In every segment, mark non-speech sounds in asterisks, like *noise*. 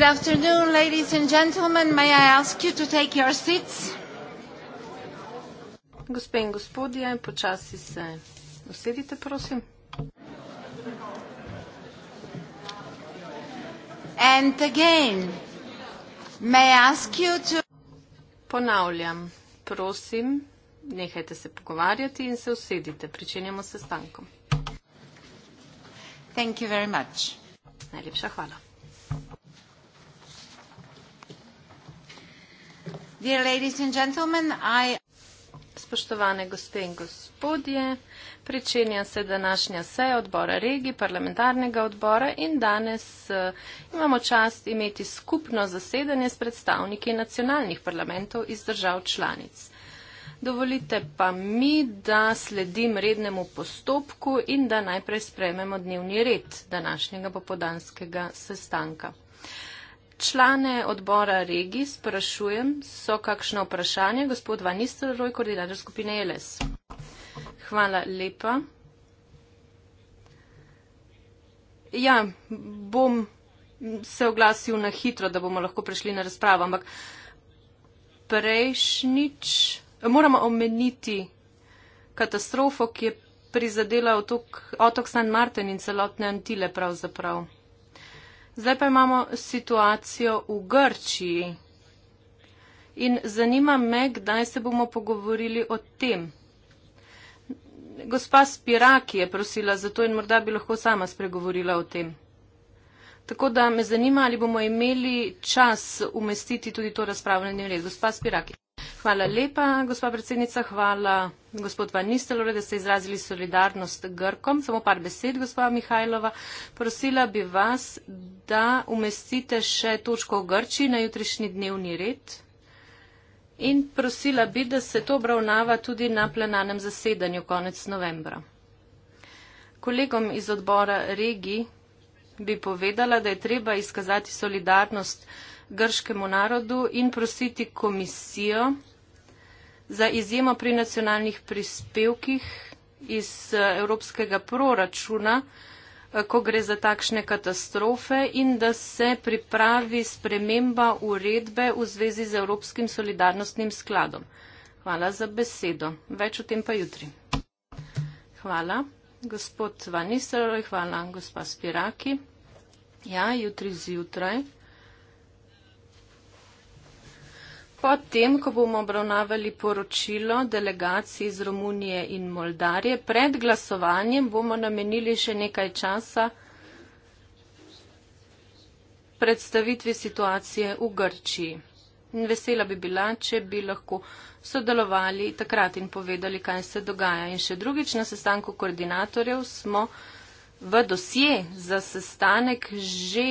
Good afternoon, ladies and gentlemen. May I ask you to take your seats? Gospe in gospodje, počasi se usedite, prosim. And again, may I ask you to- Ponavljam, prosim, nehajte se pogovarjati in se usedite. Pričenjamo s sestankom. Thank you very much. Najlepša hvala. Dear ladies and gentlemen, I... Spoštovane gospe in gospodje, pričenja se današnja seja odbora regi, parlamentarnega odbora in danes eh, imamo čast imeti skupno zasedanje s predstavniki nacionalnih parlamentov iz držav članic. Dovolite pa mi, da sledim rednemu postopku in da najprej sprememo dnevni red današnjega popodanskega sestanka člane odbora regij sprašujem, so kakšno vprašanje? Gospod Van Nistelrooy, koordinator skupine ELS. Hvala lepa. Ja, bom se oglasil na hitro, da bomo lahko prišli na razpravo, ampak prejšnjič moramo omeniti katastrofo, ki je prizadela otok, otok San Marten in celotne Antile pravzaprav. Zdaj pa imamo situacijo v Grčiji. In zanima me, kdaj se bomo pogovorili o tem. Gospa Spiraki je prosila za to in morda bi lahko sama spregovorila o tem. Tako da me zanima, ali bomo imeli čas umestiti tudi to razpravljanje. Gospa Spiraki. Hvala lepa, gospa predsednica. Hvala, gospod Van Nistelore, da ste izrazili solidarnost Grkom. Samo par besed, gospa Mihajlova. Prosila bi vas, da umestite še točko o Grči na jutrišnji dnevni red. In prosila bi, da se to obravnava tudi na plenarnem zasedanju konec novembra. Kolegom iz odbora Regi bi povedala, da je treba izkazati solidarnost grškemu narodu in prositi komisijo za izjemo pri nacionalnih prispevkih iz eh, evropskega proračuna, eh, ko gre za takšne katastrofe in da se pripravi sprememba uredbe v zvezi z Evropskim solidarnostnim skladom. Hvala za besedo. Več o tem pa jutri. Hvala, gospod Vanisar, hvala, gospa Spiraki. Ja, jutri zjutraj. Potem, ko bomo obravnavali poročilo delegacij iz Romunije in Moldarije, pred glasovanjem bomo namenili še nekaj časa predstavitvi situacije v Grčiji. In vesela bi bila, če bi lahko sodelovali takrat in povedali, kaj se dogaja. In še drugič na sestanku koordinatorjev smo v dosje za sestanek že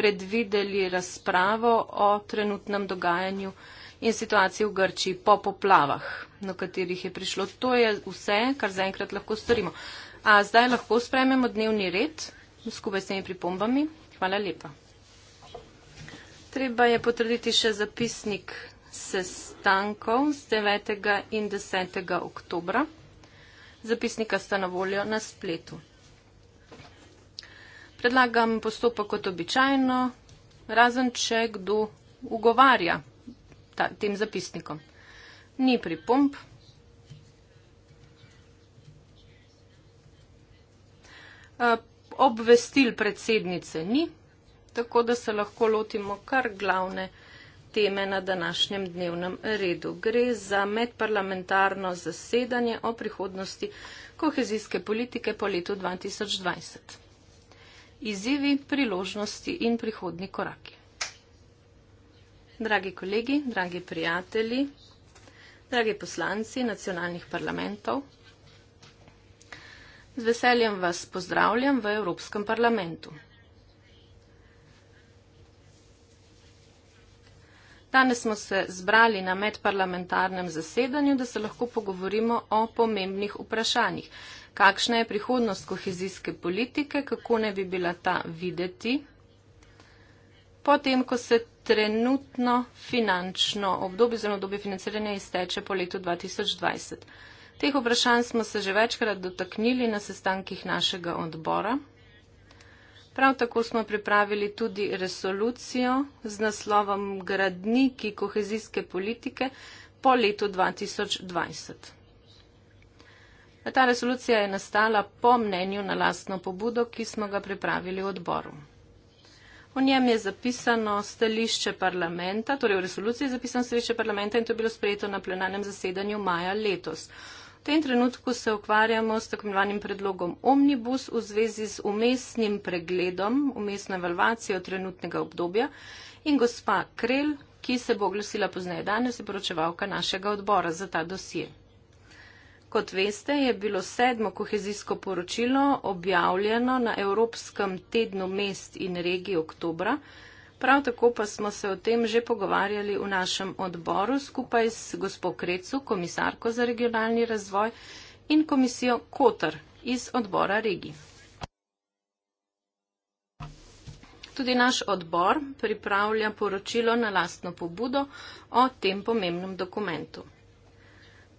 predvideli razpravo o trenutnem dogajanju in situaciji v Grčiji po poplavah, na katerih je prišlo. To je vse, kar zaenkrat lahko storimo. A zdaj lahko sprememo dnevni red skupaj s temi pripombami. Hvala lepa. Treba je potrditi še zapisnik sestankov z 9. in 10. oktobra. Zapisnika sta na voljo na spletu. Predlagam postopek kot običajno, razen če kdo ugovarja ta, tem zapisnikom. Ni pripomp. Obvestil predsednice ni, tako da se lahko lotimo kar glavne teme na današnjem dnevnem redu. Gre za medparlamentarno zasedanje o prihodnosti kohezijske politike po letu 2020. Izzivi, priložnosti in prihodni koraki dragi kolegi, dragi prijatelji, dragi poslanci nacionalnih parlamentov. Z veseljem vas pozdravljam v Evropskem parlamentu. Danes smo se zbrali na medparlamentarnem zasedanju, da se lahko pogovorimo o pomembnih vprašanjih. Kakšna je prihodnost kohezijske politike, kako ne bi bila ta videti potem, ko se trenutno finančno obdobje oziroma obdobje financiranja izteče po letu 2020. Teh vprašanj smo se že večkrat dotaknili na sestankih našega odbora. Prav tako smo pripravili tudi resolucijo z naslovom Gradniki kohezijske politike po letu 2020. Ta resolucija je nastala po mnenju na lastno pobudo, ki smo ga pripravili v odboru. V njem je zapisano stališče parlamenta, torej v resoluciji je zapisano stališče parlamenta in to je bilo sprejeto na plenarnem zasedanju maja letos. V tem trenutku se ukvarjamo s tako imenovanim predlogom omnibus v zvezi z umestnim pregledom, umestno evalvacijo trenutnega obdobja in gospa Krel, ki se bo oglasila pozneje danes, je poročevalka našega odbora za ta dosje. Kot veste, je bilo sedmo kohezijsko poročilo objavljeno na Evropskem tednu mest in regij oktobra. Prav tako pa smo se o tem že pogovarjali v našem odboru skupaj s gospod Krecu, komisarko za regionalni razvoj in komisijo Kotr iz odbora regij. Tudi naš odbor pripravlja poročilo na lastno pobudo o tem pomembnem dokumentu.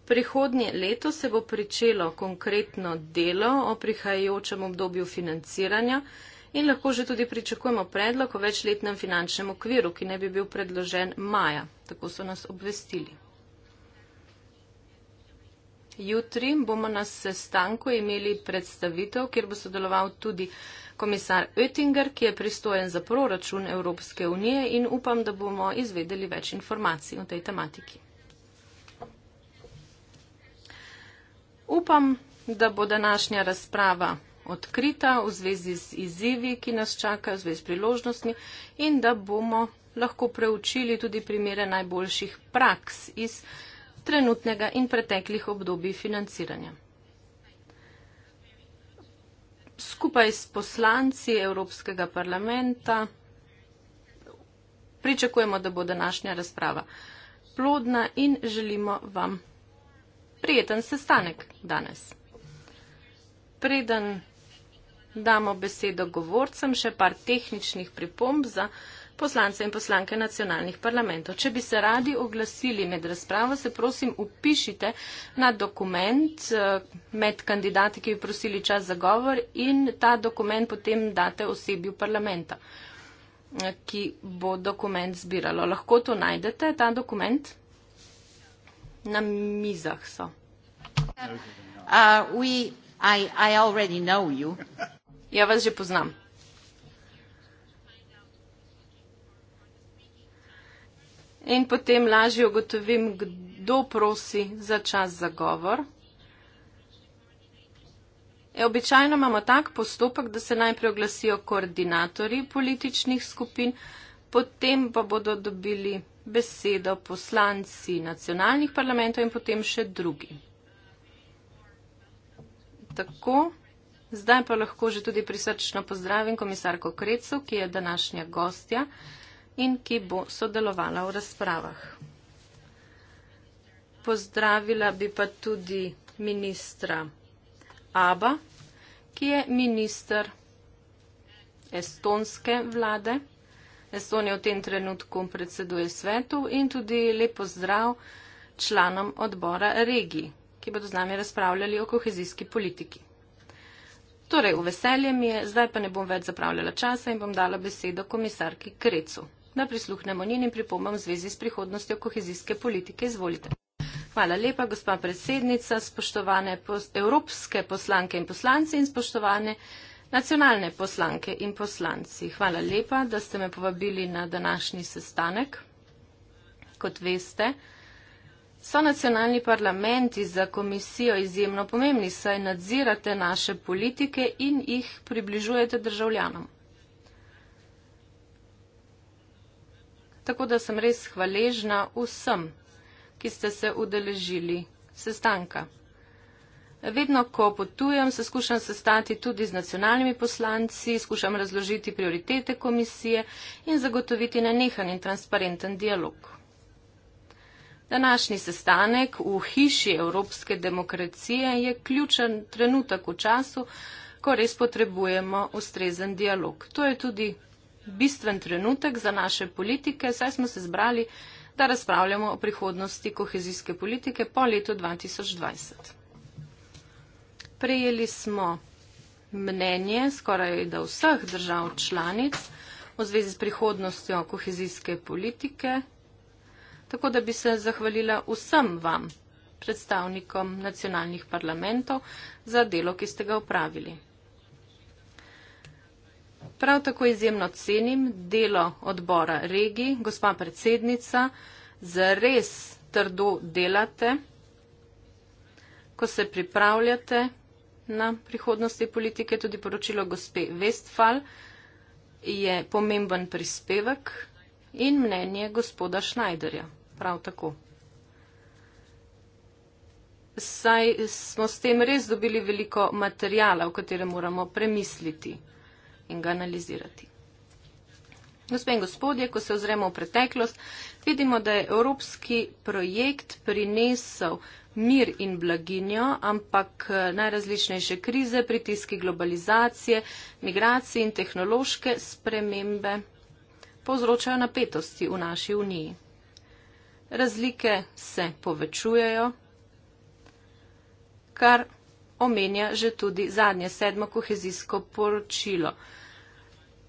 Prihodnje leto se bo pričelo konkretno delo o prihajajočem obdobju financiranja in lahko že tudi pričakujemo predlog o večletnem finančnem okviru, ki ne bi bil predložen maja. Tako so nas obvestili. Jutri bomo na sestanku imeli predstavitev, kjer bo sodeloval tudi komisar Oettinger, ki je pristojen za proračun Evropske unije in upam, da bomo izvedeli več informacij o tej tematiki. Upam, da bo današnja razprava odkrita v zvezi z izzivi, ki nas čakajo, v zvezi s priložnostmi in da bomo lahko preučili tudi primere najboljših praks iz trenutnega in preteklih obdobij financiranja. Skupaj s poslanci Evropskega parlamenta pričakujemo, da bo današnja razprava plodna in želimo vam prijeten sestanek danes. Preden damo besedo govorcem, še par tehničnih pripomb za poslance in poslanke nacionalnih parlamentov. Če bi se radi oglasili med razpravo, se prosim upišite na dokument eh, med kandidati, ki bi prosili čas za govor in ta dokument potem date osebju parlamenta, eh, ki bo dokument zbiralo. Lahko to najdete, ta dokument? na mizah so. Uh, we, I, I already know you. *laughs* Ja vas že poznam. In potem lažje ugotovim, kdo prosi za čas za govor. E, običajno imamo tak postopek, da se najprej oglasijo koordinatorji političnih skupin, potem pa bodo dobili besedo poslanci nacionalnih parlamentov in potem še drugi. Tako, zdaj pa lahko že tudi prisrčno pozdravim komisarko Krecu, ki je današnja gostja in ki bo sodelovala v razpravah. Pozdravila bi pa tudi ministra Aba, ki je minister estonske vlade. Estonija v tem trenutku predseduje svetu in tudi lepo zdrav članom odbora regij, ki bodo z nami razpravljali o kohezijski politiki. Torej, v veselje mi je, zdaj pa ne bom več zapravljala časa in bom dala besedo komisarki Krecu. Da prisluhnemo njenim pripombam v zvezi s prihodnostjo kohezijske politike. Izvolite. Hvala lepa, gospa predsednica, spoštovane pos evropske poslanke in poslanci in spoštovane. Nacionalne poslanke in poslanci, hvala lepa, da ste me povabili na današnji sestanek. Kot veste, so nacionalni parlamenti za komisijo izjemno pomembni, saj nadzirate naše politike in jih približujete državljanom. Tako da sem res hvaležna vsem, ki ste se udeležili sestanka. Vedno, ko potujem, se skušam sestati tudi z nacionalnimi poslanci, skušam razložiti prioritete komisije in zagotoviti nenehan in transparenten dialog. Današnji sestanek v hiši evropske demokracije je ključen trenutek v času, ko res potrebujemo ustrezen dialog. To je tudi bistven trenutek za naše politike, saj smo se zbrali, da razpravljamo o prihodnosti kohezijske politike po letu 2020 prejeli smo mnenje skoraj da vseh držav članic v zvezi s prihodnostjo kohezijske politike. Tako da bi se zahvalila vsem vam, predstavnikom nacionalnih parlamentov, za delo, ki ste ga upravili. Prav tako izjemno cenim delo odbora regij, gospa predsednica, zares trdo delate, ko se pripravljate, na prihodnosti politike, tudi poročilo gospe Westfall je pomemben prispevek in mnenje gospoda Schneiderja. Prav tako. Saj smo s tem res dobili veliko materijala, o katerem moramo premisliti in ga analizirati. Gospe in gospodje, ko se ozremo v preteklost, Vidimo, da je evropski projekt prinesel mir in blaginjo, ampak eh, najrazličnejše krize, pritiski globalizacije, migracije in tehnološke spremembe povzročajo napetosti v naši uniji. Razlike se povečujejo, kar omenja že tudi zadnje sedmo kohezijsko poročilo.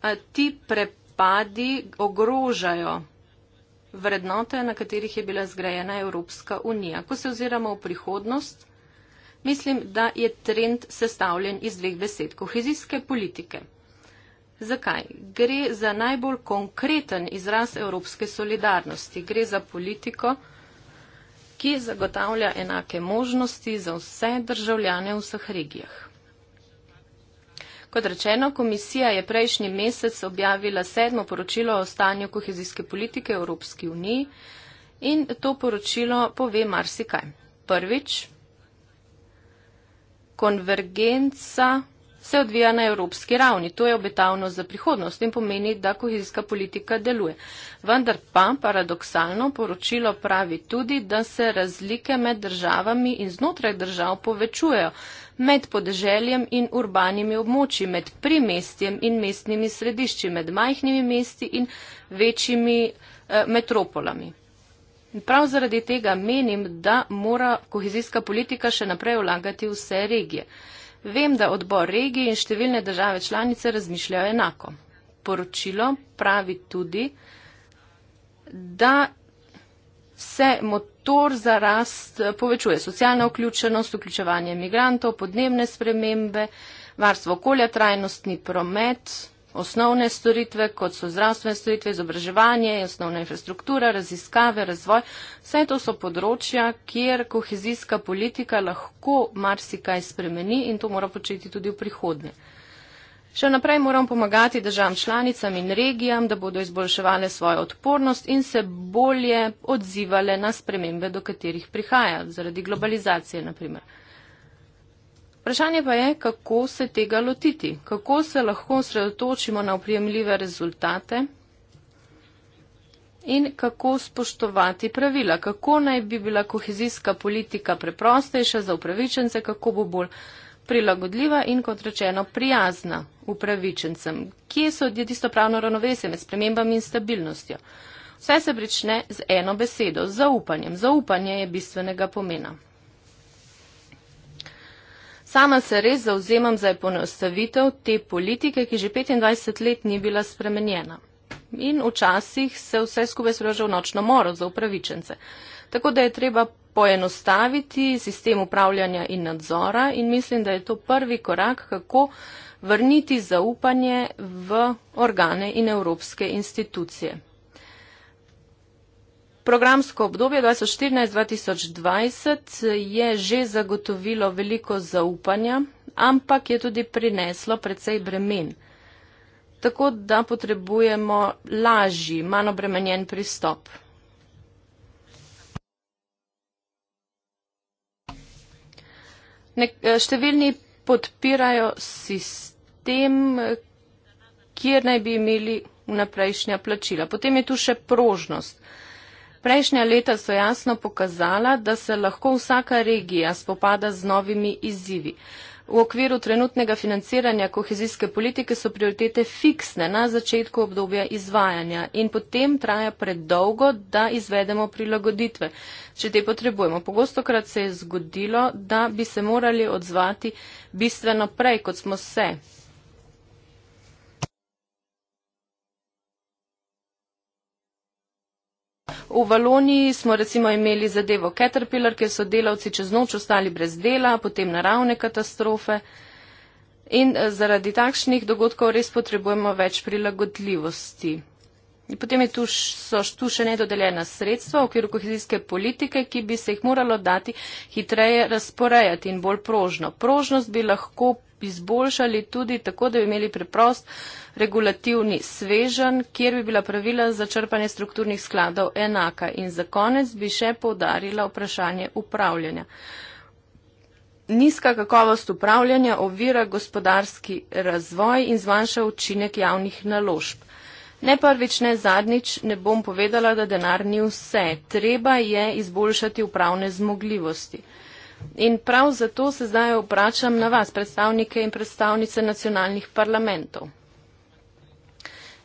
A eh, ti prepadi ogrožajo vrednote, na katerih je bila zgrajena Evropska unija. Ko se oziramo v prihodnost, mislim, da je trend sestavljen iz dveh besed. Kohezijske politike. Zakaj? Gre za najbolj konkreten izraz evropske solidarnosti. Gre za politiko, ki zagotavlja enake možnosti za vse državljane v vseh regijah. Kot rečeno, komisija je prejšnji mesec objavila sedmo poročilo o stanju kohezijske politike v Evropski uniji in to poročilo pove marsikaj. Prvič, konvergenca se odvija na evropski ravni. To je obetavno za prihodnost in pomeni, da kohezijska politika deluje. Vendar pa paradoksalno poročilo pravi tudi, da se razlike med državami in znotraj držav povečujejo, med podeželjem in urbanimi območji, med primestjem in mestnimi središči, med majhnimi mesti in večjimi eh, metropolami. Prav zaradi tega menim, da mora kohezijska politika še naprej vlagati vse regije. Vem, da odbor regije in številne države članice razmišljajo enako. Poročilo pravi tudi, da se motor za rast povečuje. Socialna vključenost, vključevanje imigrantov, podnebne spremembe, varstvo okolja, trajnostni promet, osnovne storitve, kot so zdravstvene storitve, izobraževanje, osnovna infrastruktura, raziskave, razvoj. Vse to so področja, kjer kohezijska politika lahko marsikaj spremeni in to mora početi tudi v prihodnje. Še naprej moram pomagati državam članicam in regijam, da bodo izboljševale svojo odpornost in se bolje odzivale na spremembe, do katerih prihaja, zaradi globalizacije naprimer. Vprašanje pa je, kako se tega lotiti, kako se lahko sredotočimo na oprijemljive rezultate in kako spoštovati pravila, kako naj bi bila kohezijska politika preprostejša za upravičence, kako bo bolj prilagodljiva in kot rečeno prijazna upravičencem. Kje so tisto pravno ravnovesje med spremembami in stabilnostjo? Vse se prične z eno besedo – zaupanjem. Zaupanje je bistvenega pomena. Sama se res zauzemam za ponostavitev te politike, ki že 25 let ni bila spremenjena. In včasih se vse skupaj sprožijo v nočno moro za upravičence. Tako da je treba poenostaviti sistem upravljanja in nadzora in mislim, da je to prvi korak, kako vrniti zaupanje v organe in evropske institucije. Programsko obdobje 2014-2020 je že zagotovilo veliko zaupanja, ampak je tudi prineslo precej bremen. Tako da potrebujemo lažji, manj obremenjen pristop. Ne, eh, številni podpirajo sistem tem, kjer naj bi imeli vnaprejšnja plačila. Potem je tu še prožnost. Prejšnja leta so jasno pokazala, da se lahko vsaka regija spopada z novimi izzivi. V okviru trenutnega financiranja kohezijske politike so prioritete fiksne na začetku obdobja izvajanja in potem traja predolgo, da izvedemo prilagoditve, če te potrebujemo. Pogosto krat se je zgodilo, da bi se morali odzvati bistveno prej, kot smo se V Valoniji smo recimo imeli zadevo Caterpillar, kjer so delavci čez noč ostali brez dela, potem naravne katastrofe. In eh, zaradi takšnih dogodkov res potrebujemo več prilagodljivosti. In potem je tu, so tu še nedodeljena sredstva v okviru kohezijske politike, ki bi se jih moralo dati hitreje razporejati in bolj prožno. Prožnost bi lahko izboljšali tudi tako, da bi imeli preprost regulativni svežen, kjer bi bila pravila za črpanje strukturnih skladov enaka. In za konec bi še povdarila vprašanje upravljanja. Nizka kakovost upravljanja ovira gospodarski razvoj in zmanjša učinek javnih naložb. Ne prvič, ne zadnjič ne bom povedala, da denar ni vse. Treba je izboljšati upravne zmogljivosti. In prav zato se zdaj obračam na vas, predstavnike in predstavnice nacionalnih parlamentov.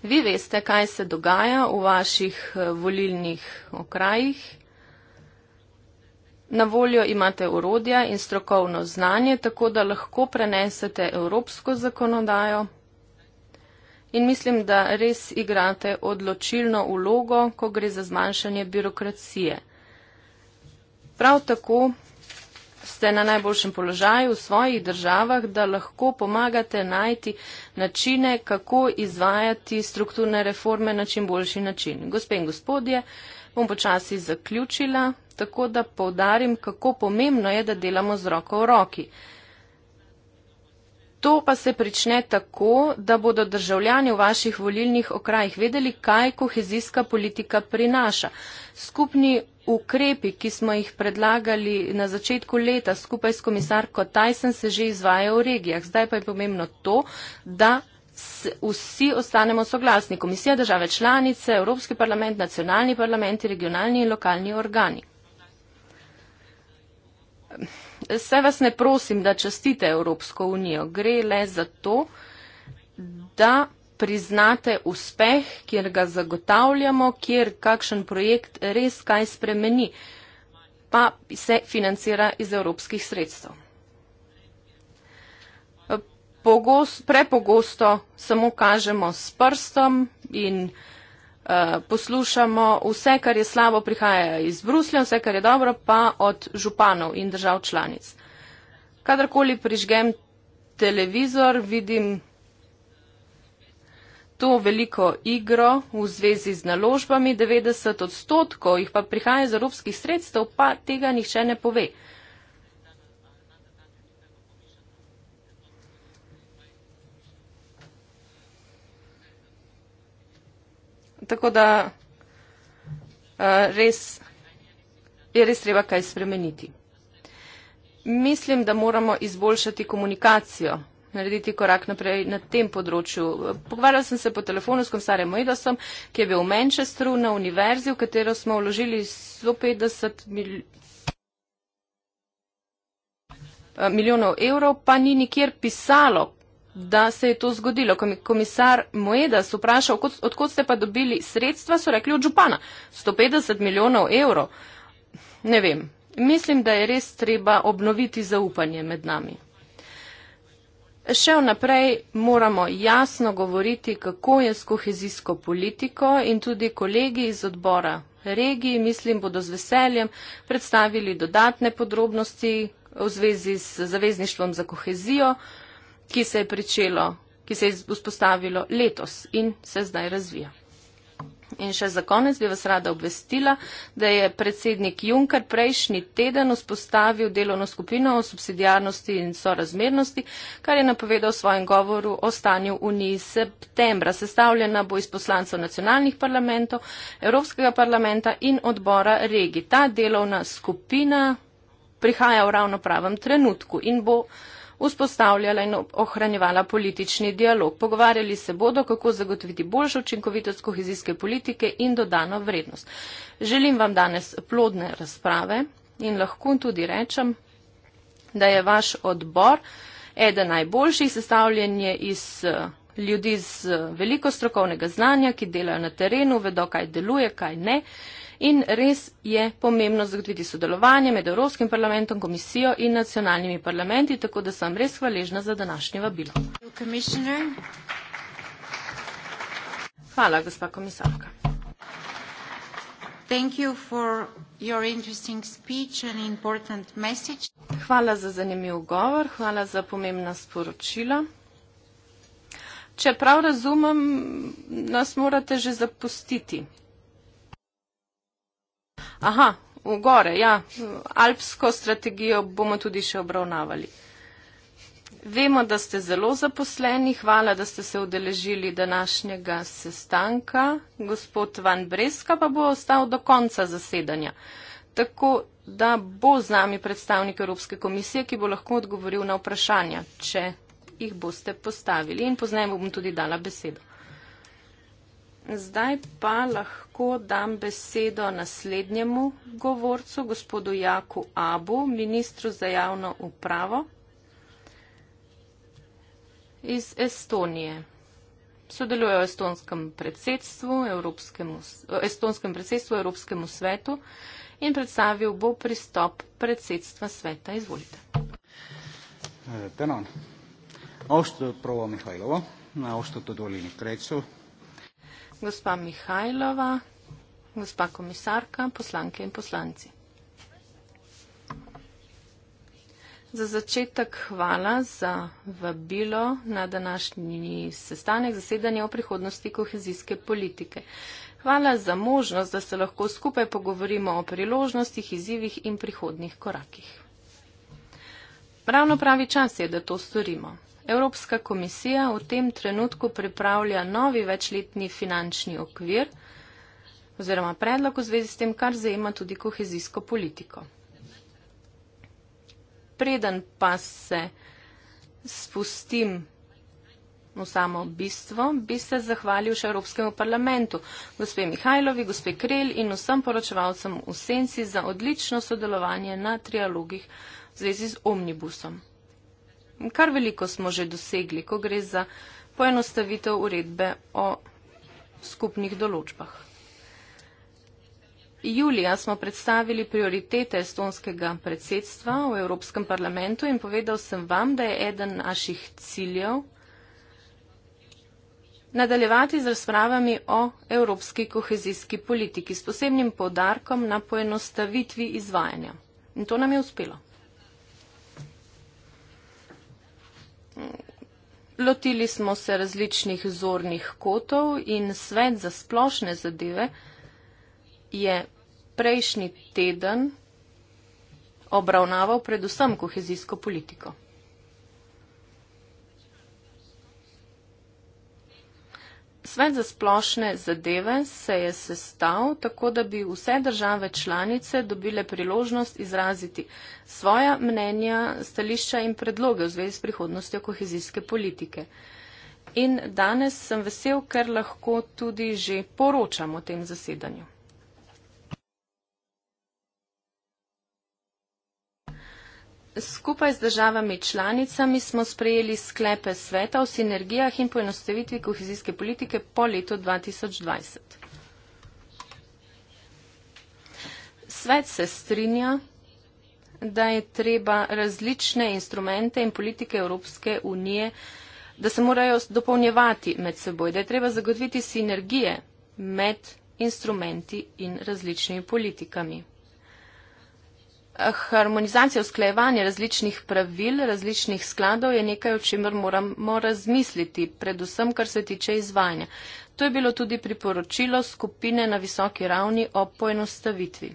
Vi veste, kaj se dogaja v vaših eh, volilnih okrajih. Na voljo imate urodja in strokovno znanje, tako da lahko prenesete evropsko zakonodajo. In mislim, da res igrate odločilno ulogo, ko gre za zmanjšanje birokracije. Prav tako ste na najboljšem položaju v svojih državah, da lahko pomagate najti načine, kako izvajati strukturne reforme na čim boljši način. Gospe in gospodje, bom počasi zaključila, tako da povdarim, kako pomembno je, da delamo z roko v roki. To pa se prične tako, da bodo državljani v vaših volilnih okrajih vedeli, kaj kohezijska politika prinaša. Skupni ukrepi, ki smo jih predlagali na začetku leta skupaj s komisarko Tyson, se že izvajajo v regijah. Zdaj pa je pomembno to, da vsi ostanemo soglasni. Komisija države članice, Evropski parlament, nacionalni parlamenti, regionalni in lokalni organi vse vas ne prosim, da častite Evropsko unijo. Gre le za to, da priznate uspeh, kjer ga zagotavljamo, kjer kakšen projekt res kaj spremeni, pa se financira iz evropskih sredstev. Pogost, prepogosto samo kažemo s prstom in. Eh, poslušamo vse, kar je slabo, prihaja iz Bruslja, vse, kar je dobro, pa od županov in držav članic. Kadarkoli prižgem televizor, vidim to veliko igro v zvezi z naložbami, 90 odstotkov jih pa prihaja iz evropskih sredstev, pa tega nihče ne pove. tako da uh, res, je res treba kaj spremeniti. Mislim, da moramo izboljšati komunikacijo, narediti korak naprej na tem področju. Pogovarjal sem se po telefonu s komisarjem Moidosom, ki je bil v Manchesteru na univerzi, v katero smo vložili 150 mil eh, milijonov evrov, pa ni nikjer pisalo, da se je to zgodilo. Ko mi komisar Moedas vprašal, odkot ste pa dobili sredstva, so rekli od župana. 150 milijonov evrov. Ne vem. Mislim, da je res treba obnoviti zaupanje med nami. Še vnaprej moramo jasno govoriti, kako je s kohezijsko politiko in tudi kolegi iz odbora regiji, mislim, bodo z veseljem predstavili dodatne podrobnosti v zvezi z zavezništvom za kohezijo ki se je pričelo, ki se je vzpostavilo letos in se zdaj razvija. In še za konec bi vas rada obvestila, da je predsednik Juncker prejšnji teden vzpostavil delovno skupino o subsidijarnosti in sorazmernosti, kar je napovedal v svojem govoru o stanju Uniji septembra. Sestavljena bo iz poslancev nacionalnih parlamentov, Evropskega parlamenta in odbora regi. Ta delovna skupina prihaja v ravno pravem trenutku in bo vzpostavljala in ohranjevala politični dialog. Pogovarjali se bodo, kako zagotoviti boljšo učinkovitost kohezijske politike in dodano vrednost. Želim vam danes plodne razprave in lahko tudi rečem, da je vaš odbor eden najboljših sestavljenje iz eh, ljudi z veliko strokovnega znanja, ki delajo na terenu, vedo, kaj deluje, kaj ne. In res je pomembno zagotoviti sodelovanje med Evropskim parlamentom, komisijo in nacionalnimi parlamenti, tako da sem res hvaležna za današnje vabilo. Hvala, gospa komisarka. Hvala za zanimiv govor, hvala za pomembna sporočila. Če prav razumem, nas morate že zapustiti. Aha, v gore, ja. Alpsko strategijo bomo tudi še obravnavali. Vemo, da ste zelo zaposleni. Hvala, da ste se udeležili današnjega sestanka. Gospod Van Breska pa bo ostal do konca zasedanja. Tako da bo z nami predstavnik Evropske komisije, ki bo lahko odgovoril na vprašanja, če jih boste postavili. In poznajem bom tudi dala besedo. Zdaj pa lahko dam besedo naslednjemu govorcu, gospodu Jaku Abu, ministru za javno upravo iz Estonije. Sodeluje v estonskem predsedstvu, estonskem predsedstvu Evropskemu svetu in predstavil bo pristop predsedstva sveta. Izvolite. Tänan. Austatud proua Mihhailova, austatud volinik Reetsu, gospa Mihajlova, gospa komisarka, poslanke in poslanci. Za začetek hvala za vabilo na današnji sestanek zasedanja o prihodnosti kohezijske politike. Hvala za možnost, da se lahko skupaj pogovorimo o priložnostih, izzivih in prihodnih korakih. Ravno pravi čas je, da to storimo. Evropska komisija v tem trenutku pripravlja novi večletni finančni okvir oziroma predlog v zvezi s tem, kar zajema tudi kohezijsko politiko. Preden pa se spustim v samo bistvo, bi se zahvalil še Evropskemu parlamentu, gospe Mihajlovi, gospe Krel in vsem poročevalcem v Senci za odlično sodelovanje na trialogih v zvezi z omnibusom kar veliko smo že dosegli, ko gre za poenostavitev uredbe o skupnih določbah. Julija smo predstavili prioritete estonskega predsedstva v Evropskem parlamentu in povedal sem vam, da je eden naših ciljev nadaljevati z razpravami o evropski kohezijski politiki s posebnim podarkom na poenostavitvi izvajanja. In to nam je uspelo. Lotili smo se različnih zornih kotov in svet za splošne zadeve je prejšnji teden obravnaval predvsem kohezijsko politiko. Svet za splošne zadeve se je sestal tako, da bi vse države članice dobile priložnost izraziti svoja mnenja, stališča in predloge v zvezi s prihodnostjo kohezijske politike. In danes sem vesel, ker lahko tudi že poročam o tem zasedanju. Skupaj z državami članicami smo sprejeli sklepe sveta o sinergijah in poenostavitvi kohezijske politike po letu 2020. Svet se strinja, da je treba različne instrumente in politike Evropske unije, da se morajo dopolnjevati med seboj, da je treba zagotoviti sinergije med instrumenti in različnimi politikami. Harmonizacija, usklejevanje različnih pravil, različnih skladov je nekaj, o čemer moramo razmisliti, predvsem kar se tiče izvajanja. To je bilo tudi priporočilo skupine na visoki ravni o poenostavitvi.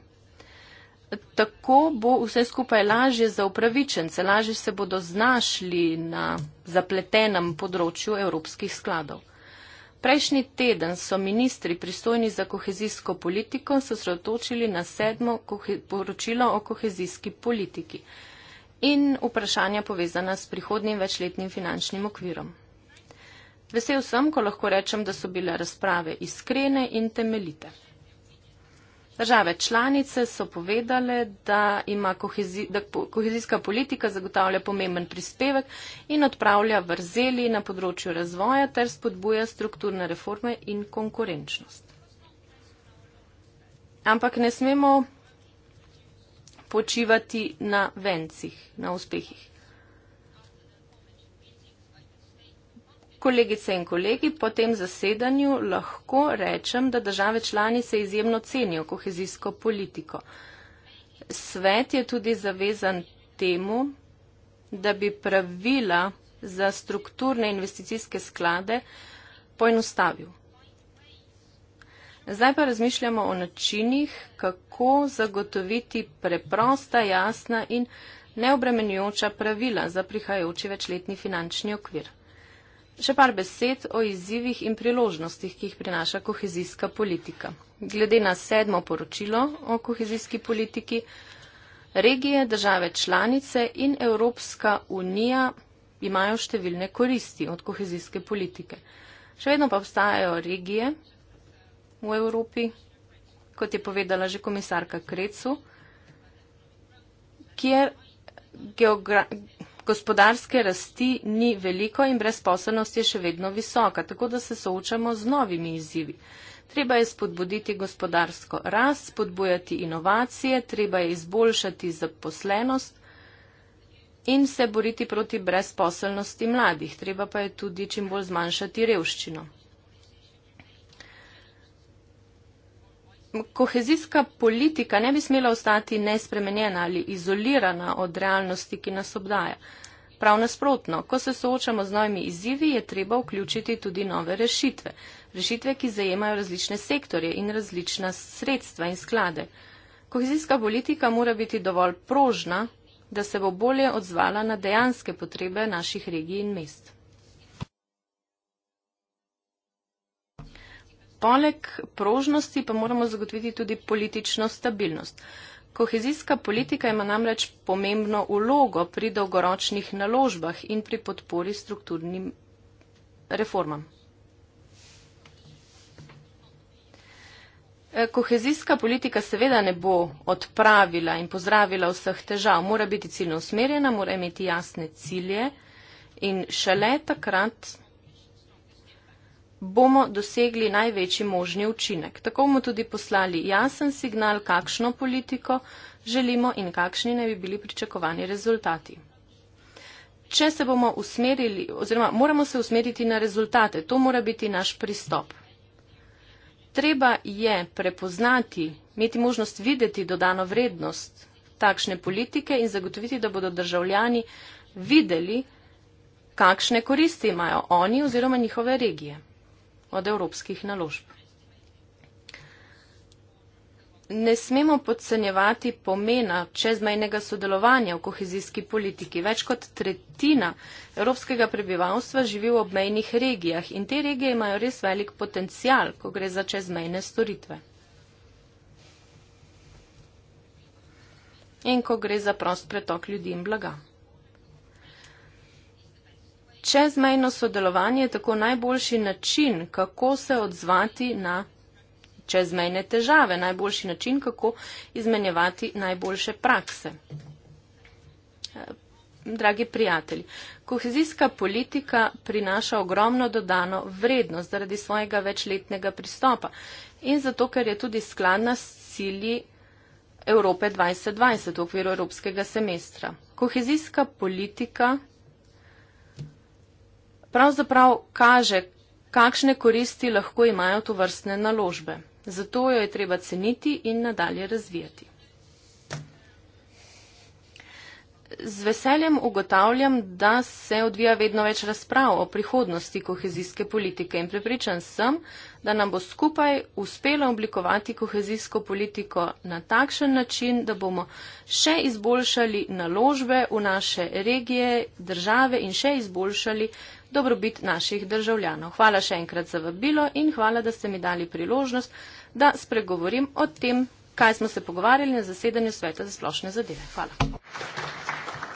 Tako bo vse skupaj lažje za upravičence, lažje se bodo znašli na zapletenem področju evropskih skladov. Prejšnji teden so ministri pristojni za kohezijsko politiko se sredotočili na sedmo poročilo o kohezijski politiki in vprašanja povezana s prihodnim večletnim finančnim okvirom. Vesel sem, ko lahko rečem, da so bile razprave iskrene in temeljite. Države članice so povedale, da, kohezi, da kohezijska politika zagotavlja pomemben prispevek in odpravlja vrzeli na področju razvoja ter spodbuja strukturne reforme in konkurenčnost. Ampak ne smemo počivati na vencih, na uspehih. Kolegice in kolegi, po tem zasedanju lahko rečem, da države članice izjemno cenijo kohezijsko politiko. Svet je tudi zavezan temu, da bi pravila za strukturne investicijske sklade poenostavil. Zdaj pa razmišljamo o načinih, kako zagotoviti preprosta, jasna in neobremenjujoča pravila za prihajajoči večletni finančni okvir. Še par besed o izzivih in priložnostih, ki jih prinaša kohezijska politika. Glede na sedmo poročilo o kohezijski politiki, regije, države članice in Evropska unija imajo številne koristi od kohezijske politike. Še vedno pa obstajajo regije v Evropi, kot je povedala že komisarka Krecu, kjer geografija gospodarske rasti ni veliko in brezposelnost je še vedno visoka, tako da se soočamo z novimi izzivi. Treba je spodbuditi gospodarsko rast, spodbujati inovacije, treba je izboljšati zaposlenost in se boriti proti brezposelnosti mladih. Treba pa je tudi čim bolj zmanjšati revščino. kohezijska politika ne bi smela ostati nespremenjena ali izolirana od realnosti, ki nas obdaja. Prav nasprotno, ko se soočamo z novimi izzivi, je treba vključiti tudi nove rešitve. Rešitve, ki zajemajo različne sektorje in različna sredstva in sklade. Kohezijska politika mora biti dovolj prožna, da se bo bolje odzvala na dejanske potrebe naših regij in mest. Poleg prožnosti pa moramo zagotoviti tudi politično stabilnost. Kohezijska politika ima namreč pomembno ulogo pri dolgoročnih naložbah in pri podpori strukturnim reformam. E, kohezijska politika seveda ne bo odpravila in pozdravila vseh težav, mora biti ciljno usmerjena, mora imeti jasne cilje in šele takrat bomo dosegli največji možni učinek. Tako bomo tudi poslali jasen signal, kakšno politiko želimo in kakšni naj bi bili pričakovani rezultati. Če se bomo usmerili, oziroma moramo se usmeriti na rezultate, to mora biti naš pristop. Treba je prepoznati, imeti možnost videti dodano vrednost takšne politike in zagotoviti, da bodo državljani videli, kakšne koristi imajo oni oziroma njihove regije od evropskih naložb. Ne smemo podcenjevati pomena čezmejnega sodelovanja v kohezijski politiki. Več kot tretjina evropskega prebivalstva živi v obmejnih regijah in te regije imajo res velik potencial, ko gre za čezmejne storitve. In ko gre za prost pretok ljudi in blaga čezmejno sodelovanje tako najboljši način, kako se odzvati na čezmejne težave, najboljši način, kako izmenjevati najboljše prakse. Eh, dragi prijatelji, kohezijska politika prinaša ogromno dodano vrednost zaradi svojega večletnega pristopa in zato, ker je tudi skladna s cilji Evrope 2020 v okviru Evropskega semestra. Kohezijska politika pravzaprav kaže, kakšne koristi lahko imajo to vrstne naložbe. Zato jo je treba ceniti in nadalje razvijati. Z veseljem ugotavljam, da se odvija vedno več razprav o prihodnosti kohezijske politike in prepričan sem, da nam bo skupaj uspelo oblikovati kohezijsko politiko na takšen način, da bomo še izboljšali naložbe v naše regije, države in še izboljšali dobrobit naših državljanov. Hvala še enkrat za vabilo in hvala, da ste mi dali priložnost, da spregovorim o tem, kaj smo se pogovarjali na zasedanju Sveta za splošne zadeve. Hvala.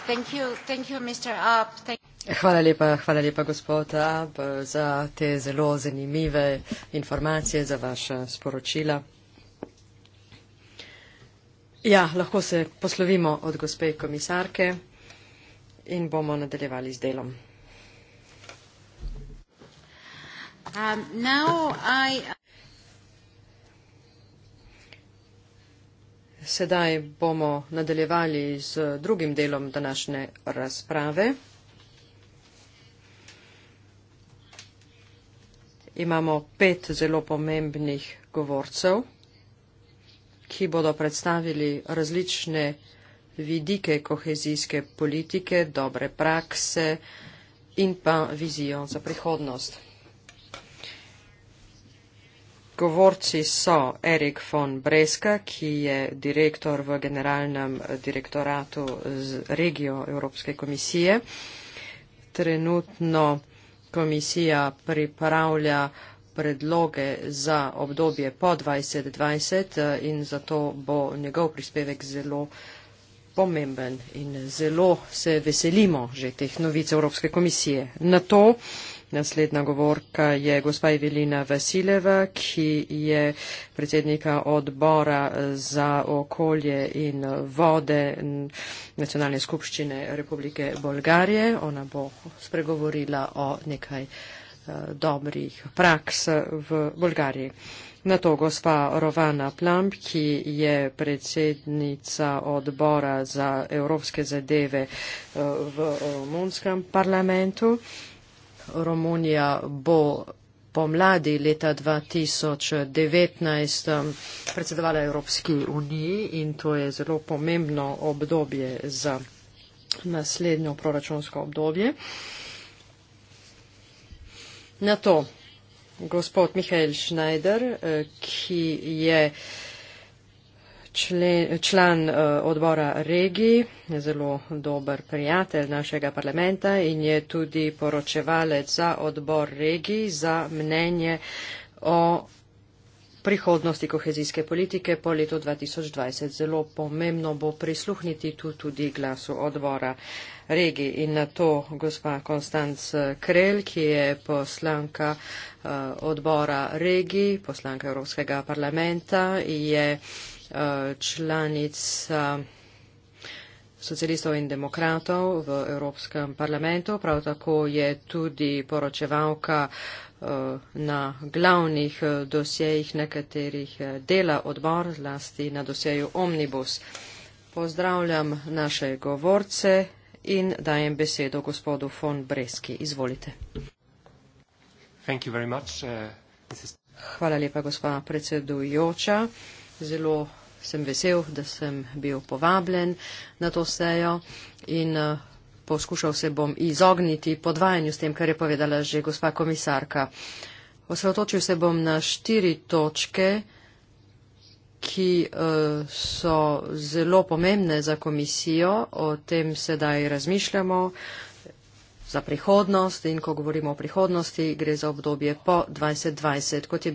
Thank you, thank you, Hvala lepa, hvala lepa gospod Ab za te zelo zanimive informacije, za vaše sporočila. Ja, lahko se poslovimo od gospe komisarke in bomo nadaljevali z delom. Um, now I... Sedaj bomo nadaljevali z drugim delom današnje razprave. Imamo pet zelo pomembnih govorcev, ki bodo predstavili različne vidike kohezijske politike, dobre prakse in pa vizijo za prihodnost. Govorci so Erik von Breska, ki je direktor v generalnem direktoratu z regijo Evropske komisije. Trenutno komisija pripravlja predloge za obdobje po 2020 eh, in zato bo njegov prispevek zelo pomemben in zelo se veselimo že teh novic Evropske komisije. Na to Naslednja govorka je gospa Evelina Vasileva, ki je predsednika odbora za okolje in vode Nacionalne skupščine Republike Bolgarije. Ona bo spregovorila o nekaj eh, dobrih praks v Bolgariji. Na to gospa Rovana Plamp, ki je predsednica odbora za evropske zadeve eh, v Romunskem eh, parlamentu. Romunija bo pomladi leta 2019 um, predsedovala Evropski uniji in to je zelo pomembno obdobje za naslednjo proračunsko obdobje. Na to gospod Mihajl Schneider, eh, ki je člen, član eh, odbora regij, zelo dober prijatelj našega parlamenta in je tudi poročevalec za odbor regij za mnenje o prihodnosti kohezijske politike po letu 2020. Zelo pomembno bo prisluhniti tu tudi glasu odbora regij in na to gospa Konstanc eh, Krel, ki je poslanka eh, odbora regij, poslanka Evropskega parlamenta, je uh, Eh, članica socialistov in demokratov v Evropskem parlamentu. Prav tako je tudi poročevalka eh, na glavnih eh, dosejih nekaterih dela odbor, zlasti na doseju Omnibus. Pozdravljam naše govorce in dajem besedo gospodu von Breski. Izvolite. Hvala lepa, gospa predsedujoča zelo sem vesel, da sem bil povabljen na to sejo in eh, poskušal se bom izogniti podvajanju s tem, kar je povedala že gospa komisarka. Osredotočil se bom na štiri točke, ki eh, so zelo pomembne za komisijo, o tem sedaj razmišljamo za prihodnost in ko govorimo o prihodnosti, gre za obdobje po 2020. Kot je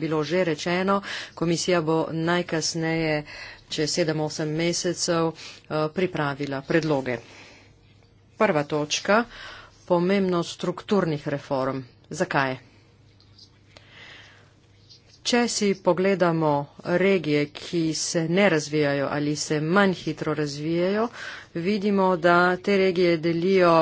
bilo že rečeno, komisija bo najkasneje čez 7-8 mesecev eh, pripravila predloge. Prva točka, pomembnost strukturnih reform. Zakaj? Če si pogledamo regije, ki se ne razvijajo ali se manj hitro razvijajo, vidimo, da te regije delijo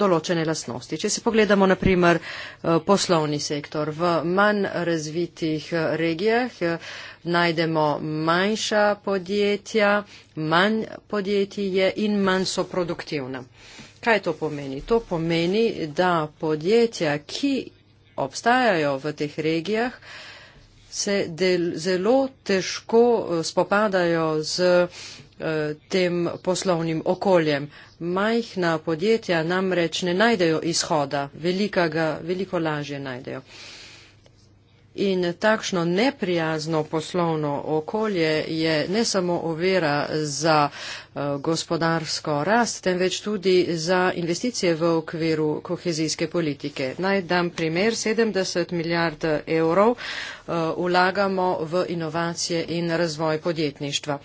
določene lasnosti. Če si pogledamo naprimer eh, poslovni sektor, v manj razvitih eh, regijah eh, najdemo manjša podjetja, manj podjetij je in manj so produktivna. Kaj to pomeni? To pomeni, da podjetja, ki obstajajo v teh regijah, se del, zelo težko spopadajo z uh, Eh, tem poslovnim okoljem. Majhna podjetja namreč ne najdejo izhoda, velikega, veliko lažje najdejo. In takšno neprijazno poslovno okolje je ne samo ovira za eh, gospodarsko rast, temveč tudi za investicije v okviru kohezijske politike. Naj dam primer, 70 milijard evrov eh, vlagamo v inovacije in razvoj podjetništva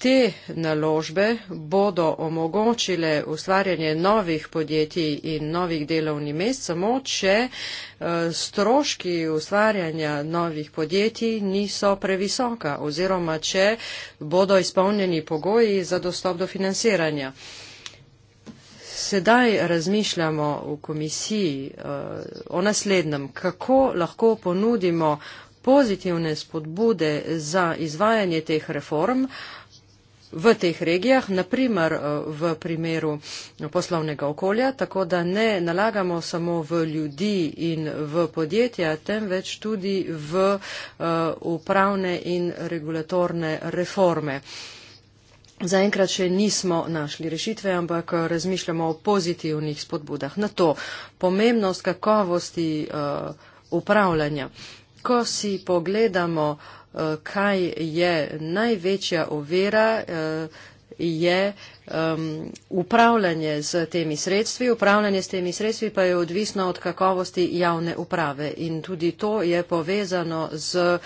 te naložbe bodo omogočile ustvarjanje novih podjetij in novih delovnih mest, samo če eh, stroški ustvarjanja novih podjetij niso previsoka oziroma če bodo izpolnjeni pogoji za dostop do financiranja. Sedaj razmišljamo v komisiji eh, o naslednjem, kako lahko ponudimo pozitivne spodbude za izvajanje teh reform, v teh regijah, naprimer eh, v primeru poslovnega okolja, tako da ne nalagamo samo v ljudi in v podjetja, temveč tudi v eh, upravne in regulatorne reforme. Zaenkrat še nismo našli rešitve, ampak eh, razmišljamo o pozitivnih spodbudah na to pomembnost kakovosti upravljanja. Ko si pogledamo uh, Eh, kaj je največja ovira, eh, je um, upravljanje z temi sredstvi. Upravljanje s temi sredstvi pa je odvisno od kakovosti javne uprave in tudi to je povezano z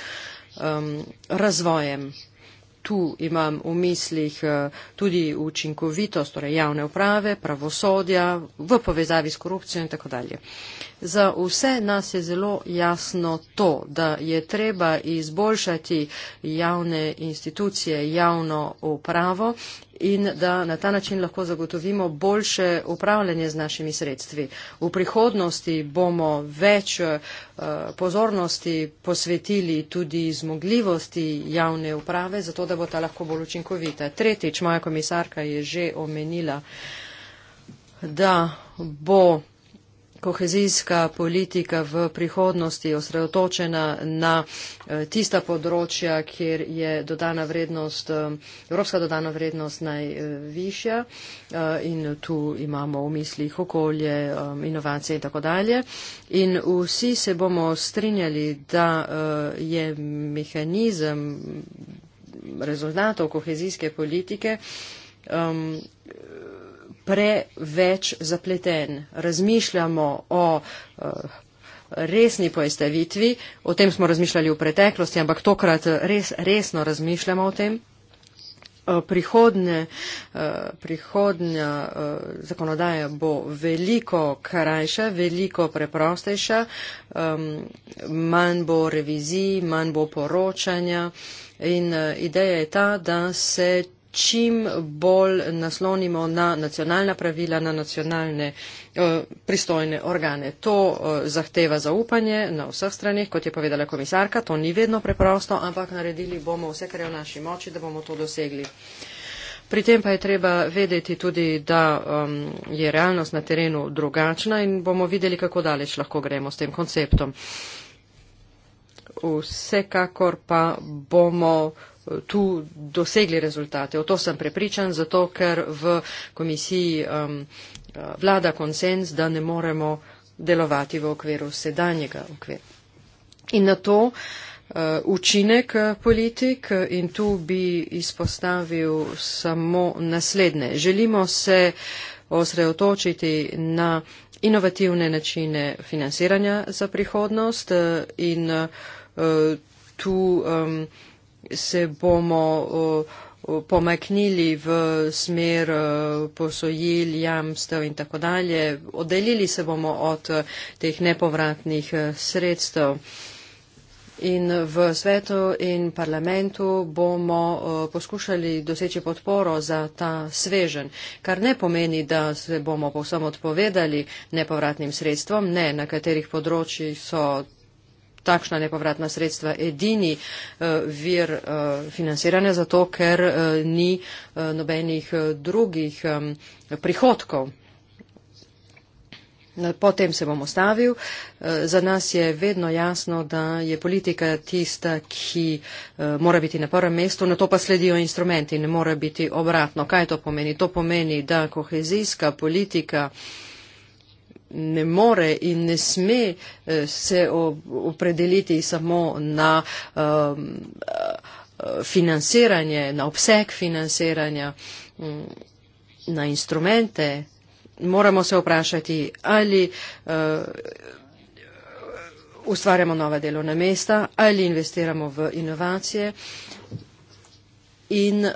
um, razvojem. Tu imam v mislih eh, tudi učinkovitost torej javne uprave, pravosodja v povezavi s korupcijo in tako dalje. Za vse nas je zelo jasno to, da je treba izboljšati javne institucije, javno upravo in da na ta način lahko zagotovimo boljše upravljanje z našimi sredstvi. V prihodnosti bomo več eh, pozornosti posvetili tudi zmogljivosti javne uprave, zato da bo ta lahko bolj učinkovita. Tretjič, moja komisarka je že omenila, da bo kohezijska politika v prihodnosti osredotočena na eh, tista področja, kjer je dodana vrednost, eh, evropska dodana vrednost najvišja eh, in tu imamo v mislih okolje, inovacije in tako dalje. In vsi se bomo strinjali, da je mehanizem rezultatov kohezijske politike um, preveč zapleten. Razmišljamo o eh, resni poestavitvi, o tem smo razmišljali v preteklosti, ampak tokrat res, resno razmišljamo o tem. Eh, prihodne, eh, prihodnja zakonodaja bo veliko krajša, veliko preprostejša, manj bo revizij, manj bo poročanja in ideja je ta, da se čim bolj naslonimo na nacionalna pravila, na nacionalne eh, pristojne organe. To eh, zahteva zaupanje na vseh stranih, kot je povedala komisarka, to ni vedno preprosto, ampak naredili bomo vse, kar je v naši moči, da bomo to dosegli. Pri tem pa je treba vedeti tudi, da um, je realnost na terenu drugačna in bomo videli, kako daleč lahko gremo s tem konceptom. Vsekakor pa bomo uh, tu dosegli rezultate. O to sem prepričan, zato ker v komisiji um, uh, vlada konsens, da ne moremo delovati v okviru sedanjega okvira. In na to uh, učinek uh, politik in tu bi izpostavil samo naslednje. Želimo se osredotočiti na inovativne načine financiranja za prihodnost uh, in uh, tu um, se bomo eh, pomaknili v smer eh, posojil, jamstev in tako dalje. Odelili se bomo od eh, teh nepovratnih sredstev. In v svetu in parlamentu bomo poskušali doseči podporo za ta svežen, kar ne pomeni, da se bomo povsem odpovedali nepovratnim sredstvom, ne na katerih področjih so takšna nepovratna sredstva edini eh, vir eh, financiranja, zato ker eh, ni nobenih drugih prihodkov. Potem se bom ostavil. Za nas je vedno jasno, da je politika tista, ki mora biti na prvem mestu, na to pa sledijo instrumenti, ne mora biti obratno. Kaj to pomeni? To pomeni, da kohezijska politika ne more in ne sme eh, se opredeliti samo na ehm, eh, financiranje, na obseg financiranja, mm, na instrumente. Moramo se vprašati, ali eh, ustvarjamo nove delovne mesta, ali investiramo v inovacije in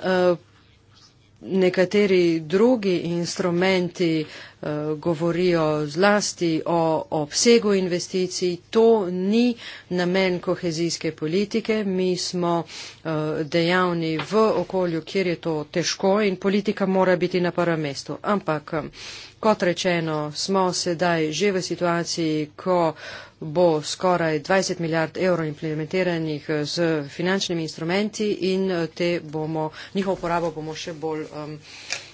nekateri drugi instrumenti uh, Eh, govorijo zlasti o obsegu investicij. To ni namen kohezijske politike. Mi smo eh, dejavni v okolju, kjer je to težko in politika mora biti na prvem mestu. Ampak, eh, kot rečeno, smo sedaj že v situaciji, ko bo skoraj 20 milijard evrov implementiranih z finančnimi instrumenti in bomo, njihovo uporabo bomo še bolj. Um,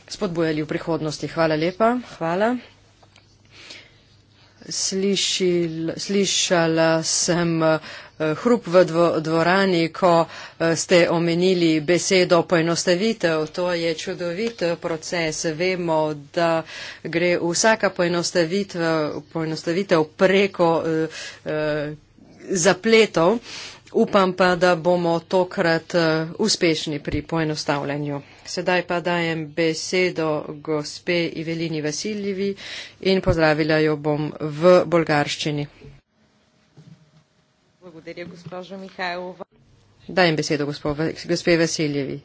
spodbujali v prihodnosti. Hvala lepa. Hvala. Slišil, slišala sem eh, hrup v dvorani, ko eh, ste omenili besedo poenostavitev. To je čudovit eh, proces. Vemo, da gre vsaka poenostavitev, poenostavitev preko eh, zapletov. Eh, upam pa, da bomo tokrat uh, uspešni pri poenostavljanju. Sedaj pa dajem besedo gospe Ivelini Vasiljevi in pozdravila jo bom v bolgarščini. Dajem besedo gospe Vasiljevi.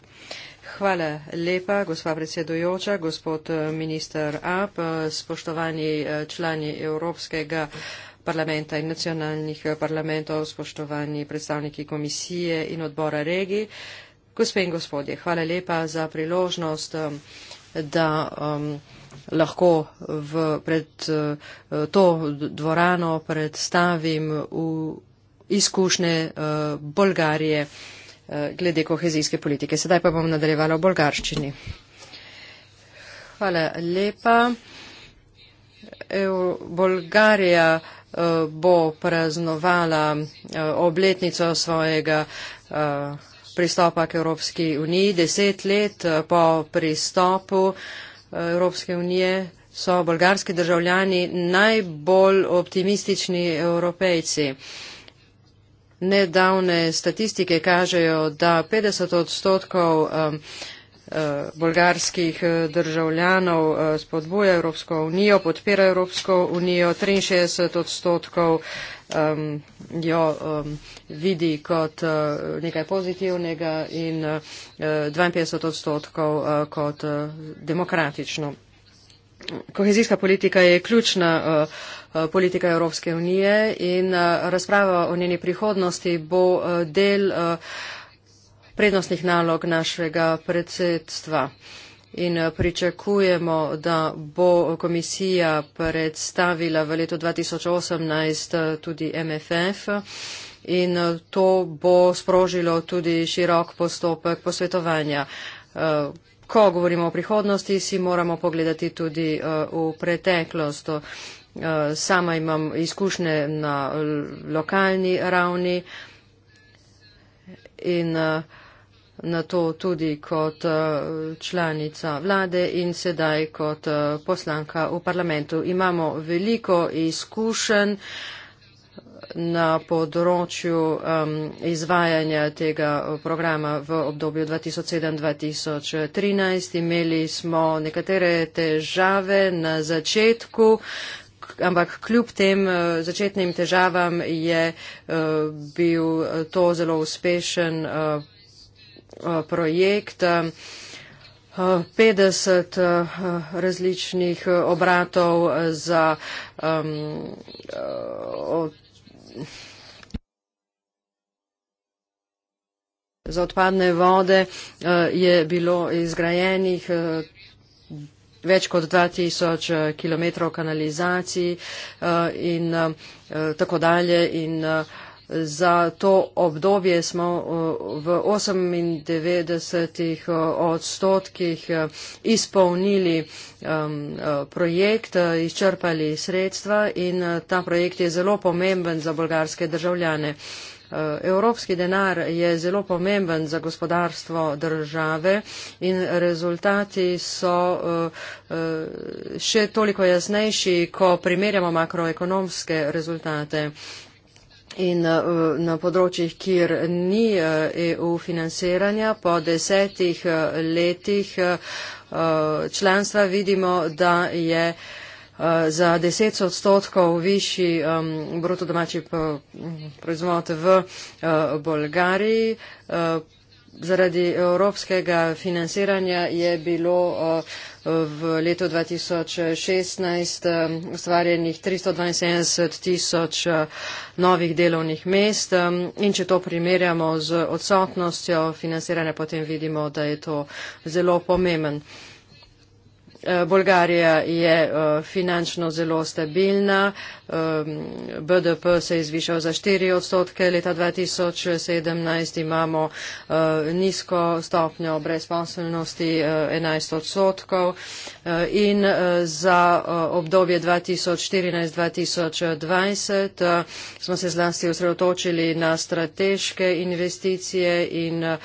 Hvala lepa, gospa predsedujoča, gospod eh, minister Ap, eh, spoštovani člani Evropskega parlamenta in nacionalnih eh, parlamentov, spoštovani predstavniki komisije in odbora regij. Gospe in gospodje, hvala lepa za priložnost, eh, da um, lahko v, pred uh, to dvorano predstavim v izkušnje uh, Bolgarije glede kohezijske politike. Sedaj pa bom nadaljevala v bolgarščini. Hvala lepa. Bolgarija uh, Eh, bo praznovala eh, obletnico svojega eh, pristopa k Evropski uniji. Deset let po pristopu Evropske unije so bolgarski državljani najbolj optimistični evropejci. Nedavne statistike kažejo, da 50 odstotkov um, Eh, bolgarskih eh, državljanov eh, spodbuja Evropsko unijo, podpira Evropsko unijo, 63 odstotkov um, jo um, vidi kot uh, nekaj pozitivnega in uh, 52 odstotkov uh, kot uh, demokratično. Kohezijska politika je ključna uh, politika Evropske unije in uh, razprava o njeni prihodnosti bo uh, del uh, prednostnih nalog našega predsedstva. In eh, pričakujemo, da bo komisija predstavila v letu 2018 eh, tudi MFF in eh, to bo sprožilo tudi širok postopek posvetovanja. Ko govorimo o prihodnosti, si moramo pogledati tudi v preteklost. Sama imam izkušnje na lokalni ravni in uh, na to tudi kot eh, članica vlade in sedaj kot eh, poslanka v parlamentu. Imamo veliko izkušenj na področju um, izvajanja tega eh, programa v obdobju 2007-2013. Imeli smo nekatere težave na začetku, ampak kljub tem uh, začetnim težavam je uh, bil to zelo uspešen uh, Eh, projekt. 50 eh, eh, različnih obratov za um, od, za odpadne vode je bilo izgrajenih več kot 2000 km kanalizacij in tako dalje. In, Za to obdobje smo uh, v 98 uh, odstotkih uh, izpolnili um, projekt, izčrpali sredstva in ta projekt je zelo pomemben za bolgarske državljane. Evropski denar je zelo pomemben za gospodarstvo države in rezultati so še toliko jasnejši, ko primerjamo makroekonomske rezultate. In eh, na področjih, kjer ni EU eh, e financiranja, po desetih eh, letih članstva vidimo, da je za deset odstotkov višji brutodomači proizvod v Bolgariji. Zaradi evropskega financiranja je bilo v letu 2016 um, ustvarjenih 372 tisoč uh, novih delovnih mest um, in če to primerjamo z odsotnostjo financiranja, potem vidimo, da je to zelo pomembno. Eh, Bolgarija je eh, finančno zelo stabilna, BDP se je zvišal za 4 odstotke, leta 2017 imamo eh, nizko stopnjo brezposelnosti 11 odstotkov in za obdobje 2014-2020 smo se zlasti osredotočili na strateške investicije in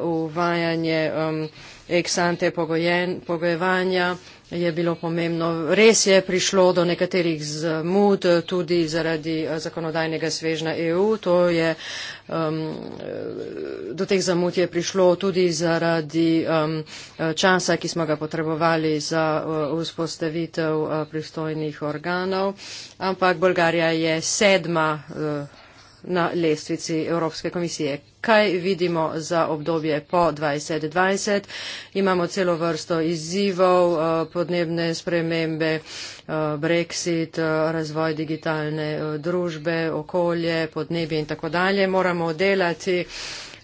uvajanje eksante pogojevanja je bilo pomembno. Res je prišlo do nekaterih zmud tudi zaradi eh, zakonodajnega svežna EU. Je, um, do teh zamud je prišlo tudi zaradi um, časa, ki smo ga potrebovali za eh, vzpostavitev uh, pristojnih organov. Ampak Bolgarija je sedma. Uh, na lestvici Evropske komisije. Kaj vidimo za obdobje po 2020? Imamo celo vrsto izzivov, eh, podnebne spremembe, eh, Brexit, eh, razvoj digitalne družbe, okolje, podnebje in tako dalje. Moramo delati.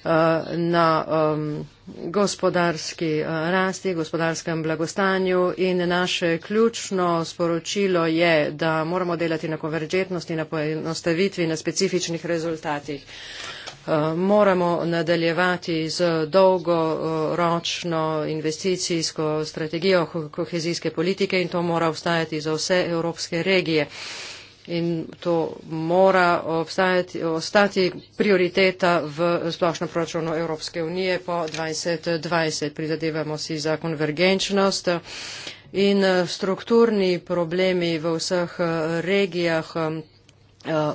Eh, na um, gospodarski eh, rasti, gospodarskem blagostanju in naše ključno sporočilo je, da moramo delati na konvergentnosti, na poenostavitvi, na specifičnih rezultatih. Eh, moramo nadaljevati z dolgoročno investicijsko strategijo kohezijske politike in to mora obstajati za vse evropske regije in to mora ostati prioriteta v splošnem proračunu Evropske unije po 2020. Prizadevamo si za konvergenčnost in eh, strukturni problemi v vseh eh, regijah eh,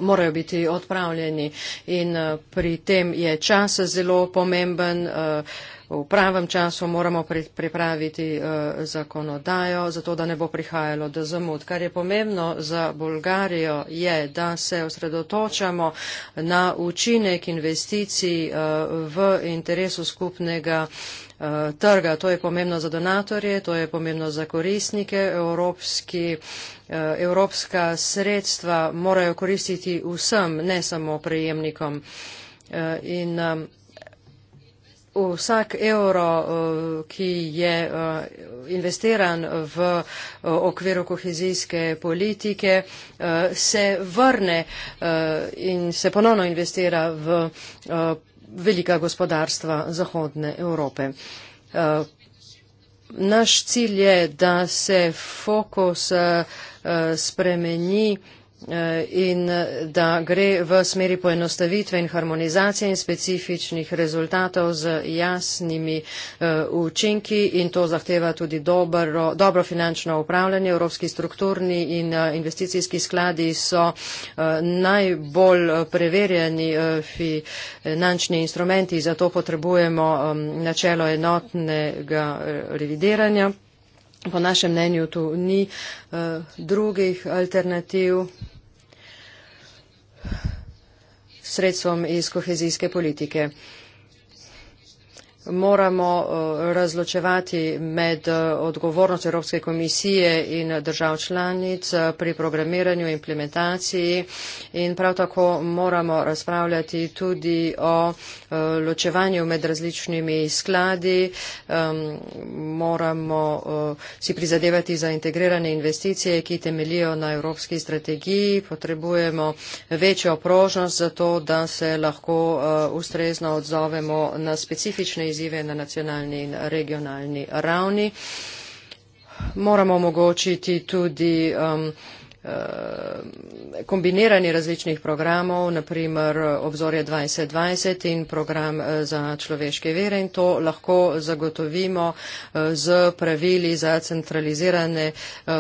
morajo biti odpravljeni in pri tem je čas zelo pomemben v pravem času moramo pripraviti eh, zakonodajo, zato da ne bo prihajalo do zamud. Kar je pomembno za Bolgarijo je, da se osredotočamo na učinek investicij eh, v interesu skupnega eh, trga. To je pomembno za donatorje, to je pomembno za koristnike. Evropski, evropska sredstva morajo koristiti vsem, ne samo prejemnikom. In, vsak evro, eh, ki je eh, investiran v eh, okviru kohezijske politike, se vrne in se ponovno investira v velika gospodarstva Zahodne Evrope. Naš cilj je, da se fokus spremeni Eh, in eh, da gre v smeri poenostavitve in harmonizacije in specifičnih rezultatov z jasnimi eh, učinki in to zahteva tudi dobro, dobro finančno upravljanje. Evropski strukturni in investicijski skladi so najbolj preverjeni finančni instrumenti, zato potrebujemo ehm, načelo enotnega revidiranja po našem mnenju tu ni eh, drugih alternativ sredstvom iz kohezijske politike moramo eh, razločevati med eh, odgovornost Evropske komisije in držav članic eh, pri programiranju, implementaciji in prav tako moramo razpravljati tudi o ločevanju med različnimi skladi, moramo si prizadevati za integrirane investicije, ki temelijo na evropski strategiji, potrebujemo večjo prožnost za to, da se lahko ustrezno odzovemo na specifične izgledanje izzive na nacionalni in regionalni ravni. Moramo omogočiti tudi um, eh, kombiniranje različnih programov, naprimer eh, obzorje 2020 in program eh, za človeške vere in to lahko zagotovimo z pravili za centralizirane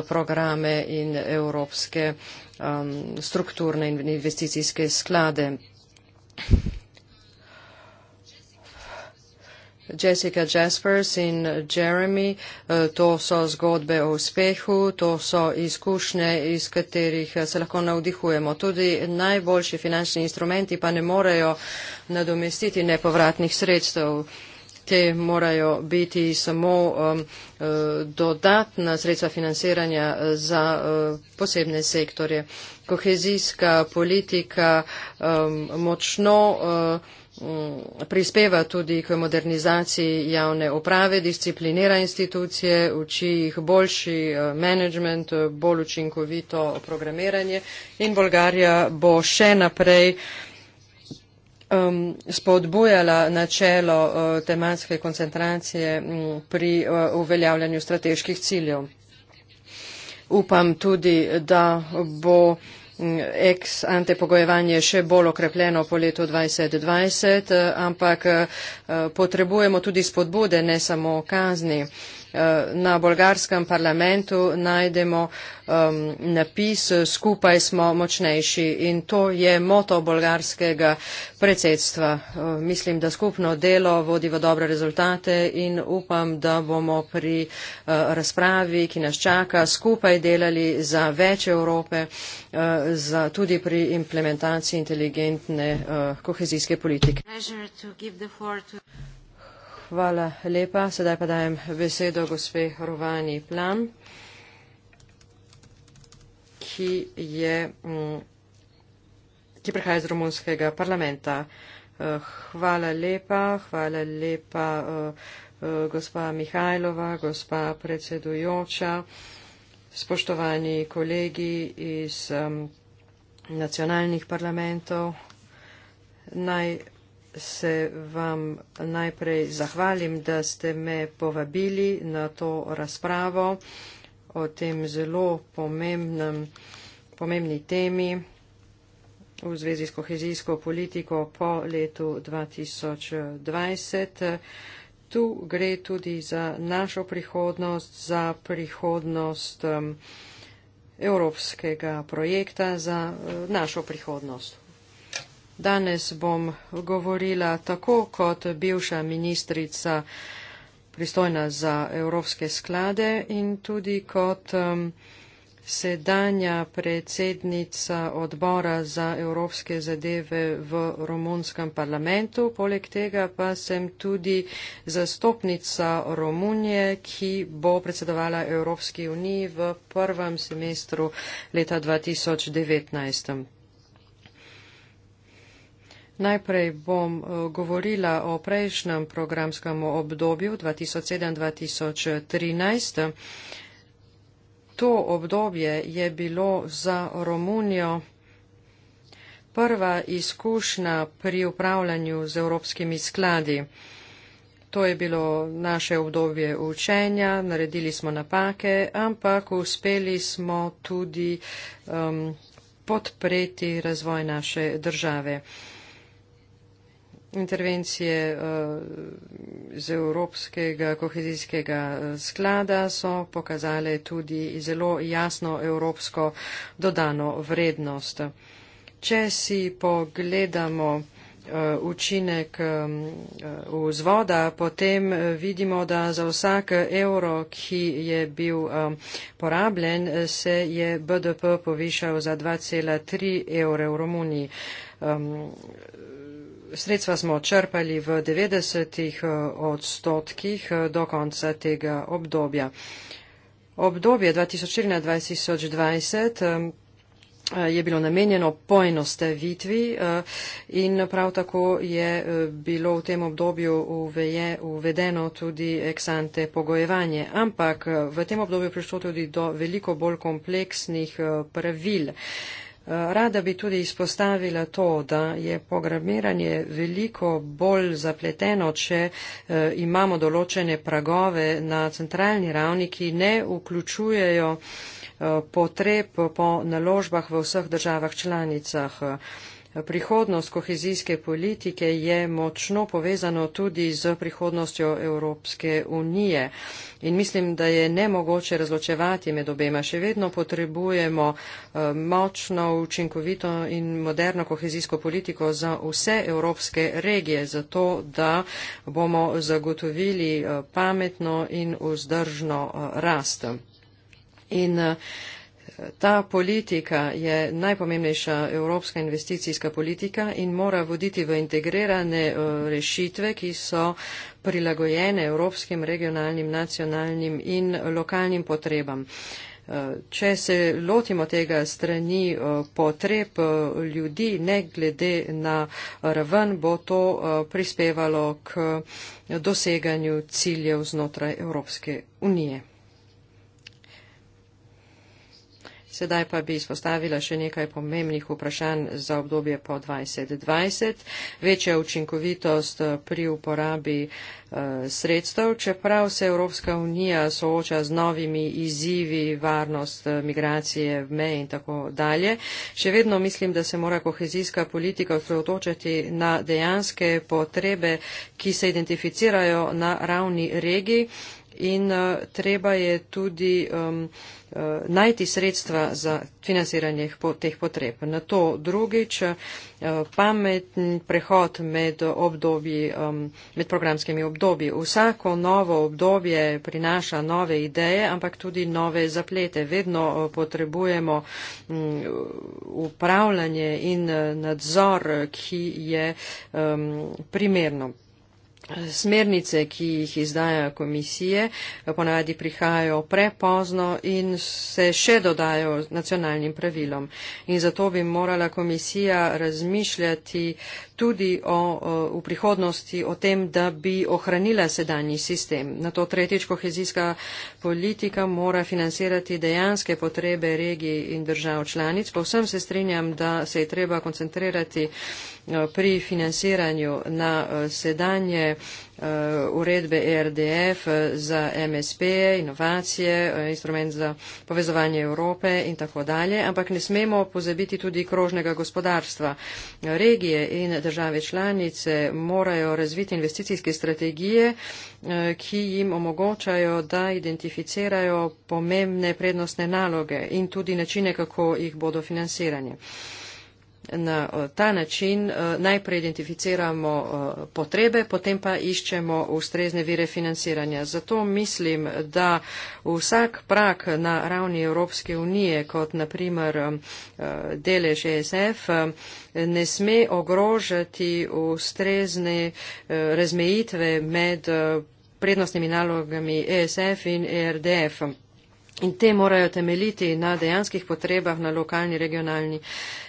programe in evropske um, strukturne in investicijske sklade. Jessica Jaspers in Jeremy, eh, to so zgodbe o uspehu, to so izkušnje, iz katerih eh, se lahko navdihujemo. Tudi najboljši finančni instrumenti pa ne morejo nadomestiti nepovratnih sredstev. Te morajo biti samo um, dodatna sredstva financiranja za um, posebne sektorje. Kohezijska politika um, močno. Um, Mm, prispeva tudi k modernizaciji javne uprave, disciplinira institucije, uči jih boljši eh, management, bolj učinkovito programiranje in Bolgarija bo še naprej um, spodbujala načelo uh, tematske koncentracije um, pri uh, uveljavljanju strateških ciljev. Upam tudi, da bo uh, ex ante pogojevanje še bolj okrepljeno po letu 2020, eh, ampak eh, potrebujemo tudi spodbude, ne samo kazni. Eh, na bolgarskem parlamentu najdemo um, napis Skupaj smo močnejši in to je moto bolgarskega predsedstva. Uh, mislim, da skupno delo vodi v dobre rezultate in upam, da bomo pri uh, razpravi, ki nas čaka, skupaj delali za več Evrope, uh, za, tudi pri implementaciji inteligentne uh, kohezijske politike. Hvala lepa. Sedaj pa dajem besedo gospe Rovani Plam, ki, je, mm, ki prihaja iz romunskega parlamenta. Eh, hvala lepa, hvala lepa eh, eh, gospa Mihajlova, gospa predsedujoča, spoštovani kolegi iz nacionalnih parlamentov. Naj se vam najprej zahvalim, da ste me povabili na to razpravo o tem zelo pomembnem, pomembni temi v zvezi s kohezijsko politiko po letu 2020. Tu gre tudi za našo prihodnost, za prihodnost um, evropskega projekta, za uh, našo prihodnost. Danes bom govorila tako kot bivša ministrica pristojna za evropske sklade in tudi kot um, sedanja predsednica odbora za evropske zadeve v romunskem parlamentu. Poleg tega pa sem tudi zastopnica Romunije, ki bo predsedovala Evropski uniji v prvem semestru leta 2019. Najprej bom eh, govorila o prejšnjem programskem obdobju 2007-2013. To obdobje je bilo za Romunijo prva izkušnja pri upravljanju z evropskimi skladi. To je bilo naše obdobje učenja, naredili smo napake, ampak uspeli smo tudi um, podpreti razvoj naše države. Uh, intervencije eh, z Evropskega kohezijskega eh, sklada so pokazale tudi zelo jasno evropsko dodano vrednost. Če si pogledamo eh, učinek vzvoda, potem vidimo, da za vsak evro, ki je bil porabljen, se je BDP povišal za 2,3 evre v Romuniji. Ehm, sredstva smo črpali v 90 eh, odstotkih eh, do konca tega obdobja. Obdobje 2014-2020 eh, je bilo namenjeno poenostavitvi in prav tako je bilo v tem obdobju uvedeno tudi eksante pogojevanje. Ampak v tem obdobju prišlo tudi do veliko bolj kompleksnih pravil. Rada bi tudi izpostavila to, da je programiranje veliko bolj zapleteno, če eh, imamo določene pragove na centralni ravni, ki ne vključujejo eh, potreb po naložbah v vseh državah članicah. Prihodnost kohezijske politike je močno povezano tudi z prihodnostjo Evropske unije in mislim, da je nemogoče razločevati med obema. Še vedno potrebujemo eh, močno, učinkovito in moderno kohezijsko politiko za vse evropske regije, zato da bomo zagotovili eh, pametno in vzdržno eh, rast. In uh, Ta politika je najpomembnejša evropska investicijska politika in mora voditi v integrirane eh, rešitve, ki so prilagojene evropskim, regionalnim, nacionalnim in lokalnim potrebam. Eh, če se lotimo tega strani eh, potreb ljudi, ne glede na raven, bo to prispevalo k doseganju ciljev znotraj Evropske unije. Sedaj pa bi izpostavila še nekaj pomembnih vprašanj za obdobje po 2020. Večja učinkovitost pri uporabi eh, sredstev, čeprav se Evropska unija sooča z novimi izzivi, varnost, eh, migracije, meje in tako dalje. Še vedno mislim, da se mora kohezijska politika osredotočiti na dejanske potrebe, ki se identificirajo na ravni regij in uh, treba je tudi um, uh, najti sredstva za financiranje po teh potreb. Na to drugič, uh, pameten prehod med, obdobji, um, med programskimi obdobji. Vsako novo obdobje prinaša nove ideje, ampak tudi nove zaplete. Vedno uh, potrebujemo um, upravljanje in uh, nadzor, ki je um, primerno smernice, ki jih izdajajo komisije, ponavadi prihajajo prepozno in se še dodajo nacionalnim pravilom. In zato bi morala komisija razmišljati tudi o, o, v prihodnosti o tem, da bi ohranila sedanji sistem. Na to tretjič kohezijska politika mora financirati dejanske potrebe regij in držav članic. Povsem se strinjam, da se je treba koncentrirati Eh, pri financiranju na eh, sedanje eh, uredbe ERDF za MSP, inovacije, instrument za povezovanje Evrope in tako dalje, ampak ne smemo pozabiti tudi krožnega gospodarstva. Regije in države članice morajo razviti investicijske strategije, ki jim omogočajo, da identificirajo pomembne prednostne naloge in tudi načine, kako jih bodo financirani na eh, ta način eh, najprej identificiramo eh, potrebe, potem pa iščemo ustrezne vire financiranja. Zato mislim, da vsak prak na ravni Evropske unije, kot naprimer delež ESF, ne sme ogrožati ustrezne razmejitve med prednostnimi nalogami ESF in ERDF. -om. In te morajo temeljiti na dejanskih potrebah na lokalni, regionalni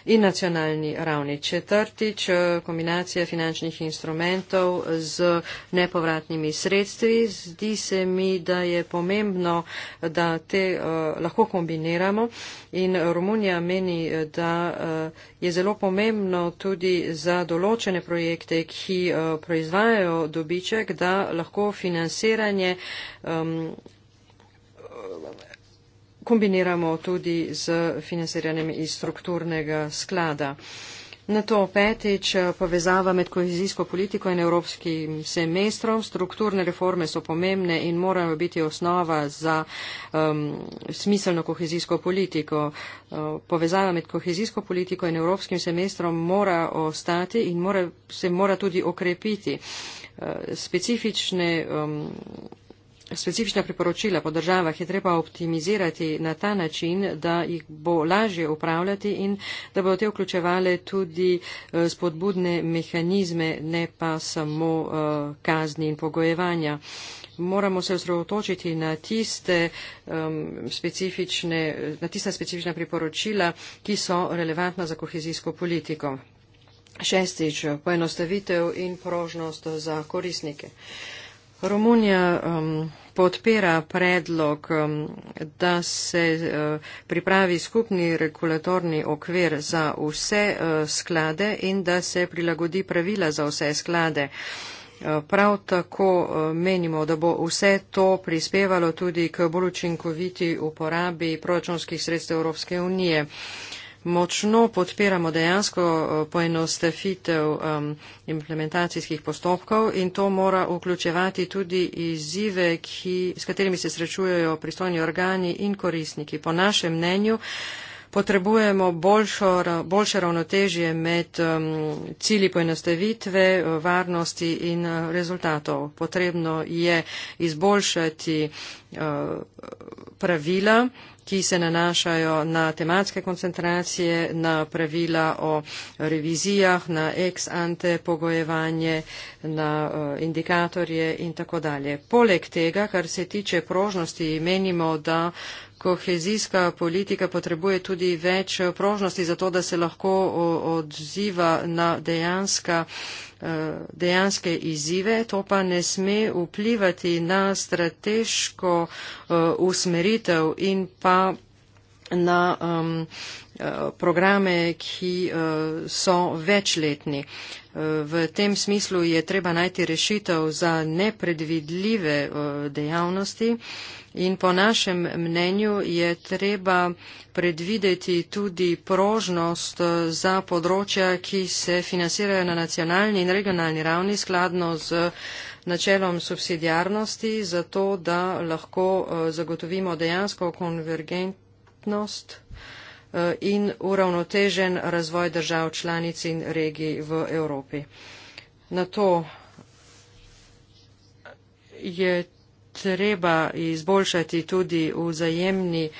in nacionalni ravni. Četrtič, eh, kombinacija finančnih instrumentov z nepovratnimi sredstvi. Zdi se mi, da je pomembno, da te uh, lahko kombiniramo. In Romunija meni, eh, da uh, je zelo pomembno tudi za določene projekte, ki uh, proizvajajo dobiček, da lahko financiranje. Um, kombiniramo tudi z financiranjem iz strukturnega sklada. Na to petič povezava med kohezijsko politiko in evropskim semestrom. Strukturne reforme so pomembne in morajo biti osnova za um, smiselno kohezijsko politiko. Uh, povezava med kohezijsko politiko in evropskim semestrom mora ostati in mora, se mora tudi okrepiti. Uh, specifične um, specifična priporočila po državah je treba optimizirati na ta način, da jih bo lažje upravljati in da bo te vključevale tudi eh, spodbudne mehanizme, ne pa samo eh, kazni in pogojevanja. Moramo se osredotočiti na, na tista specifična priporočila, ki so relevantna za kohezijsko politiko. Šestič, poenostavitev in prožnost za korisnike. Romunija um, podpira predlog, um, da se uh, pripravi skupni regulatorni okvir za vse uh, sklade in da se prilagodi pravila za vse sklade. Uh, prav tako uh, menimo, da bo vse to prispevalo tudi k bolj učinkoviti uporabi proračunskih sredstev Evropske unije. Uh, močno podpiramo dejansko eh, poenostavitev um, implementacijskih postopkov in to mora vključevati tudi izzive, ki, s katerimi se srečujejo pristojni organi in korisniki. Po našem mnenju potrebujemo boljšo, boljše ravnotežje med um, cilji poenostavitve, eh, varnosti in eh, rezultatov. Potrebno je izboljšati uh, pravila ki se nanašajo na tematske koncentracije, na pravila o revizijah, na ex ante pogojevanje, na eh, indikatorje in tako dalje. Poleg tega, kar se tiče prožnosti, menimo, da uh, kohezijska politika potrebuje tudi več prožnosti za to, da se lahko odziva na dejanska eh, dejanske izzive, to pa ne sme vplivati na strateško eh, usmeritev in pa na um, eh, programe, ki uh, so večletni. Uh, V tem smislu je treba najti rešitev za nepredvidljive eh, dejavnosti in po našem mnenju je treba predvideti tudi prožnost eh, za področja, ki se financirajo na nacionalni in regionalni ravni skladno z eh, načelom subsidijarnosti, zato da lahko zagotovimo dejansko konvergentnost Eh, in uravnotežen razvoj držav članic in regij v Evropi. Na to je treba izboljšati tudi vzajemni,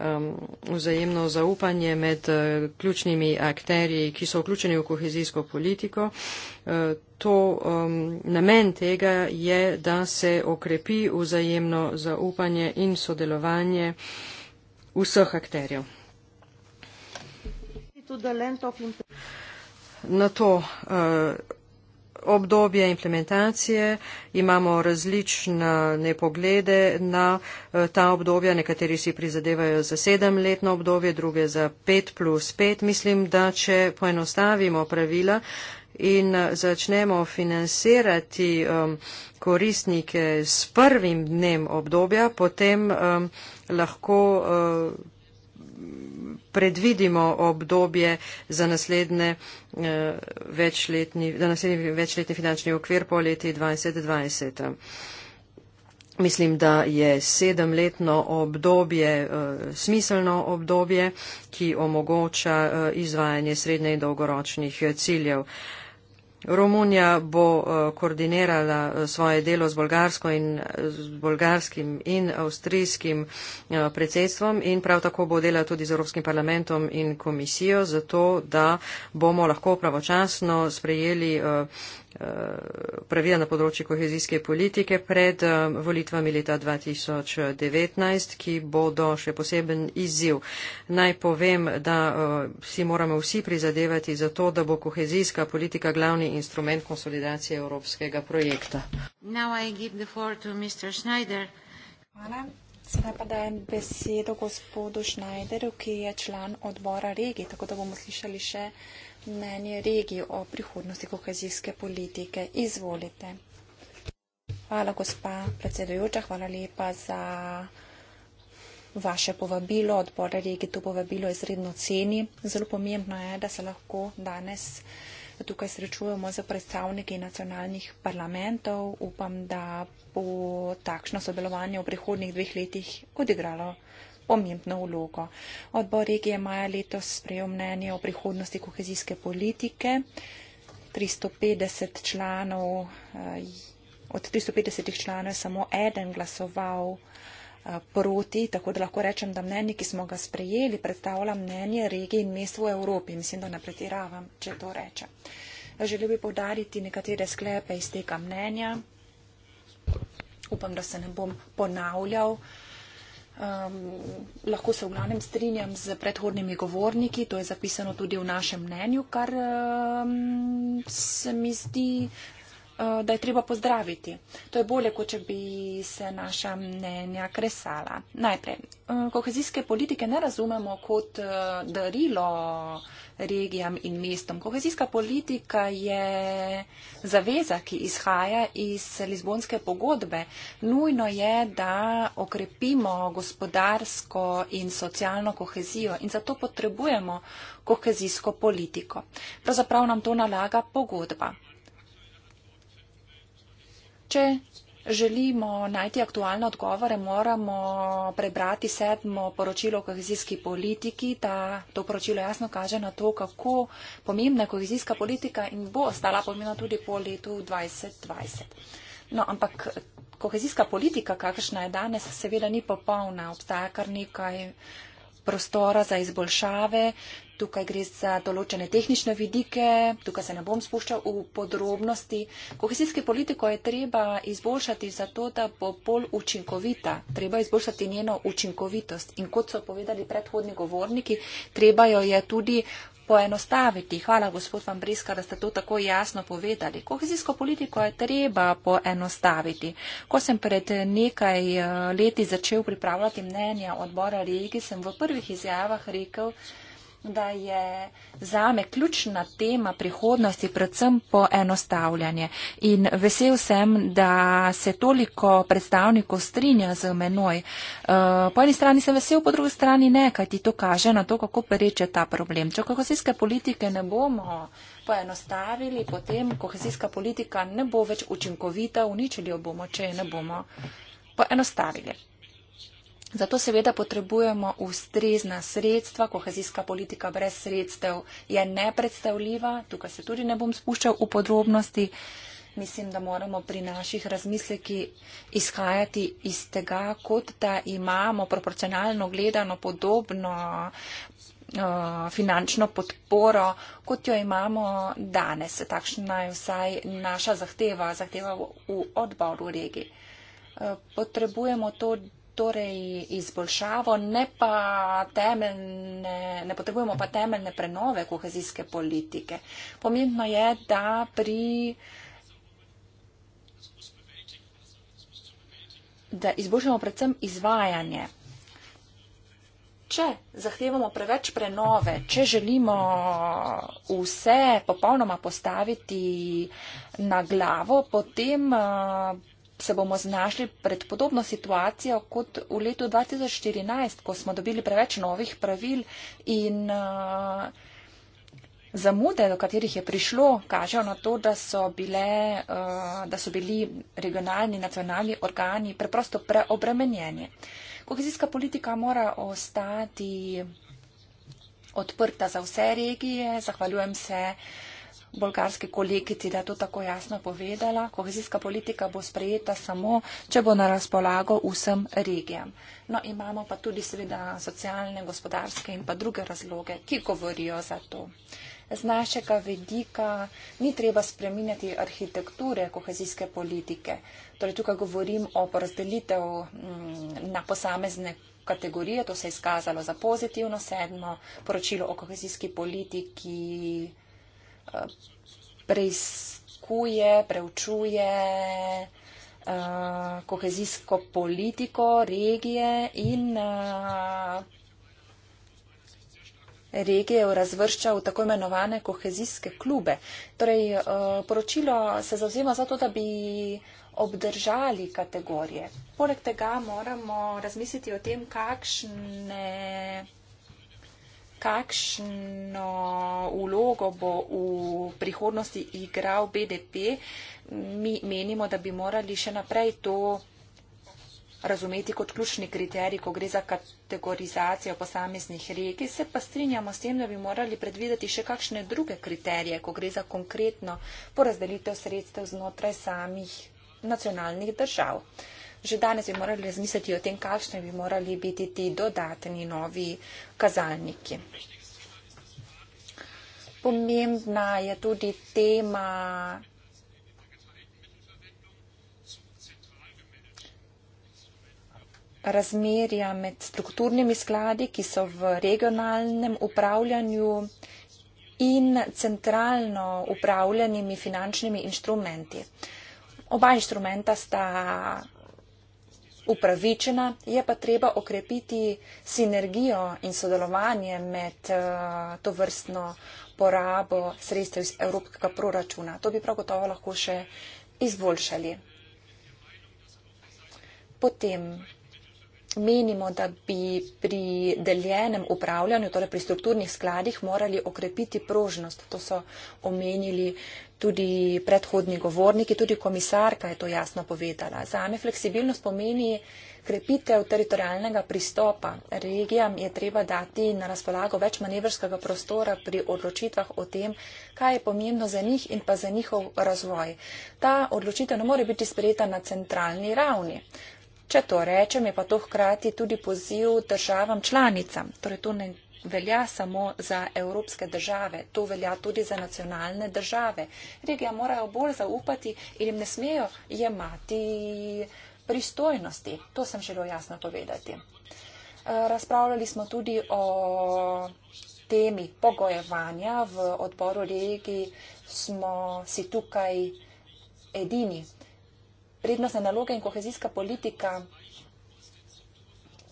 um, vzajemno zaupanje med uh, ključnimi akterji, ki so vključeni v kohezijsko politiko. Uh, to, um, namen tega je, da se okrepi vzajemno zaupanje in sodelovanje vseh akterjev. Na to uh, obdobje implementacije imamo različne poglede na uh, ta obdobja. Nekateri si prizadevajo za sedemletno obdobje, druge za pet plus pet. Mislim, da če poenostavimo pravila in eh, začnemo financirati um, koristnike s prvim dnem obdobja, potem um, lahko. Uh, predvidimo obdobje za eh, naslednji večletni, večletni finančni okvir po leti 2020. Mislim, da je sedemletno obdobje eh, smiselno obdobje, ki omogoča eh, izvajanje srednje in dolgoročnih ciljev. Romunija bo eh, koordinirala eh, svoje delo z, in, eh, z bolgarskim in avstrijskim predsedstvom in prav tako bo dela tudi z Evropskim parlamentom in komisijo, zato da bomo lahko pravočasno sprejeli pravila na področju kohezijske politike pred eh, volitvami leta 2019, ki bodo še poseben izziv. Naj povem, da eh, si moramo vsi prizadevati za to, da bo kohezijska politika glavni instrument konsolidacije evropskega projekta. Hvala. Sedaj pa dajem besedo gospodu Šnajderu, ki je član odbora regije, tako da bomo slišali še mnenje regij o prihodnosti kohezijske politike. Izvolite. Hvala, gospa predsedujoča, hvala lepa za vaše povabilo. Odbor regij to povabilo izredno ceni. Zelo pomembno je, da se lahko danes tukaj srečujemo z predstavniki nacionalnih parlamentov. Upam, da bo takšno sodelovanje v prihodnih dveh letih odigralo pomembno vlogo. Odbor regije maja letos sprejel mnenje o prihodnosti kohezijske politike. 350 članov, eh, od 350 članov je samo eden glasoval eh, proti, tako da lahko rečem, da mnenje, ki smo ga sprejeli, predstavlja mnenje regije in mest v Evropi. Mislim, da ne pretiravam, če to rečem. Želel bi povdariti nekatere sklepe iz tega mnenja. Upam, da se ne bom ponavljal. Uh, Um, lahko se v glavnem strinjam z predhodnimi govorniki, to je zapisano tudi v našem mnenju, kar um, se mi zdi Eh, da je treba pozdraviti. To je bolje, kot če bi se naša mnenja kresala. Najprej, eh, kohezijske politike ne razumemo kot eh, darilo regijam in mestom. Kohezijska politika je zaveza, ki izhaja iz Lizbonske pogodbe. Nujno je, da okrepimo gospodarsko in socialno kohezijo in zato potrebujemo kohezijsko politiko. Pravzaprav nam to nalaga pogodba. Če želimo najti aktualne odgovore, moramo prebrati sedmo poročilo o kohezijski politiki. Ta, to poročilo jasno kaže na to, kako pomembna je kohezijska politika in bo ostala pomembna tudi po letu 2020. No, ampak kohezijska politika, kakršna je danes, seveda ni popolna. Obstaja kar nekaj prostora za izboljšave. Tukaj gre za določene tehnične vidike, tukaj se ne bom spuščal v podrobnosti. Kohezijsko politiko je treba izboljšati zato, da bo bolj učinkovita. Treba izboljšati njeno učinkovitost. In kot so povedali predhodni govorniki, treba jo je tudi poenostaviti. Hvala, gospod Van Briska, da ste to tako jasno povedali. Kohezijsko politiko je treba poenostaviti. Ko sem pred nekaj eh, leti začel pripravljati mnenja odbora regij, sem v prvih izjavah rekel, da je zame ključna tema prihodnosti predvsem poenostavljanje. In vesel sem, da se toliko predstavnikov strinja z menoj. Eh, po eni strani sem vesel, po drugi strani ne, kaj ti to kaže na to, kako pereče ta problem. Če kohezijske politike ne bomo poenostavili, potem kohezijska politika ne bo več učinkovita, uničili jo bomo, če je ne bomo poenostavili. Zato seveda potrebujemo ustrezna sredstva, kohezijska politika brez sredstev je nepredstavljiva, tukaj se tudi ne bom spuščal v podrobnosti. Mislim, da moramo pri naših razmisleki izhajati iz tega, kot da imamo proporcionalno gledano podobno eh, finančno podporo, kot jo imamo danes. Takšna je vsaj naša zahteva, zahteva v odboru regi. Eh, potrebujemo to, torej izboljšavo, ne pa temeljne, ne potrebujemo pa temeljne prenove kohezijske politike. Pomembno je, da pri da izboljšamo predvsem izvajanje. Če zahtevamo preveč prenove, če želimo vse popolnoma postaviti na glavo, potem eh, se bomo znašli pred podobno situacijo kot v letu 2014, ko smo dobili preveč novih pravil in uh, zamude, do katerih je prišlo, kažejo na to, da so, bile, uh, da so bili regionalni, nacionalni organi preprosto preobremenjeni. Kohezijska politika mora ostati odprta za vse regije. Zahvaljujem se uh, bolgarski kolegi, ti da to tako jasno povedala. Kohezijska politika bo sprejeta samo, če bo na razpolago vsem regijam. No, imamo pa tudi seveda socialne, gospodarske in pa druge razloge, ki govorijo za to. Z našega vedika ni treba spreminjati arhitekture kohezijske politike. Torej, tukaj govorim o porazdelitev mm, na posamezne kategorije, to se je izkazalo za pozitivno sedmo poročilo o kohezijski politiki preiskuje, preučuje uh, kohezijsko politiko regije in uh, regije razvršča v tako imenovane kohezijske klube. Torej, uh, poročilo se zauzema za to, da bi obdržali kategorije. Poleg tega moramo razmisliti o tem, kakšne kakšno vlogo bo v prihodnosti igral BDP, mi menimo, da bi morali še naprej to razumeti kot ključni kriterij, ko gre za kategorizacijo posameznih regij. Se pa strinjamo s tem, da bi morali predvideti še kakšne druge kriterije, ko gre za konkretno porazdelitev sredstev znotraj samih nacionalnih držav že danes bi morali razmisliti o tem, kakšni bi morali biti ti dodatni novi kazalniki. Pomembna je tudi tema razmerja med strukturnimi skladi, ki so v regionalnem upravljanju in centralno upravljenimi finančnimi inštrumenti. Oba inštrumenta sta upravičena, je pa treba okrepiti sinergijo in sodelovanje med eh, to vrstno porabo sredstev iz evropskega proračuna. To bi prav gotovo lahko še izboljšali. Potem menimo, da bi pri deljenem upravljanju, torej pri strukturnih skladih, morali okrepiti prožnost. To so omenili tudi predhodni govorniki, tudi komisarka je to jasno povedala. Za me fleksibilnost pomeni krepitev teritorijalnega pristopa. Regijam je treba dati na razpolago več manevrskega prostora pri odločitvah o tem, kaj je pomembno za njih in pa za njihov razvoj. Ta odločitev ne more biti sprejeta na centralni ravni. Če to rečem, je pa to hkrati tudi poziv državam članicam. Torej, to ne velja samo za evropske države, to velja tudi za nacionalne države. Regija morajo bolj zaupati in jim ne smejo jemati pristojnosti. To sem želel jasno povedati. Razpravljali smo tudi o temi pogojevanja. V odboru regiji smo si tukaj edini prednostne naloge in kohezijska politika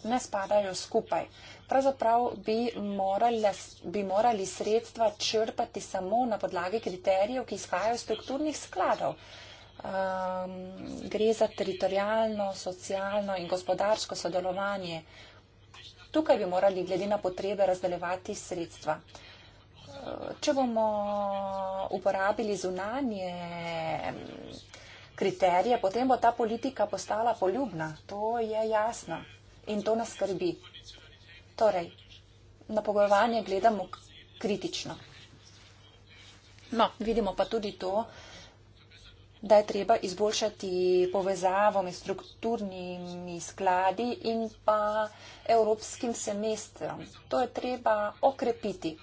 ne spadajo skupaj. Pravzaprav bi morali, bi morali sredstva črpati samo na podlagi kriterijev, ki izhajajo iz strukturnih skladov. Um, gre za teritorijalno, socialno in gospodarsko sodelovanje. Tukaj bi morali glede na potrebe razdelevati sredstva. Uh, če bomo uporabili zunanje kriterije, potem bo ta politika postala poljubna. To je jasno in to nas skrbi. Torej, na pogojevanje gledamo kritično. No, vidimo pa tudi to, da je treba izboljšati povezavo med strukturnimi skladi in pa evropskim semestrom. To je treba okrepiti.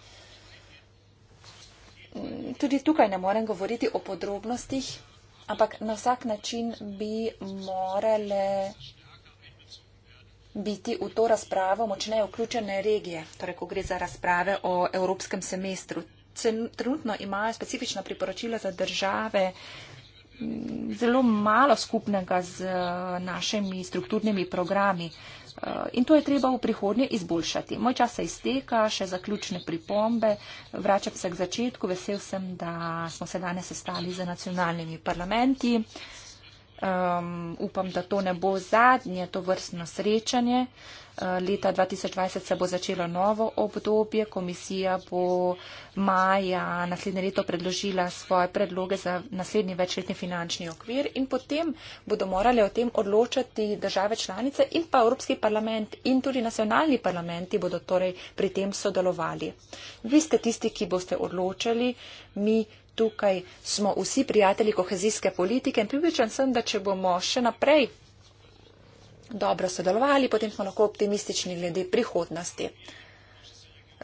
Tudi tukaj ne morem govoriti o podrobnostih, ampak na vsak način bi morale biti v to razpravo močneje vključene regije, torej ko gre za razprave o evropskem semestru. Trenutno imajo specifična priporočila za države zelo malo skupnega z našimi strukturnimi programi. Eh, in to je treba v prihodnje izboljšati. Moj čas se izteka, še zaključne pripombe. Vračam se k začetku. Vesel sem, da smo se danes sestali z nacionalnimi parlamenti. Um, upam, da to ne bo zadnje to vrstno srečanje. Uh, leta 2020 se bo začelo novo obdobje. Komisija bo maja naslednje leto predložila svoje predloge za naslednji večletni finančni okvir in potem bodo morali o tem odločati države članice in pa Evropski parlament in tudi nacionalni parlamenti bodo torej pri tem sodelovali. Vi ste tisti, ki boste odločali, mi. Tukaj smo vsi prijatelji kohezijske politike in pripričan sem, da če bomo še naprej dobro sodelovali, potem smo lahko optimistični glede prihodnosti.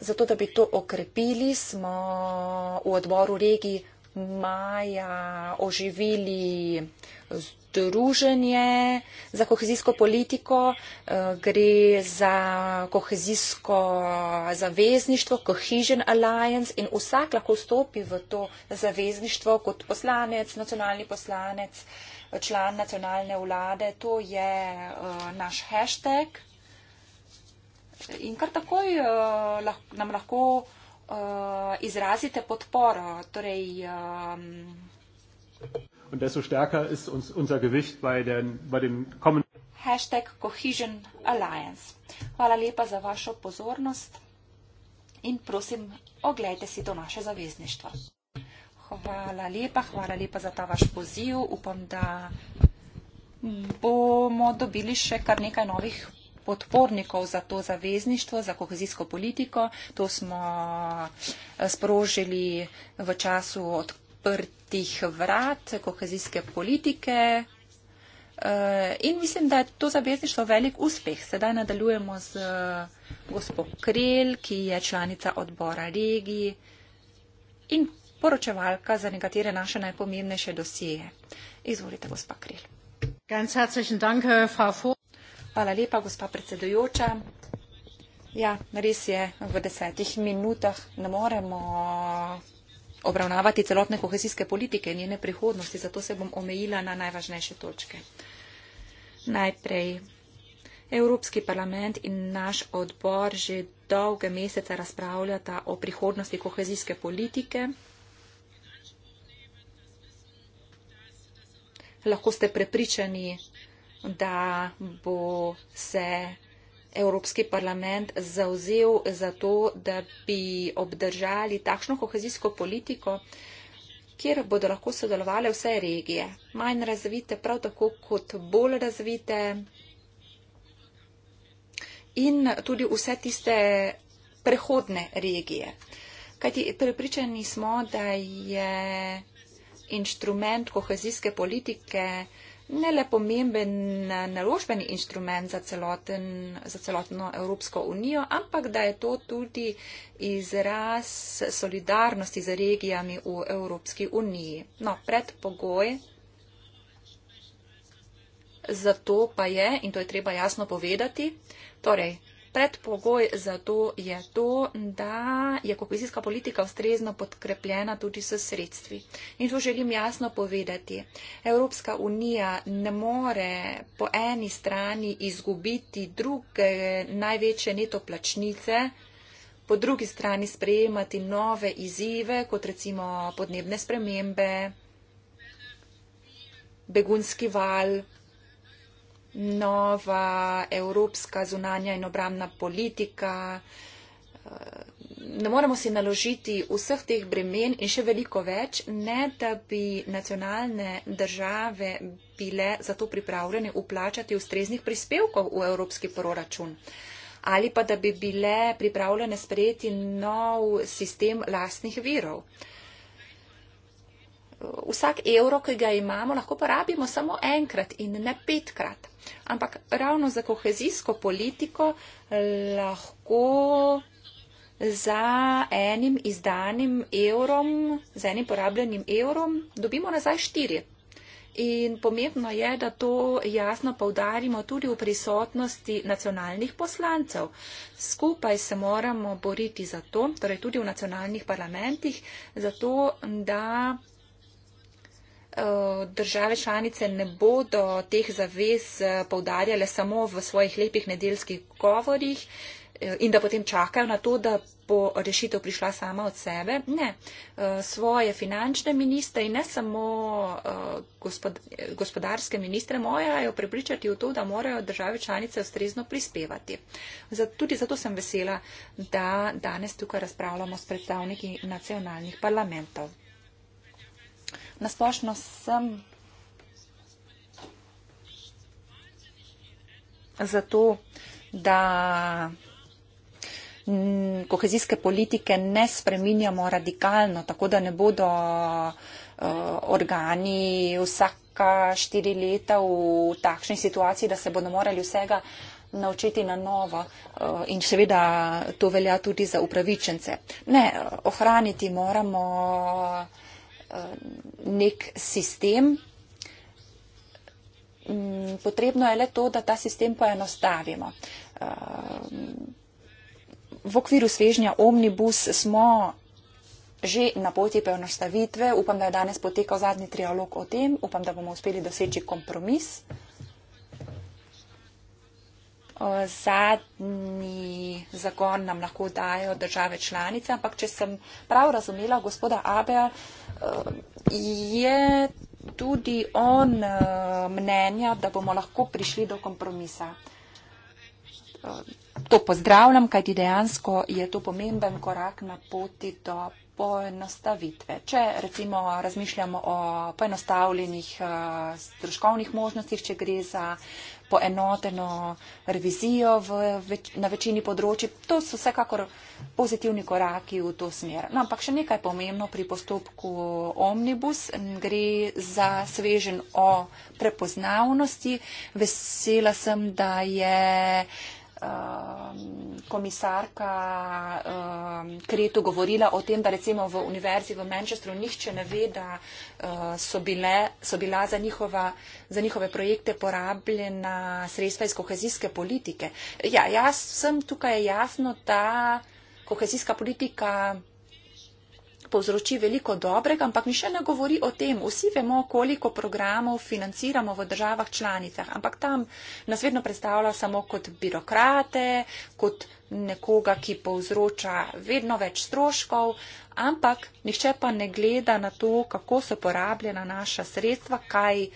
Zato, da bi to okrepili, smo v odboru regiji maja oživili združenje za kohezijsko politiko, eh, gre za kohezijsko zavezništvo, Cohesion Alliance in vsak lahko vstopi v to zavezništvo kot poslanec, nacionalni poslanec, član nacionalne vlade, to je uh, naš hashtag. In kar takoj uh, lah, nam lahko uh, izrazite podporo. Torej, um, ehm, In desto stärker je uns, unser gewicht bei den, bei den kommen. Hashtag Cohesion Alliance. Hvala lepa za vašo pozornost in prosim, oglejte si to naše zavezništvo. Hvala lepa, hvala lepa za ta vaš poziv. Upam, da bomo dobili še kar nekaj novih podpornikov za to zavezništvo, za kohezijsko politiko. To smo eh, sprožili v času odprtih vrat kohezijske politike. Eh, in mislim, da je to zavezništvo velik uspeh. Sedaj nadaljujemo z eh, gospod Krel, ki je članica odbora regiji. In poročevalka za nekatere naše najpomembnejše dosije. Izvolite, gospa Kril. Hvala lepa, gospa predsedujoča. Ja, res je, v desetih minutah ne moremo obravnavati celotne kohezijske politike in njene prihodnosti, zato se bom omejila na najvažnejše točke. Najprej, Evropski parlament in naš odbor že dolge mesece razpravljata o prihodnosti kohezijske politike. lahko ste prepričani, da bo se Evropski parlament zauzel za to, da bi obdržali takšno kohezijsko politiko, kjer bodo lahko sodelovali vse regije, manj razvite, prav tako kot bolj razvite in tudi vse tiste prehodne regije. Kajti pripričani smo, da je inštrument kohezijske politike ne le pomemben naložbeni inštrument za, celoten, za celotno Evropsko unijo, ampak da je to tudi izraz solidarnosti z regijami v Evropski uniji. No, predpogoj za to pa je, in to je treba jasno povedati, torej Predpogoj za to je to, da je kohezijska politika ustrezno podkrepljena tudi s sredstvi. In to želim jasno povedati. Evropska unija ne more po eni strani izgubiti druge največje netoplačnice, po drugi strani sprejemati nove izzive, kot recimo podnebne spremembe, begunski val, nova evropska zunanja in obramna politika. Eh, ne moremo si naložiti vseh teh bremen in še veliko več, ne da bi nacionalne države bile za to pripravljene uplačati ustreznih prispevkov v evropski proračun ali pa da bi bile pripravljene sprejeti nov sistem lastnih virov. Uh, vsak evro, ki ga imamo, lahko porabimo samo enkrat in ne petkrat. Ampak ravno za kohezijsko politiko eh, lahko za enim izdanim evrom, za enim porabljenim evrom dobimo nazaj štiri. In pomembno je, da to jasno povdarimo tudi v prisotnosti nacionalnih poslancev. Skupaj se moramo boriti za to, torej tudi v nacionalnih parlamentih, za to, da Eh, države članice ne bodo teh zavez eh, povdarjale samo v svojih lepih nedeljskih govorih eh, in da potem čakajo na to, da bo rešitev prišla sama od sebe. Ne, svoje finančne ministre in ne samo gospodarske ministre morajo prepričati v to, da morajo države članice ustrezno prispevati. Tudi zato sem vesela, da danes tukaj razpravljamo s predstavniki nacionalnih parlamentov nasplošno sem zato, da kohezijske politike ne spreminjamo radikalno, tako da ne bodo uh, organi vsaka štiri leta v takšni situaciji, da se bodo morali vsega naučiti na novo eh, in seveda to velja tudi za upravičence. Ne, eh, ohraniti moramo Eh, nek sistem. Mm, potrebno je le to, da ta sistem poenostavimo. Eh, v okviru svežnja Omnibus smo že na poti poenostavitve. Upam, da je danes potekal zadnji trialog o tem. Upam, da bomo uspeli doseči kompromis. Eh, zadnji zakon nam lahko dajo države članice, ampak če sem prav razumela gospoda Abeja, je tudi on eh, mnenja, da bomo lahko prišli do kompromisa. Eh, to pozdravljam, kajti dejansko je to pomemben korak na poti do poenostavitve. Če recimo razmišljamo o poenostavljenih eh, stroškovnih možnostih, če gre za poenoteno revizijo v, več, na večini področji, to so vsekakor pozitivni koraki v to smer. No, ampak še nekaj pomembno pri postopku omnibus gre za svežen o prepoznavnosti. Vesela sem, da je. Um, komisarka um, Kretu govorila o tem, da recimo v univerzi v Manchesteru nihče ne ve, da uh, so, bile, so bila za, njihova, za njihove projekte porabljena sredstva iz kohezijske politike. Ja, jaz sem tukaj jasno, da kohezijska politika povzroči veliko dobrega, ampak ni še ne govori o tem. Vsi vemo, koliko programov financiramo v državah članicah, ampak tam nas vedno predstavlja samo kot birokrate, kot nekoga, ki povzroča vedno več stroškov, ampak nihče pa ne gleda na to, kako so porabljena naša sredstva, kaj eh,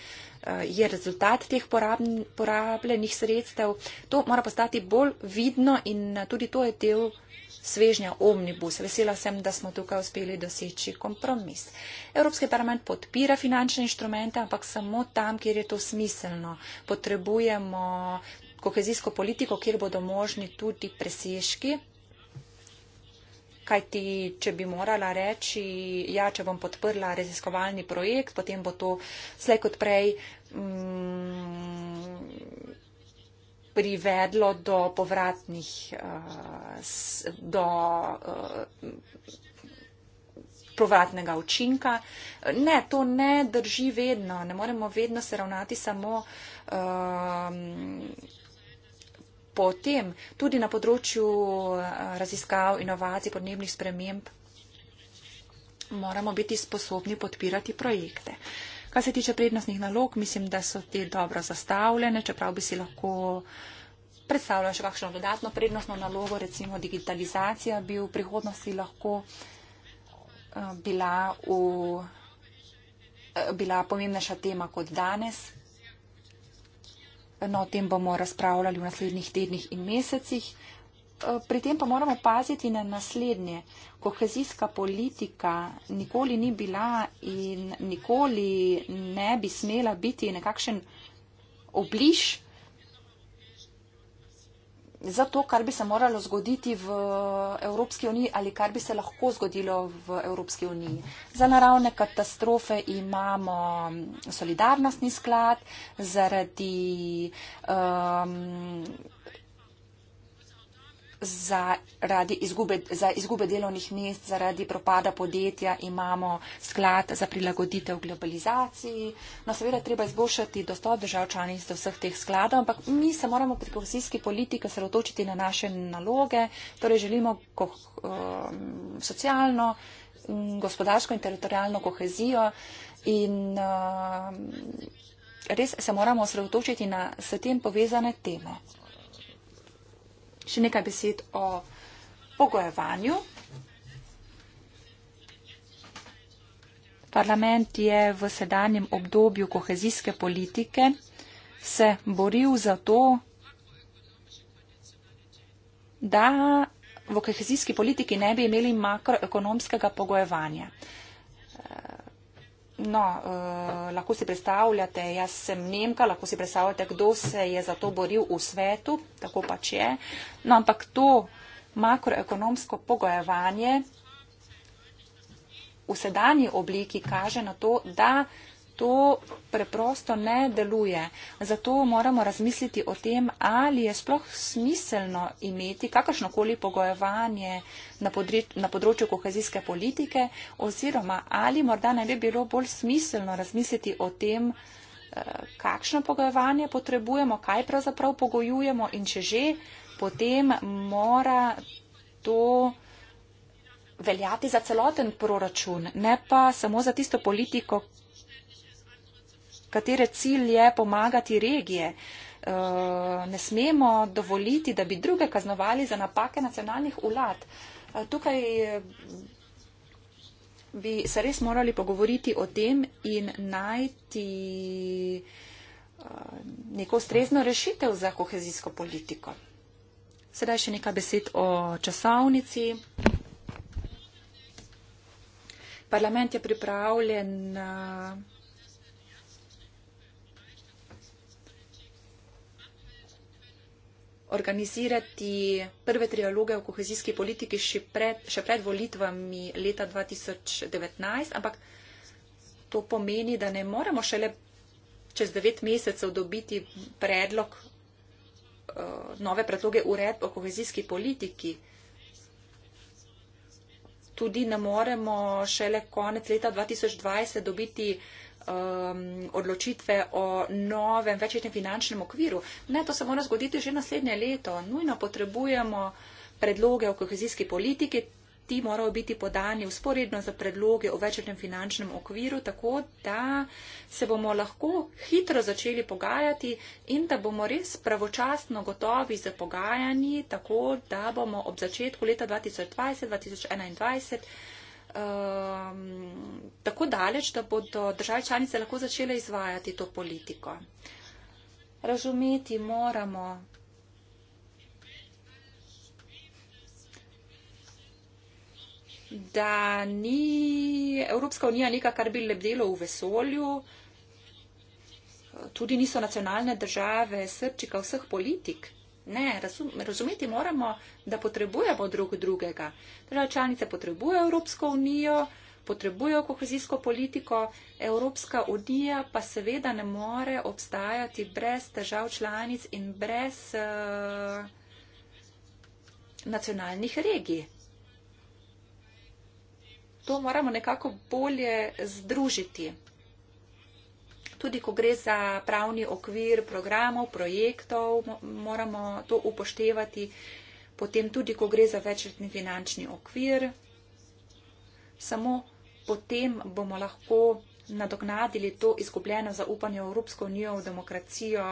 je rezultat teh porabljenih sredstev. To mora postati bolj vidno in tudi to je del svežnja omnibus. Vesela sem, da smo tukaj uspeli doseči kompromis. Evropski parlament podpira finančne inštrumente, ampak samo tam, kjer je to smiselno. Potrebujemo kohezijsko politiko, kjer bodo možni tudi presežki. Kaj ti, če bi morala reči, ja, če bom podprla raziskovalni projekt, potem bo to slej kot prej. Mm, privedlo do povratnih, eh, do eh, povratnega učinka. Ne, to ne drži vedno. Ne moremo vedno se ravnati samo ehm, po tem. Tudi na področju eh, raziskav, inovacij, podnebnih sprememb moramo biti sposobni podpirati projekte. Uh, Kar se tiče prednostnih nalog, mislim, da so te dobro zastavljene, čeprav bi si lahko predstavljala še kakšno dodatno prednostno nalogo, recimo digitalizacija bi v prihodnosti lahko eh, bila, v, eh, bila pomembnejša tema kot danes. No, o tem bomo razpravljali v naslednjih tednih in mesecih. Pri tem pa moramo paziti na naslednje. Kohezijska politika nikoli ni bila in nikoli ne bi smela biti nekakšen obliž za to, kar bi se moralo zgoditi v Evropski uniji ali kar bi se lahko zgodilo v Evropski uniji. Za naravne katastrofe imamo solidarnostni sklad zaradi. Um, zaradi izgube, za izgube delovnih mest, zaradi propada podjetja imamo sklad za prilagoditev globalizaciji. No, seveda treba izboljšati dostop držav članic do vseh teh skladov, ampak mi se moramo pri kohezijski politiki sredotočiti na naše naloge, torej želimo ko, uh, socialno, gospodarsko in teritorijalno kohezijo. In, uh, Res se moramo osredotočiti na s tem povezane teme še nekaj besed o pogojevanju. Parlament je v sedanjem obdobju kohezijske politike se boril za to, da v kohezijski politiki ne bi imeli makroekonomskega pogojevanja. No, uh, lahko si predstavljate, jaz sem Nemka, lahko si predstavljate, kdo se je za to boril v svetu, tako pač je. No, ampak to makroekonomsko pogojevanje v sedanji obliki kaže na to, da to preprosto ne deluje. Zato moramo razmisliti o tem, ali je sploh smiselno imeti kakršnokoli pogojevanje na, podri, na področju kohezijske politike oziroma ali morda ne bi bilo bolj smiselno razmisliti o tem, eh, kakšno pogojevanje potrebujemo, kaj pravzaprav pogojujemo in če že, potem mora to veljati za celoten proračun, ne pa samo za tisto politiko, katere cilj je pomagati regije. Eh, ne smemo dovoliti, da bi druge kaznovali za napake nacionalnih vlad. Eh, tukaj eh, bi se res morali pogovoriti o tem in najti neko strezno rešitev za kohezijsko politiko. Sedaj še nekaj besed o časovnici. Parlament je pripravljen. Uh, organizirati prve trialoge o kohezijski politiki še pred, še pred volitvami leta 2019, ampak to pomeni, da ne moremo šele čez devet mesecev dobiti predlog, eh, nove predloge ured o kohezijski politiki. Tudi ne moremo šele konec leta 2020 dobiti um, odločitve o novem večjetnem finančnem okviru. Ne, to se mora zgoditi že naslednje leto. Nujno potrebujemo predloge o kohezijski politiki. Ti morajo biti podani usporedno za predloge o večjetnem finančnem okviru, tako da se bomo lahko hitro začeli pogajati in da bomo res pravočasno gotovi za pogajanji, tako da bomo ob začetku leta 2020-2021 um, tako daleč, da bodo države članice lahko začele izvajati to politiko. Razumeti moramo, da ni Evropska unija neka, kar bi lebdelo v vesolju. Tudi niso nacionalne države srčika vseh politik. Ne, razum, razumeti moramo, da potrebujemo drug drugega. Države članice potrebujejo Evropsko unijo, potrebujejo kohezijsko politiko, Evropska unija pa seveda ne more obstajati brez držav članic in brez uh, nacionalnih regij. To moramo nekako bolje združiti tudi ko gre za pravni okvir programov, projektov, moramo to upoštevati, potem tudi, ko gre za večletni finančni okvir. Samo potem bomo lahko nadognadili to izgubljeno zaupanje v Evropsko unijo, v demokracijo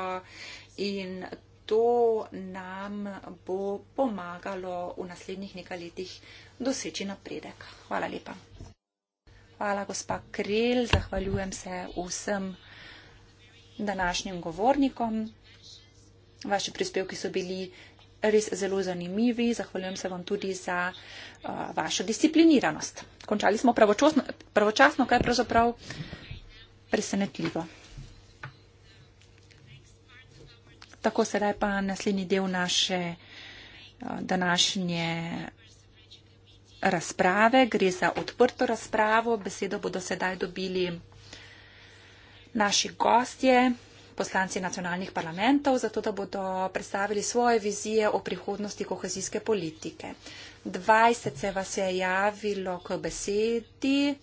in to nam bo pomagalo v naslednjih nekaj letih doseči napredek. Hvala lepa. Hvala, gospa Kril, zahvaljujem se vsem današnjim govornikom. Vaši prispevki so bili res zelo zanimivi. Zahvaljujem se vam tudi za uh, vašo discipliniranost. Končali smo pravočasno, pravočasno kaj je pravzaprav presenetljivo. Tako sedaj pa naslednji del naše uh, današnje razprave. Gre za odprto razpravo. Besedo bodo sedaj dobili naši gostje, poslanci nacionalnih parlamentov, zato da bodo predstavili svoje vizije o prihodnosti kohezijske politike. 20 se vas je javilo k besedi.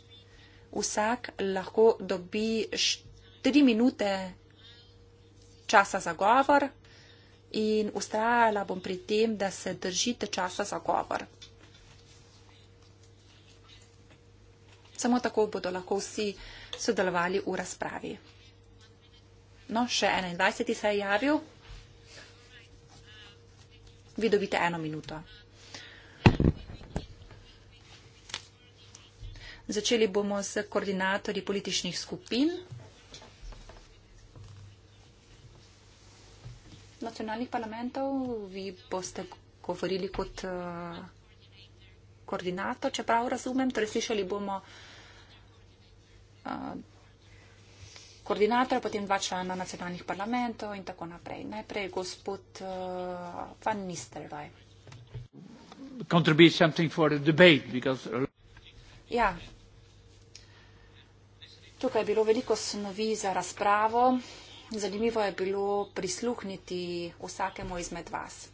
Vsak lahko dobi 3 minute časa za govor in ustrajala bom pri tem, da se držite časa za govor. Samo tako bodo lahko vsi sodelovali v razpravi. No, še 21. se je javil. Vi dobite eno minuto. Začeli bomo s koordinatorji političnih skupin. Nacionalnih parlamentov, vi boste govorili kot uh, koordinator, če prav razumem, torej slišali bomo uh, koordinatorja, potem dva člana nacionalnih parlamentov in tako naprej. Najprej gospod uh, Van Nistelrooy. Ja. Tukaj je bilo veliko snovi za razpravo. Zanimivo je bilo prisluhniti vsakemu izmed vas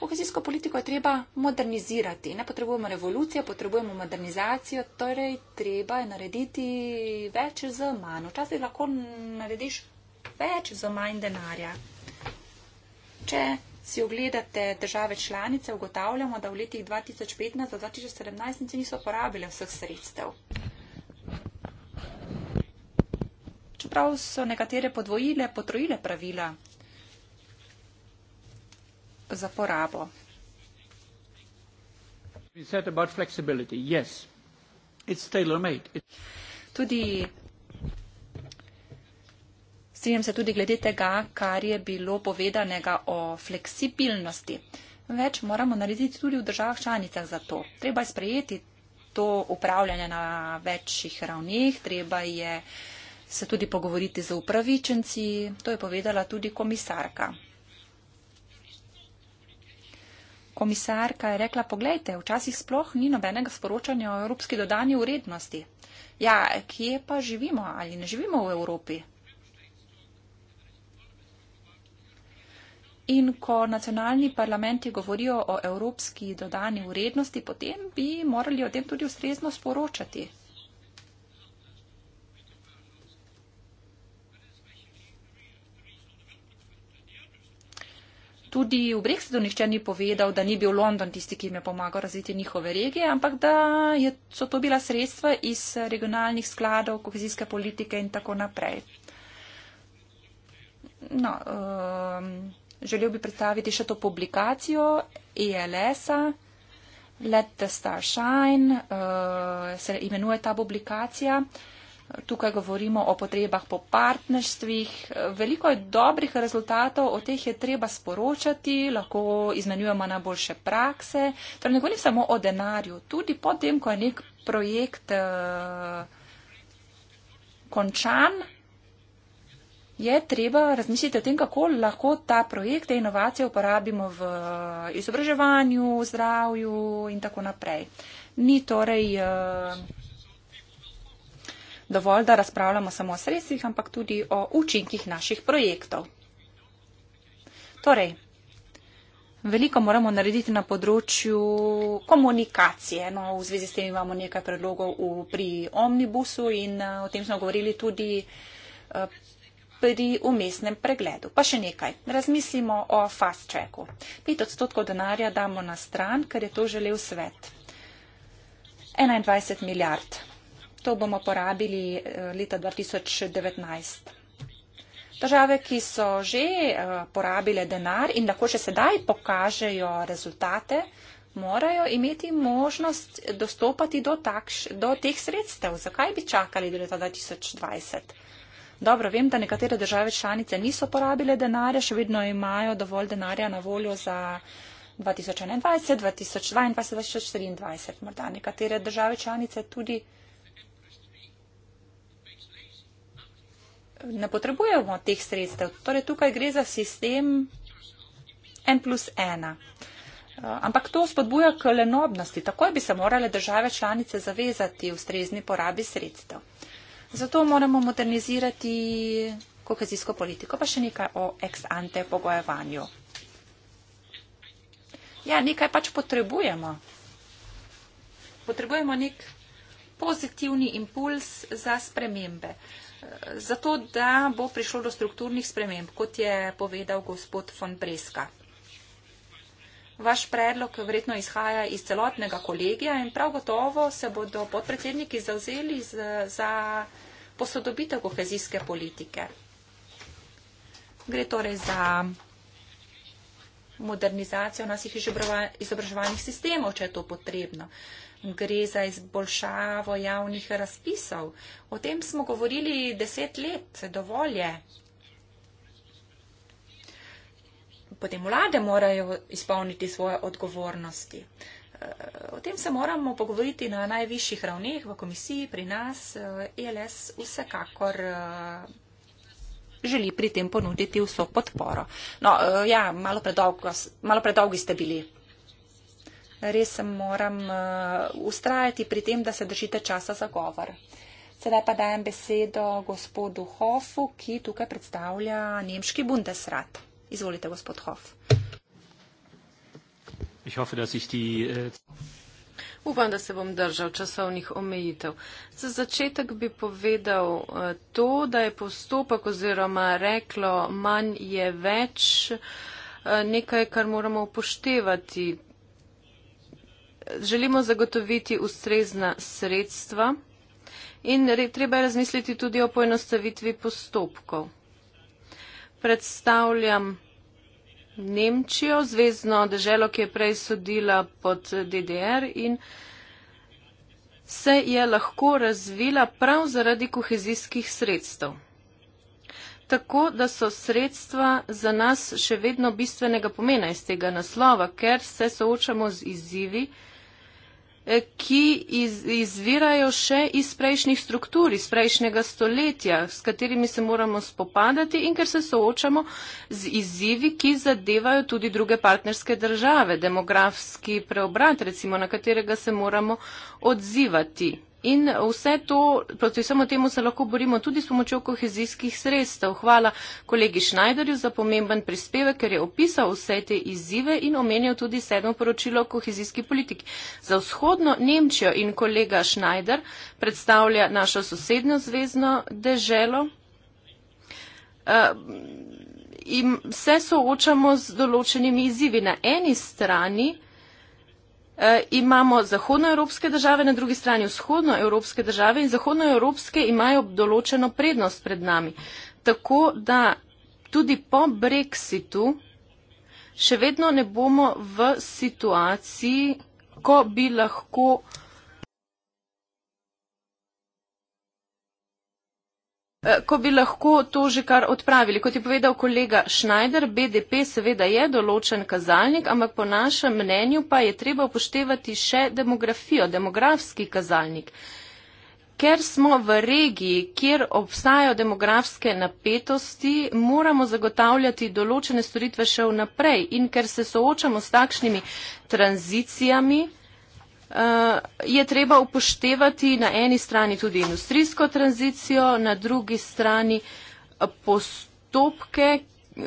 kohezijsko politiko je treba modernizirati. Ne potrebujemo revolucije, potrebujemo modernizacijo, torej treba je narediti več z manj. Včasih lahko narediš več z manj denarja. Če si ogledate države članice, ugotavljamo, da v letih 2015 do 2017 niso porabile vseh sredstev. Čeprav so nekatere podvojile, potrojile pravila za porabo. Tudi strinjam se tudi glede tega, kar je bilo povedanega o fleksibilnosti. Več moramo narediti tudi v državah članicah za to. Treba je sprejeti to upravljanje na večjih ravneh, treba je se tudi pogovoriti z upravičenci, to je povedala tudi komisarka. Komisarka je rekla, poglejte, včasih sploh ni nobenega sporočanja o evropski dodani vrednosti. Ja, kje pa živimo ali ne živimo v Evropi? In ko nacionalni parlamenti govorijo o evropski dodani vrednosti, potem bi morali o tem tudi ustrezno sporočati. Tudi v Brexitu nihče ni povedal, da ni bil London tisti, ki jim je pomagal razviti njihove regije, ampak da je, so to bila sredstva iz regionalnih skladov, kohezijske politike in tako naprej. No, um, želel bi predstaviti še to publikacijo ELS-a Let the Star Shine, uh, se imenuje ta publikacija. Uh, Tukaj govorimo o potrebah po partnerstvih. Veliko je dobrih rezultatov, o teh je treba sporočati, lahko izmenjujemo najboljše prakse. Torej ne govorim samo o denarju, tudi potem, ko je nek projekt eh, končan, je treba razmisliti o tem, kako lahko ta projekt, te inovacije uporabimo v izobraževanju, zdravju in tako naprej. Ni torej. Uh, dovolj, da razpravljamo samo o sredstvih, ampak tudi o učinkih naših projektov. Torej, veliko moramo narediti na področju komunikacije. No, v zvezi s tem imamo nekaj predlogov v, pri omnibusu in eh, o tem smo govorili tudi eh, pri umestnem pregledu. Pa še nekaj. Razmislimo o fast tracku. 5 odstotkov denarja damo na stran, ker je to želel svet. 21 milijard sredstev bomo porabili eh, leta 2019. Države, ki so že eh, porabile denar in lahko še sedaj pokažejo rezultate, morajo imeti možnost dostopati do, takš, do teh sredstev. Zakaj bi čakali do leta 2020? Dobro, vem, da nekatere države članice niso porabile denarja, še vedno imajo dovolj denarja na voljo za 2021, 2022, 2024, morda nekatere države članice tudi. ne potrebujemo teh sredstev. Torej, tukaj gre za sistem N plus 1. Eh, ampak to spodbuja k lenobnosti. Takoj bi se morale države članice zavezati v strezni porabi sredstev. Zato moramo modernizirati kohezijsko politiko, pa še nekaj o ex ante pogojevanju. Ja, nekaj pač potrebujemo. Potrebujemo nek pozitivni impuls za spremembe. Uh, zato da bo prišlo do strukturnih sprememb, kot je povedal gospod von Breska. Vaš predlog verjetno izhaja iz celotnega kolegija in prav gotovo se bodo podpredsedniki zauzeli za, za posodobitev kohezijske politike. Gre torej za modernizacijo naših izobraževalnih sistemov, če je to potrebno. Uh, gre za izboljšavo javnih razpisov. O tem smo govorili deset let, dovolj je. Potem vlade morajo izpolniti svoje odgovornosti. Eh, o tem se moramo pogovoriti na najvišjih ravneh, v komisiji, pri nas. ELS eh, e vsekakor eh, želi pri tem ponuditi vso podporo. No, ja, malo predolgi ste bili res moram eh, ustrajati pri tem, da se držite časa za govor. Sedaj pa dajem besedo gospodu Hofu, ki tukaj predstavlja nemški Bundesrat. Izvolite, gospod Hof. Äh, Upam, da se bom držal časovnih omejitev. Za začetek bi povedal eh, to, da je postopek oziroma reklo manj je več eh, nekaj, kar moramo upoštevati želimo zagotoviti ustrezna sredstva in treba je razmisliti tudi o poenostavitvi postopkov. Predstavljam Nemčijo, zvezdno deželo, ki je prej sodila pod DDR in se je lahko razvila prav zaradi kohezijskih sredstev. Tako, da so sredstva za nas še vedno bistvenega pomena iz tega naslova, ker se soočamo z izzivi, ki iz, izvirajo še iz prejšnjih struktur, iz prejšnjega stoletja, s katerimi se moramo spopadati in ker se soočamo z izzivi, ki zadevajo tudi druge partnerske države, demografski preobrat, recimo, na katerega se moramo odzivati. In vse to, proti vsemu temu se lahko borimo tudi s pomočjo kohezijskih sredstev. Hvala kolegi Šnajderju za pomemben prispevek, ker je opisal vse te izzive in omenjal tudi sedmo poročilo kohezijski politik. Za vzhodno Nemčijo in kolega Šnajder predstavlja našo sosednjo zvezdno deželo. Uh, in se soočamo z določenimi izzivi. Na eni strani Eh, imamo zahodnoevropske države, na drugi strani vzhodnoevropske države in zahodnoevropske imajo določeno prednost pred nami. Tako da tudi po brexitu še vedno ne bomo v situaciji, ko bi lahko Eh, ko bi lahko to že kar odpravili. Kot je povedal kolega Schneider, BDP seveda je določen kazalnik, ampak po našem mnenju pa je treba upoštevati še demografijo, demografski kazalnik. Ker smo v regiji, kjer obstajajo demografske napetosti, moramo zagotavljati določene storitve še vnaprej in ker se soočamo s takšnimi tranzicijami, Eh, je treba upoštevati na eni strani tudi industrijsko tranzicijo, na drugi strani eh, postopke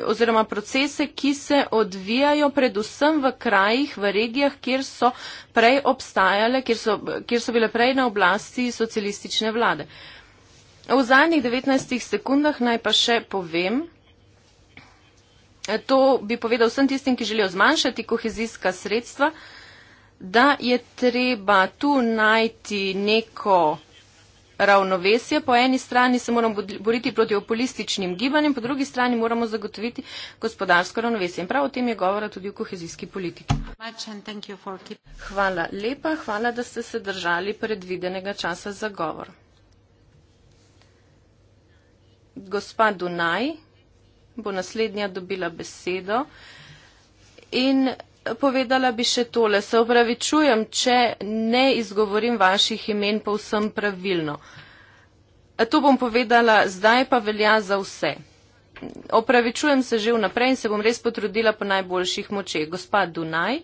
oziroma procese, ki se odvijajo predvsem v krajih, v regijah, kjer so prej obstajale, kjer so, kjer so bile prej na oblasti socialistične vlade. V zadnjih 19 sekundah naj pa še povem, eh, to bi povedal vsem tistim, ki želijo zmanjšati kohezijska sredstva, uh, da je treba tu najti neko ravnovesje. Po eni strani se moramo boriti proti populističnim gibanjem, po drugi strani moramo zagotoviti gospodarsko ravnovesje. In prav o tem je govora tudi v kohezijski politiki. Hvala lepa, hvala, da ste se držali predvidenega časa za govor. Gospa Dunaj bo naslednja dobila besedo in povedala bi še tole. Se upravičujem, če ne izgovorim vaših imen povsem pravilno. To bom povedala, zdaj pa velja za vse. Opravičujem se že vnaprej in se bom res potrudila po najboljših močeh. Gospa Dunaj,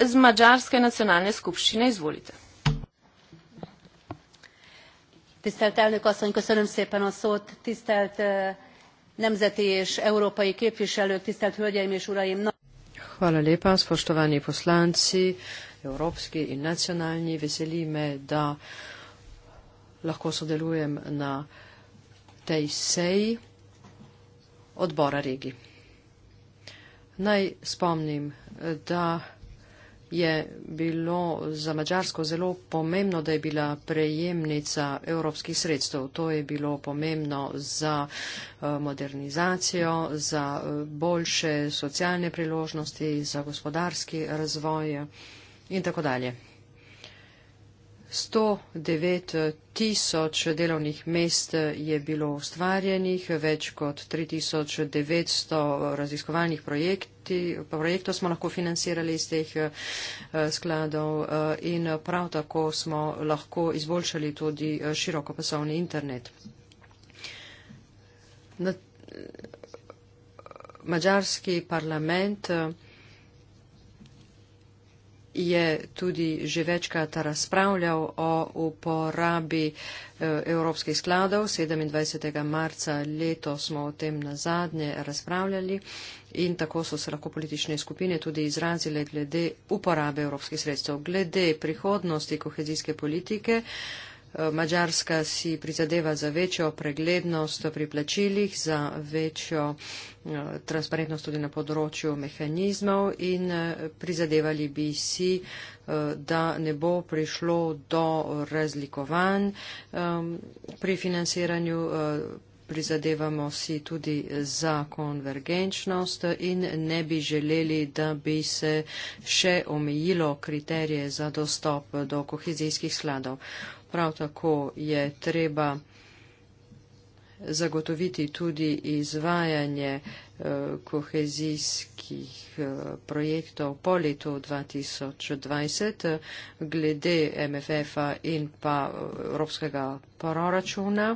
z Mačarske nacionalne skupščine, izvolite. Tisztelt elnökasszony, köszönöm szépen a szót, tisztelt eh, nemzeti és európai képviselők, tisztelt hölgyeim és uraim! Hvala lepa, spoštovani poslanci, evropski in nacionalni. Veseli me, da lahko sodelujem na tej seji odbora regi. Naj spomnim, da je bilo za Mačarsko zelo pomembno, da je bila prejemnica evropskih sredstev. To je bilo pomembno za eh, modernizacijo, za eh, boljše socialne priložnosti, za gospodarski razvoj eh, in tako dalje. 109 tisoč delovnih mest je bilo ustvarjenih, več kot 3900 raziskovalnih projektov projekti, projektov smo lahko financirali iz teh eh, skladov eh, in prav tako smo lahko izboljšali tudi eh, širokopasovni internet. Mačarski parlament je tudi že večkrat razpravljal o uporabi evropskih skladov. 27. marca leto smo o tem nazadnje razpravljali in tako so se lahko politične skupine tudi izrazile glede uporabe evropskih sredstev. Glede prihodnosti kohezijske politike, eh, Mačarska si prizadeva za večjo preglednost pri plačilih, za večjo eh, transparentnost tudi na področju mehanizmov in eh, prizadevali bi si, da ne bo prišlo do razlikovanj pri financiranju prizadevamo si tudi za konvergenčnost in ne bi želeli, da bi se še omejilo kriterije za dostop do kohezijskih skladov. Prav tako je treba zagotoviti tudi izvajanje eh, kohezijskih eh, projektov po letu 2020 eh, glede MFF-a in pa Evropskega proračuna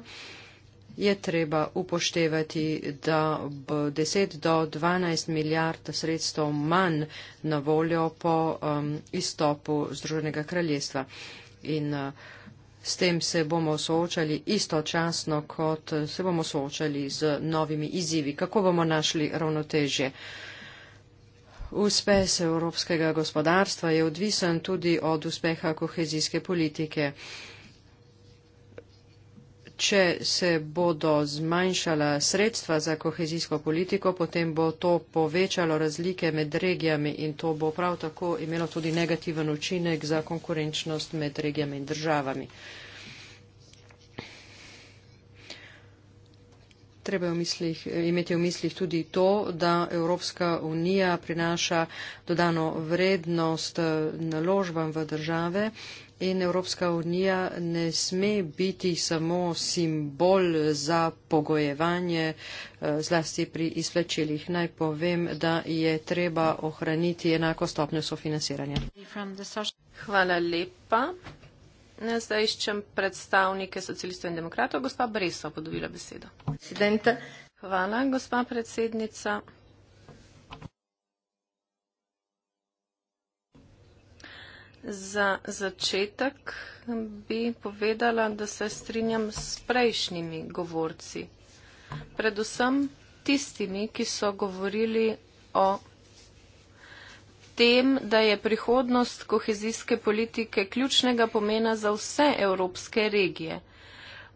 je treba upoštevati, da bo 10 do 12 milijard sredstev manj na voljo po um, izstopu Združenega kraljestva. In uh, s tem se bomo soočali istočasno, kot uh, se bomo soočali z novimi izzivi. Kako bomo našli ravnotežje? Uspeh evropskega gospodarstva je odvisen tudi od uspeha kohezijske politike če se bodo zmanjšala sredstva za kohezijsko politiko, potem bo to povečalo razlike med regijami in to bo prav tako imelo tudi negativen učinek za konkurenčnost med regijami in državami. Treba mislih, imeti v mislih tudi to, da Evropska unija prinaša dodano vrednost naložbam v države, In Evropska unija ne sme biti samo simbol za pogojevanje, eh, zlasti pri izplačilih. Naj povem, da je treba ohraniti enako stopnjo sofinansiranja. Hvala lepa. Ne zdaj iščem predstavnike socialistov in demokratov. Gospa Breso, podovila besedo. Hvala, gospa predsednica. Za začetek bi povedala, da se strinjam s prejšnjimi govorci, predvsem tistimi, ki so govorili o tem, da je prihodnost kohezijske politike ključnega pomena za vse evropske regije.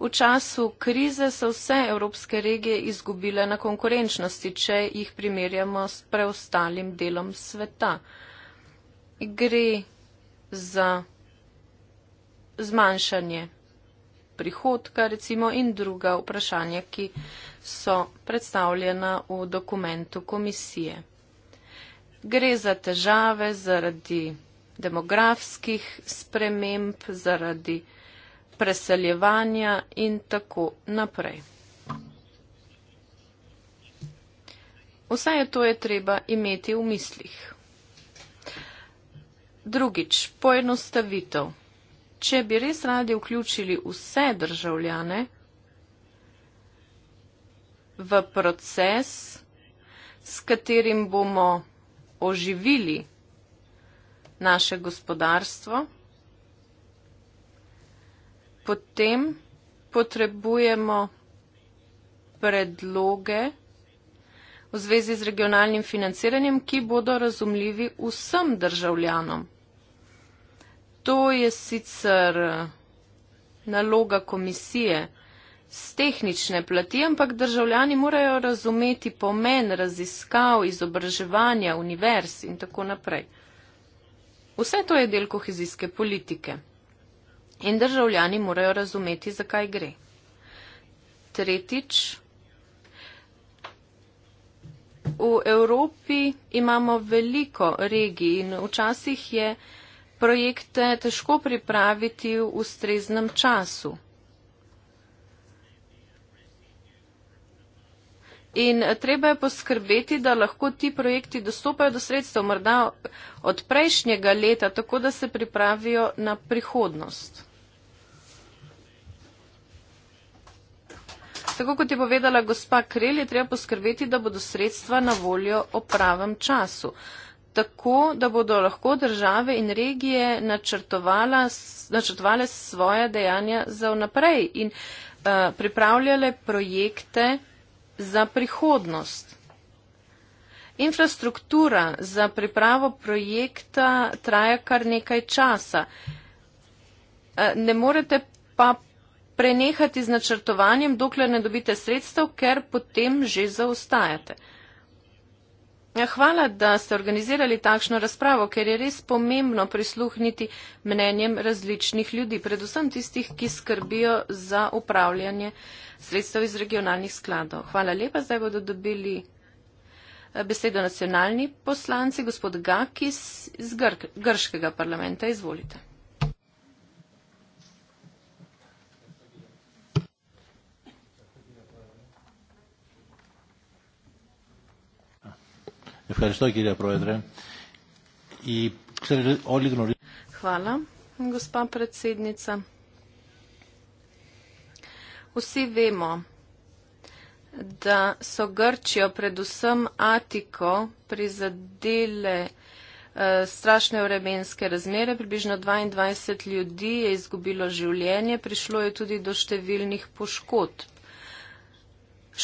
V času krize so vse evropske regije izgubile na konkurenčnosti, če jih primerjamo s preostalim delom sveta. Gre za zmanjšanje prihodka, recimo, in druga vprašanja, ki so predstavljena v dokumentu komisije. Gre za težave zaradi demografskih sprememb, zaradi preseljevanja in tako naprej. Vse to je treba imeti v mislih. Drugič, poenostavitev. Če bi res radi vključili vse državljane v proces, s katerim bomo oživili naše gospodarstvo, potem potrebujemo predloge v zvezi z regionalnim financiranjem, ki bodo razumljivi vsem državljanom. To je sicer eh, naloga komisije z tehnične plati, ampak državljani morajo razumeti pomen raziskav, izobraževanja, univerz in tako naprej. Vse to je del kohezijske politike in državljani morajo razumeti, zakaj gre. Tretjič, v Evropi imamo veliko regij in včasih je projekte težko pripraviti v ustreznem času. In treba je poskrbeti, da lahko ti projekti dostopajo do sredstev, morda od prejšnjega leta, tako da se pripravijo na prihodnost. Tako kot je povedala gospa Krel, je treba poskrbeti, da bodo sredstva na voljo v pravem času. Uh, tako, da bodo lahko države in regije načrtovale svoje dejanja za vnaprej in uh, pripravljale projekte za prihodnost. Infrastruktura za pripravo projekta traja kar nekaj časa. Eh, ne morete pa prenehati z načrtovanjem, dokler ne dobite sredstev, ker potem že zaostajate. Uh, Hvala, da ste organizirali takšno razpravo, ker je res pomembno prisluhniti mnenjem različnih ljudi, predvsem tistih, ki skrbijo za upravljanje sredstev iz regionalnih skladov. Hvala lepa, zdaj bodo dobili eh, besedo nacionalni poslanci, gospod Gakis iz Grk, Grškega parlamenta. Izvolite. Ευχαριστώ κύριε Πρόεδρε. Η, ξέρετε, όλοι γνωρίζουν... Χάλα, госпа председница. Усі вимо, да со Грчио, предусъм Атико, призадиле страшне временске размере, приближно 22 люди е изгубило življenje, пришло е туди до številних пошкод.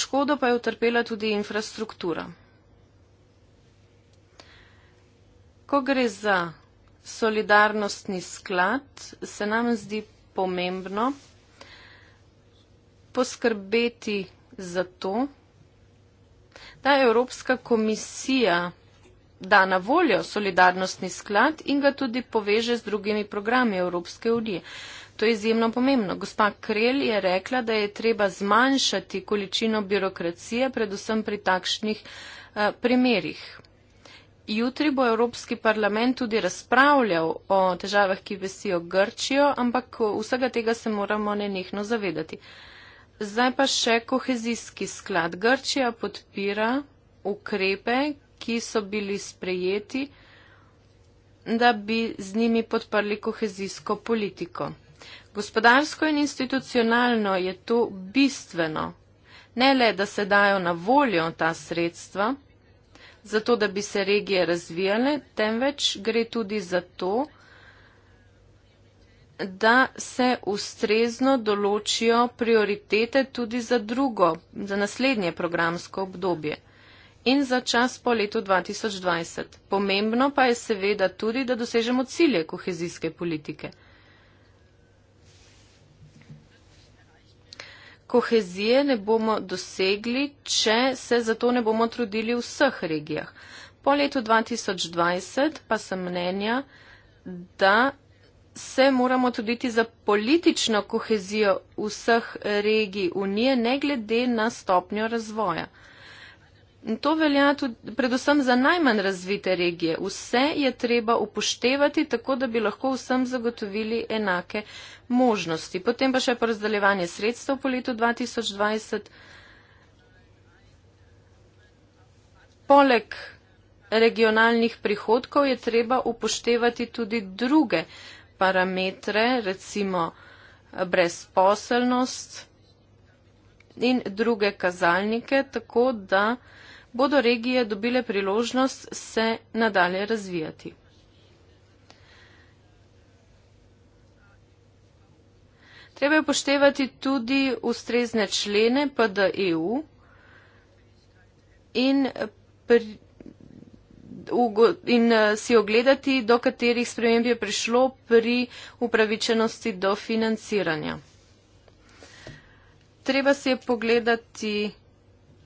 Шкодо па е утърпела туди инфраструктура. Ko gre za solidarnostni sklad, se nam zdi pomembno poskrbeti za to, da Evropska komisija da na voljo solidarnostni sklad in ga tudi poveže z drugimi programi Evropske unije. To je izjemno pomembno. Gospa Krel je rekla, da je treba zmanjšati količino birokracije, predvsem pri takšnih uh, eh, primerjih. Jutri bo Evropski parlament tudi razpravljal o težavah, ki vesijo Grčijo, ampak vsega tega se moramo nenehno zavedati. Zdaj pa še kohezijski sklad. Grčija podpira ukrepe, ki so bili sprejeti, da bi z njimi podprli kohezijsko politiko. Gospodarsko in institucionalno je to bistveno. Ne le, da se dajo na voljo ta sredstva, zato, da bi se regije razvijale, temveč gre tudi za to, da se ustrezno določijo prioritete tudi za drugo, za naslednje programsko obdobje in za čas po letu 2020. Pomembno pa je seveda tudi, da dosežemo cilje kohezijske politike. kohezije ne bomo dosegli, če se zato ne bomo trudili v vseh regijah. Po letu 2020 pa sem mnenja, da se moramo truditi za politično kohezijo vseh regij Unije, ne glede na stopnjo razvoja. In to velja tudi predvsem za najmanj razvite regije. Vse je treba upoštevati, tako da bi lahko vsem zagotovili enake možnosti. Potem pa še pa razdaljevanje sredstev po letu 2020. Poleg regionalnih prihodkov je treba upoštevati tudi druge parametre, recimo brezposelnost in druge kazalnike, tako da bodo regije dobile priložnost se nadalje razvijati. Treba je upoštevati tudi ustrezne člene PDEU in, in eh, si ogledati, do katerih sprememb je prišlo pri upravičenosti do financiranja. Treba si je pogledati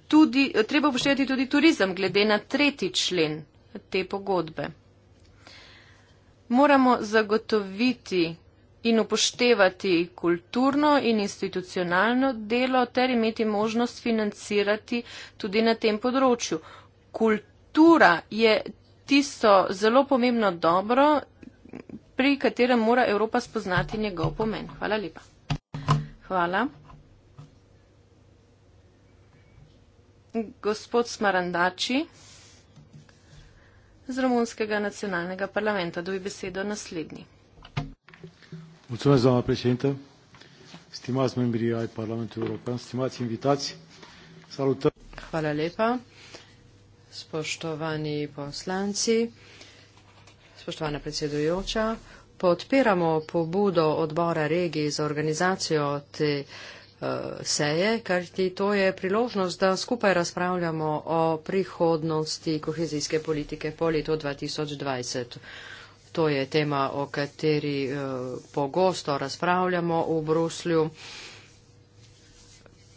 tudi, treba upoštevati tudi turizem, glede na tretji člen te pogodbe. Moramo zagotoviti in upoštevati kulturno in institucionalno delo ter imeti možnost financirati tudi na tem področju. Kultura je tisto zelo pomembno dobro, pri katerem mora Evropa spoznati njegov pomen. Hvala lepa. Hvala. gospod Smarandači z Romunskega nacionalnega parlamenta dobi besedo naslednji. Mulțumesc, doamna președintă, stimați membrii ai Parlamentului European, stimați invitați, salutăm. Hvala lepa, spoštovani poslanci, spoštovana predsedujoča, podpiramo pobudo odbora regij za organizacijo te uh, Eh, seje, kar ti to je priložnost, da skupaj razpravljamo o prihodnosti kohezijske politike po letu 2020. To je tema, o kateri uh, pogosto razpravljamo v Bruslju.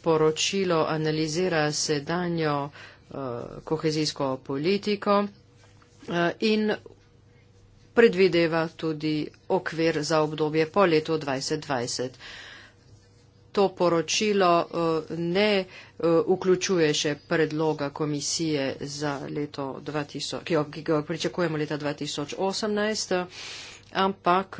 Poročilo analizira sedanjo uh, kohezijsko politiko uh, in predvideva tudi okvir za obdobje po letu 2020 to poročilo eh, ne eh, vključuje še predloga komisije za leto 2000, ki ga pričakujemo leta 2018, eh, ampak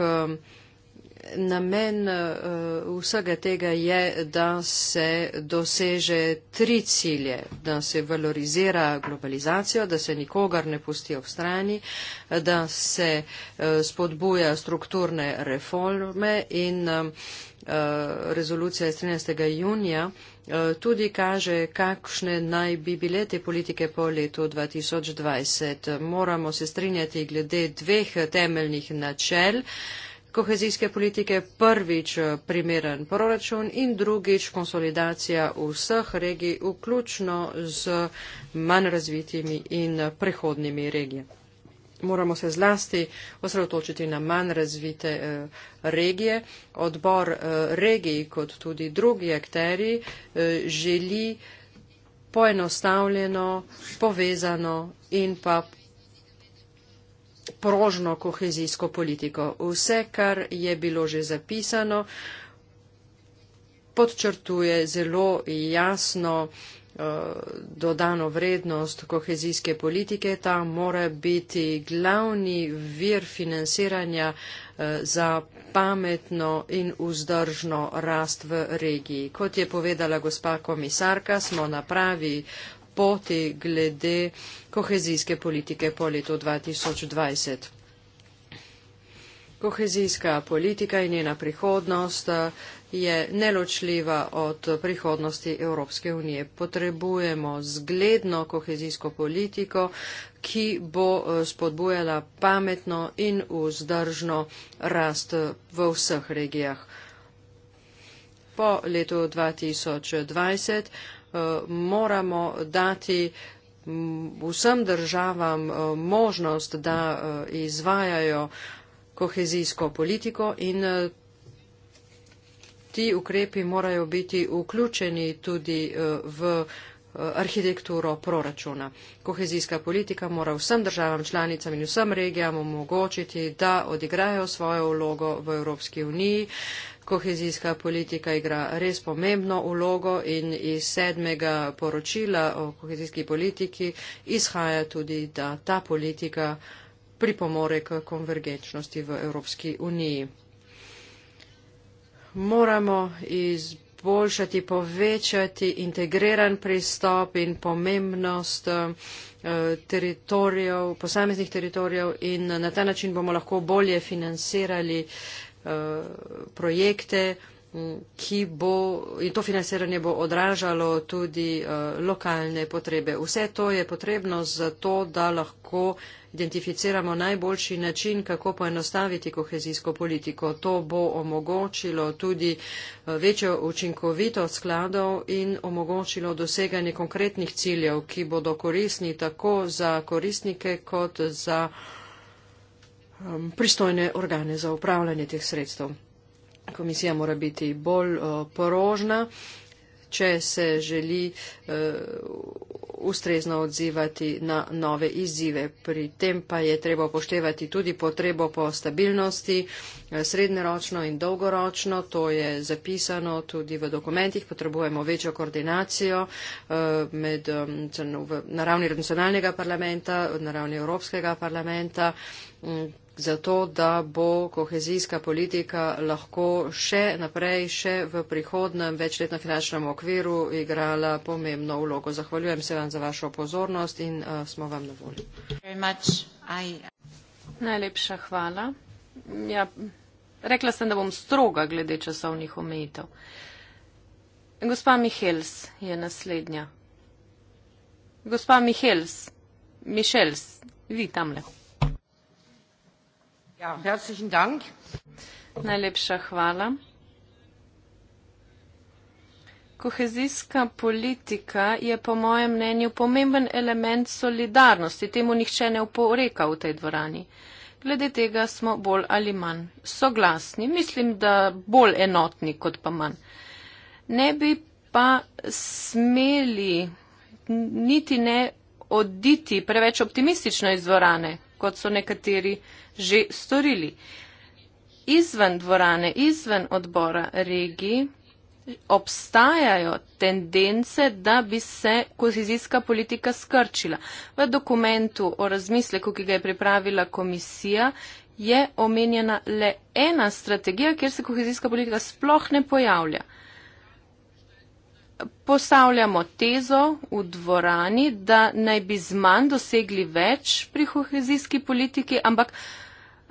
namen uh, vsega tega je, da se doseže tri cilje, da se valorizira globalizacijo, da se nikogar ne pusti ob strani, da se uh, spodbuja strukturne reforme in uh, rezolucija iz 13. junija tudi kaže, kakšne naj bi bile te politike po letu 2020. Moramo se strinjati glede dveh temeljnih načel kohezijske politike prvič eh, primeren proračun in drugič konsolidacija vseh regij, vključno z manj razvitimi in prehodnimi regijami. Moramo se zlasti osredotočiti na manj razvite eh, regije. Odbor eh, regij, kot tudi drugi akteri, želi poenostavljeno, povezano in pa prožno kohezijsko politiko. Vse, kar je bilo že zapisano, podčrtuje zelo jasno eh, dodano vrednost kohezijske politike, ta mora biti glavni vir financiranja eh, za pametno in vzdržno rast v regiji. Kot je povedala gospa komisarka, smo na pravi poti glede kohezijske politike po letu 2020. Kohezijska politika in njena prihodnost eh, je neločljiva od prihodnosti Evropske unije. Potrebujemo zgledno kohezijsko politiko, ki bo eh, spodbujala pametno in vzdržno rast v vseh regijah. Po letu 2020 Eh, moramo dati mm, vsem državam eh, možnost, da eh, izvajajo kohezijsko politiko in ti ukrepi morajo biti vključeni tudi v arhitekturo proračuna. Kohezijska politika mora vsem državam, članicam in vsem regijam omogočiti, da odigrajo svojo vlogo v Evropski uniji, kohezijska politika igra res pomembno ulogo in iz sedmega poročila o kohezijski politiki izhaja tudi, da ta politika pripomore k konvergenčnosti v Evropski uniji. Moramo izboljšati, povečati integriran pristop in pomembnost eh, teritorijev, posameznih teritorijev in na ta način bomo lahko bolje financirali eh, projekte, ki bo, in to financiranje bo odražalo tudi eh, lokalne potrebe. Vse to je potrebno zato, da lahko identificiramo najboljši način, kako poenostaviti kohezijsko politiko. To bo omogočilo tudi eh, večjo učinkovitost skladov in omogočilo doseganje konkretnih ciljev, ki bodo koristni tako za koristnike kot za um, pristojne organe za upravljanje teh sredstev. Komisija mora biti bolj uh, porožna, če se želi uh, ustrezno odzivati na nove izzive. Pri tem pa je treba upoštevati tudi potrebo po stabilnosti uh, srednjeročno in dolgoročno. To je zapisano tudi v dokumentih. Potrebujemo večjo koordinacijo uh, med, um, na ravni nacionalnega parlamenta, na ravni Evropskega parlamenta um, zato da bo kohezijska politika lahko še naprej, še v prihodnem večletnem finančnem okviru igrala pomembno vlogo. Zahvaljujem se vam za vašo pozornost in uh, smo vam na voljo. Najlepša hvala. Ja, rekla sem, da bom stroga glede časovnih omejitev. Gospa Mihels je naslednja. Gospa Mihels, Mišels, vi tamle. Ja, Najlepša hvala. Kohezijska politika je po mojem mnenju pomemben element solidarnosti. Temu nihče ne oporeka v tej dvorani. Glede tega smo bolj ali manj soglasni. Mislim, da bolj enotni kot pa manj. Ne bi pa smeli niti ne oditi preveč optimistično iz dvorane, kot so nekateri že storili. Izven dvorane, izven odbora regiji obstajajo tendence, da bi se kozizijska politika skrčila. V dokumentu o razmisleku, ki ga je pripravila komisija, je omenjena le ena strategija, kjer se kohezijska politika sploh ne pojavlja postavljamo tezo v dvorani, da naj bi z manj dosegli več pri kohezijski politiki, ampak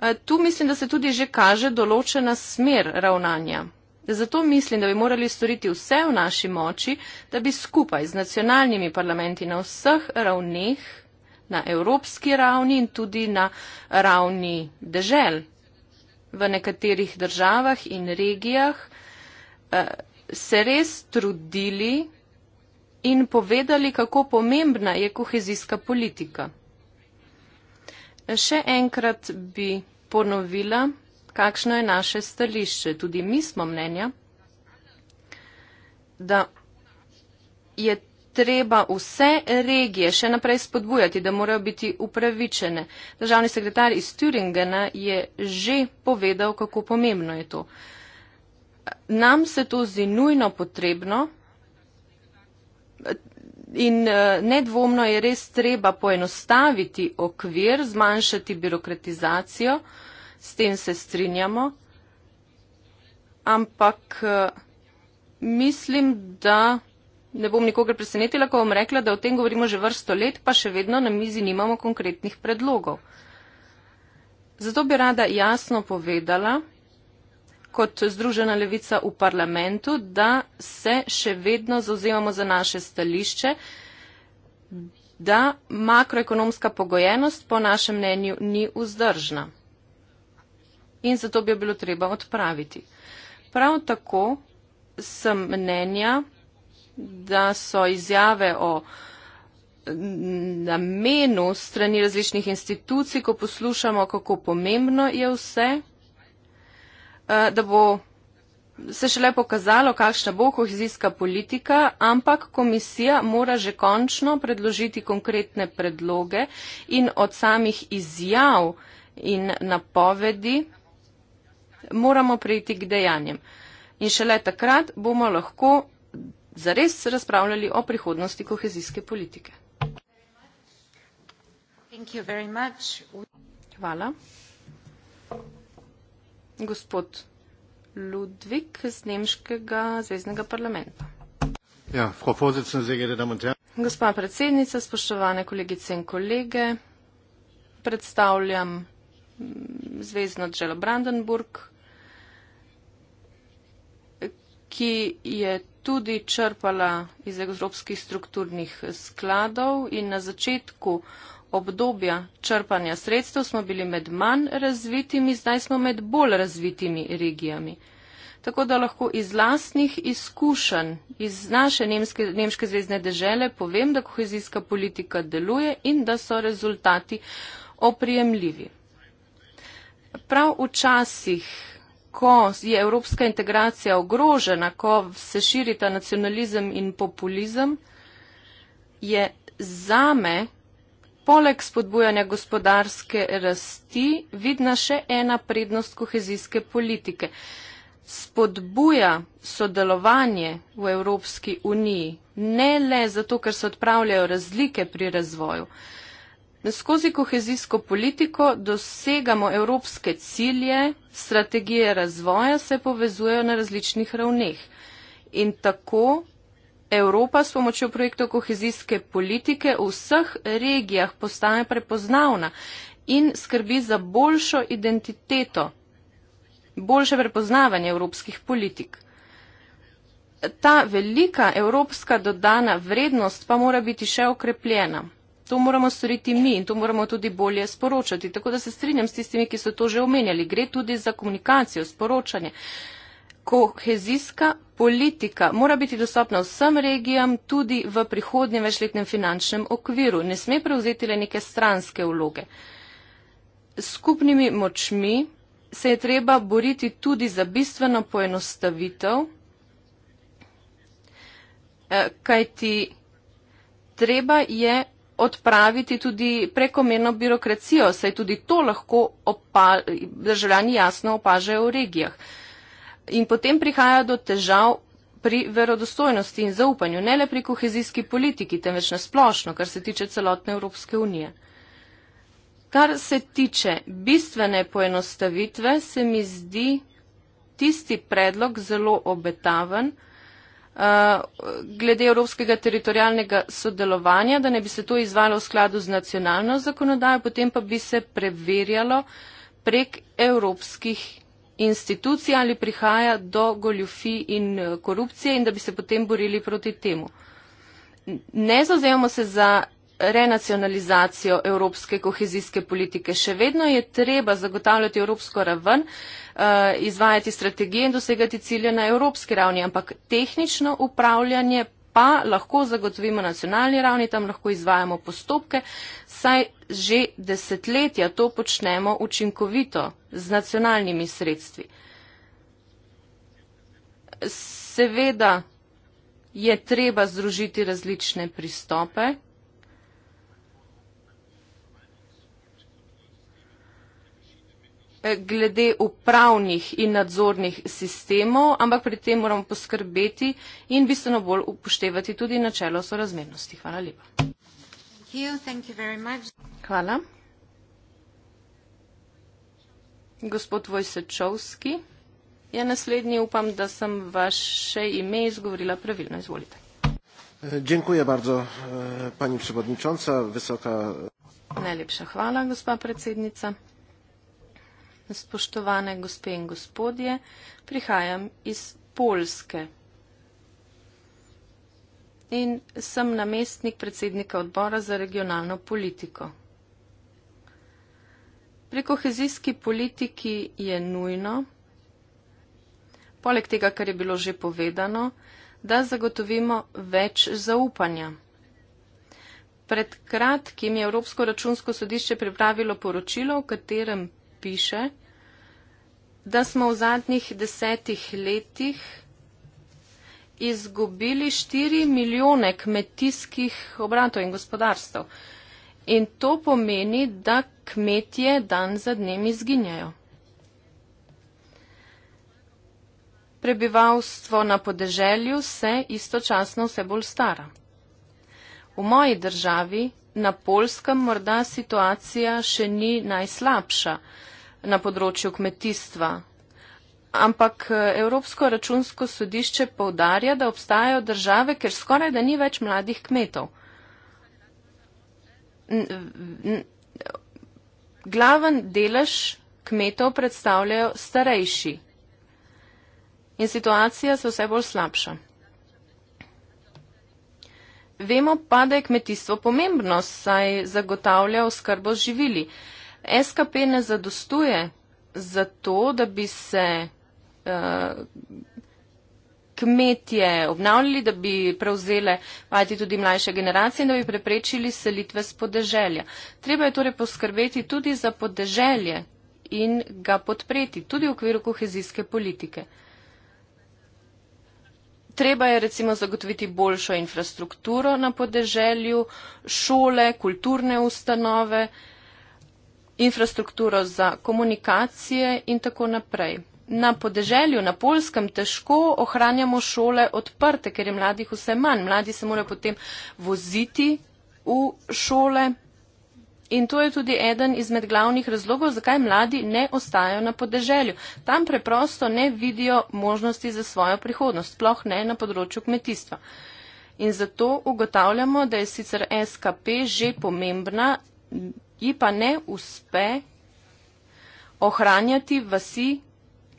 eh, tu mislim, da se tudi že kaže določena smer ravnanja. Zato mislim, da bi morali storiti vse v naši moči, da bi skupaj z nacionalnimi parlamenti na vseh ravneh, na evropski ravni in tudi na ravni dežel v nekaterih državah in regijah, eh, se res trudili in povedali, kako pomembna je kohezijska politika. Še enkrat bi ponovila, kakšno je naše stališče. Tudi mi smo mnenja, da je treba vse regije še naprej spodbujati, da morajo biti upravičene. Državni sekretar iz Turingena je že povedal, kako pomembno je to. Nam se to zdi nujno potrebno in eh, nedvomno je res treba poenostaviti okvir, zmanjšati birokratizacijo, s tem se strinjamo, ampak eh, mislim, da ne bom nikogar presenetila, ko bom rekla, da o tem govorimo že vrsto let, pa še vedno na mizi nimamo konkretnih predlogov. Zato bi rada jasno povedala, kot Združena levica v parlamentu, da se še vedno zauzemamo za naše stališče, da makroekonomska pogojenost po našem mnenju ni vzdržna. In zato bi jo bilo treba odpraviti. Prav tako sem mnenja, da so izjave o namenu strani različnih institucij, ko poslušamo, kako pomembno je vse, Eh, da bo se šele pokazalo, kakšna bo kohezijska politika, ampak komisija mora že končno predložiti konkretne predloge in od samih izjav in napovedi moramo prejti k dejanjem. In šele takrat bomo lahko zares razpravljali o prihodnosti kohezijske politike. Hvala gospod Ludvik iz Nemškega zvezdnega parlamenta. Ja, Frau Vorsitzende, sehr geehrte Damen und Herren. Gospa predsednica, spoštovane kolegice in kolege, predstavljam mm, zvezdno Dželo Brandenburg, ki je tudi črpala iz evropskih strukturnih skladov in na začetku obdobja črpanja sredstev smo bili med manj razvitimi, zdaj smo med bolj razvitimi regijami. Tako da lahko iz lastnih izkušenj iz naše nemske, nemške zvezdne dežele povem, da kohezijska politika deluje in da so rezultati oprijemljivi. Prav včasih, ko je evropska integracija ogrožena, ko se širita nacionalizem in populizem, je zame Poleg spodbujanja gospodarske rasti vidna še ena prednost kohezijske politike. Spodbuja sodelovanje v Evropski uniji, ne le zato, ker se odpravljajo razlike pri razvoju. Skozi kohezijsko politiko dosegamo evropske cilje, strategije razvoja se povezujejo na različnih ravneh. In tako Evropa s pomočjo projektov kohezijske politike v vseh regijah postane prepoznavna in skrbi za boljšo identiteto, boljše prepoznavanje evropskih politik. Ta velika evropska dodana vrednost pa mora biti še okrepljena. To moramo storiti mi in to moramo tudi bolje sporočati. Tako da se strinjam s tistimi, ki so to že omenjali. Gre tudi za komunikacijo, sporočanje. Uh, kohezijska politika mora biti dostopna vsem regijam tudi v prihodnjem večletnem finančnem okviru. Ne sme prevzeti le neke stranske vloge. Skupnimi močmi se je treba boriti tudi za bistveno poenostavitev, eh, kajti treba je odpraviti tudi prekomerno birokracijo, saj tudi to lahko opa, državljani jasno opažajo v regijah. In potem prihaja do težav pri verodostojnosti in zaupanju, ne le pri kohezijski politiki, temveč na splošno, kar se tiče celotne Evropske unije. Kar se tiče bistvene poenostavitve, se mi zdi tisti predlog zelo obetaven uh, glede evropskega teritorijalnega sodelovanja, da ne bi se to izvalo v skladu z nacionalno zakonodajo, potem pa bi se preverjalo prek evropskih institucij ali prihaja do goljufi in eh, korupcije in da bi se potem borili proti temu. Ne zazemamo se za renacionalizacijo evropske kohezijske politike. Še vedno je treba zagotavljati evropsko raven, eh, izvajati strategije in dosegati cilje na evropski ravni, ampak tehnično upravljanje pa lahko zagotovimo na nacionalni ravni, tam lahko izvajamo postopke, saj že desetletja to počnemo učinkovito z nacionalnimi sredstvi. Seveda je treba združiti različne pristope. glede upravnih in nadzornih sistemov, ampak pri tem moramo poskrbeti in bistveno bolj upoštevati tudi načelo sorazmernosti. Hvala lepa. Thank you. Thank you Hvala. Gospod Vojsečovski je naslednji. Upam, da sem vaše ime izgovorila pravilno. Izvolite. Dziękuję bardzo e, pani przewodnicząca, wysoka. Najlepsza chwała, gospa predsednica. Spoštovane gospe in gospodje, prihajam iz Polske in sem namestnik predsednika odbora za regionalno politiko. Pri kohezijski politiki je nujno, poleg tega, kar je bilo že povedano, da zagotovimo več zaupanja. Pred kratkim je Evropsko računsko sodišče pripravilo poročilo, v katerem piše, da smo v zadnjih desetih letih izgubili 4 milijone kmetijskih obratov in gospodarstv. In to pomeni, da kmetje dan za dnem izginjajo. Prebivalstvo na podeželju se istočasno vse bolj stara. V moji državi, na Polskem, morda situacija še ni najslabša na področju kmetijstva, ampak eh, Evropsko računsko sodišče povdarja, da obstajajo države, ker skoraj da ni več mladih kmetov glaven delež kmetov predstavljajo starejši in situacija se vse bolj slabša. Vemo pa, da je kmetijstvo pomembno, saj zagotavlja oskrbo z živili. SKP ne zadostuje za to, da bi se uh, kmetje obnavljali, da bi prevzele vajeti tudi mlajše generacije in da bi preprečili selitve z podeželja. Treba je torej poskrbeti tudi za podeželje in ga podpreti, tudi v okviru kohezijske politike. Treba je recimo zagotoviti boljšo infrastrukturo na podeželju, šole, kulturne ustanove, infrastrukturo za komunikacije in tako naprej na podeželju, na polskem, težko ohranjamo šole odprte, ker je mladih vse manj. Mladi se morajo potem voziti v šole. In to je tudi eden izmed glavnih razlogov, zakaj mladi ne ostajajo na podeželju. Tam preprosto ne vidijo možnosti za svojo prihodnost, sploh ne na področju kmetijstva. In zato ugotavljamo, da je sicer SKP že pomembna, ji pa ne uspe ohranjati vasi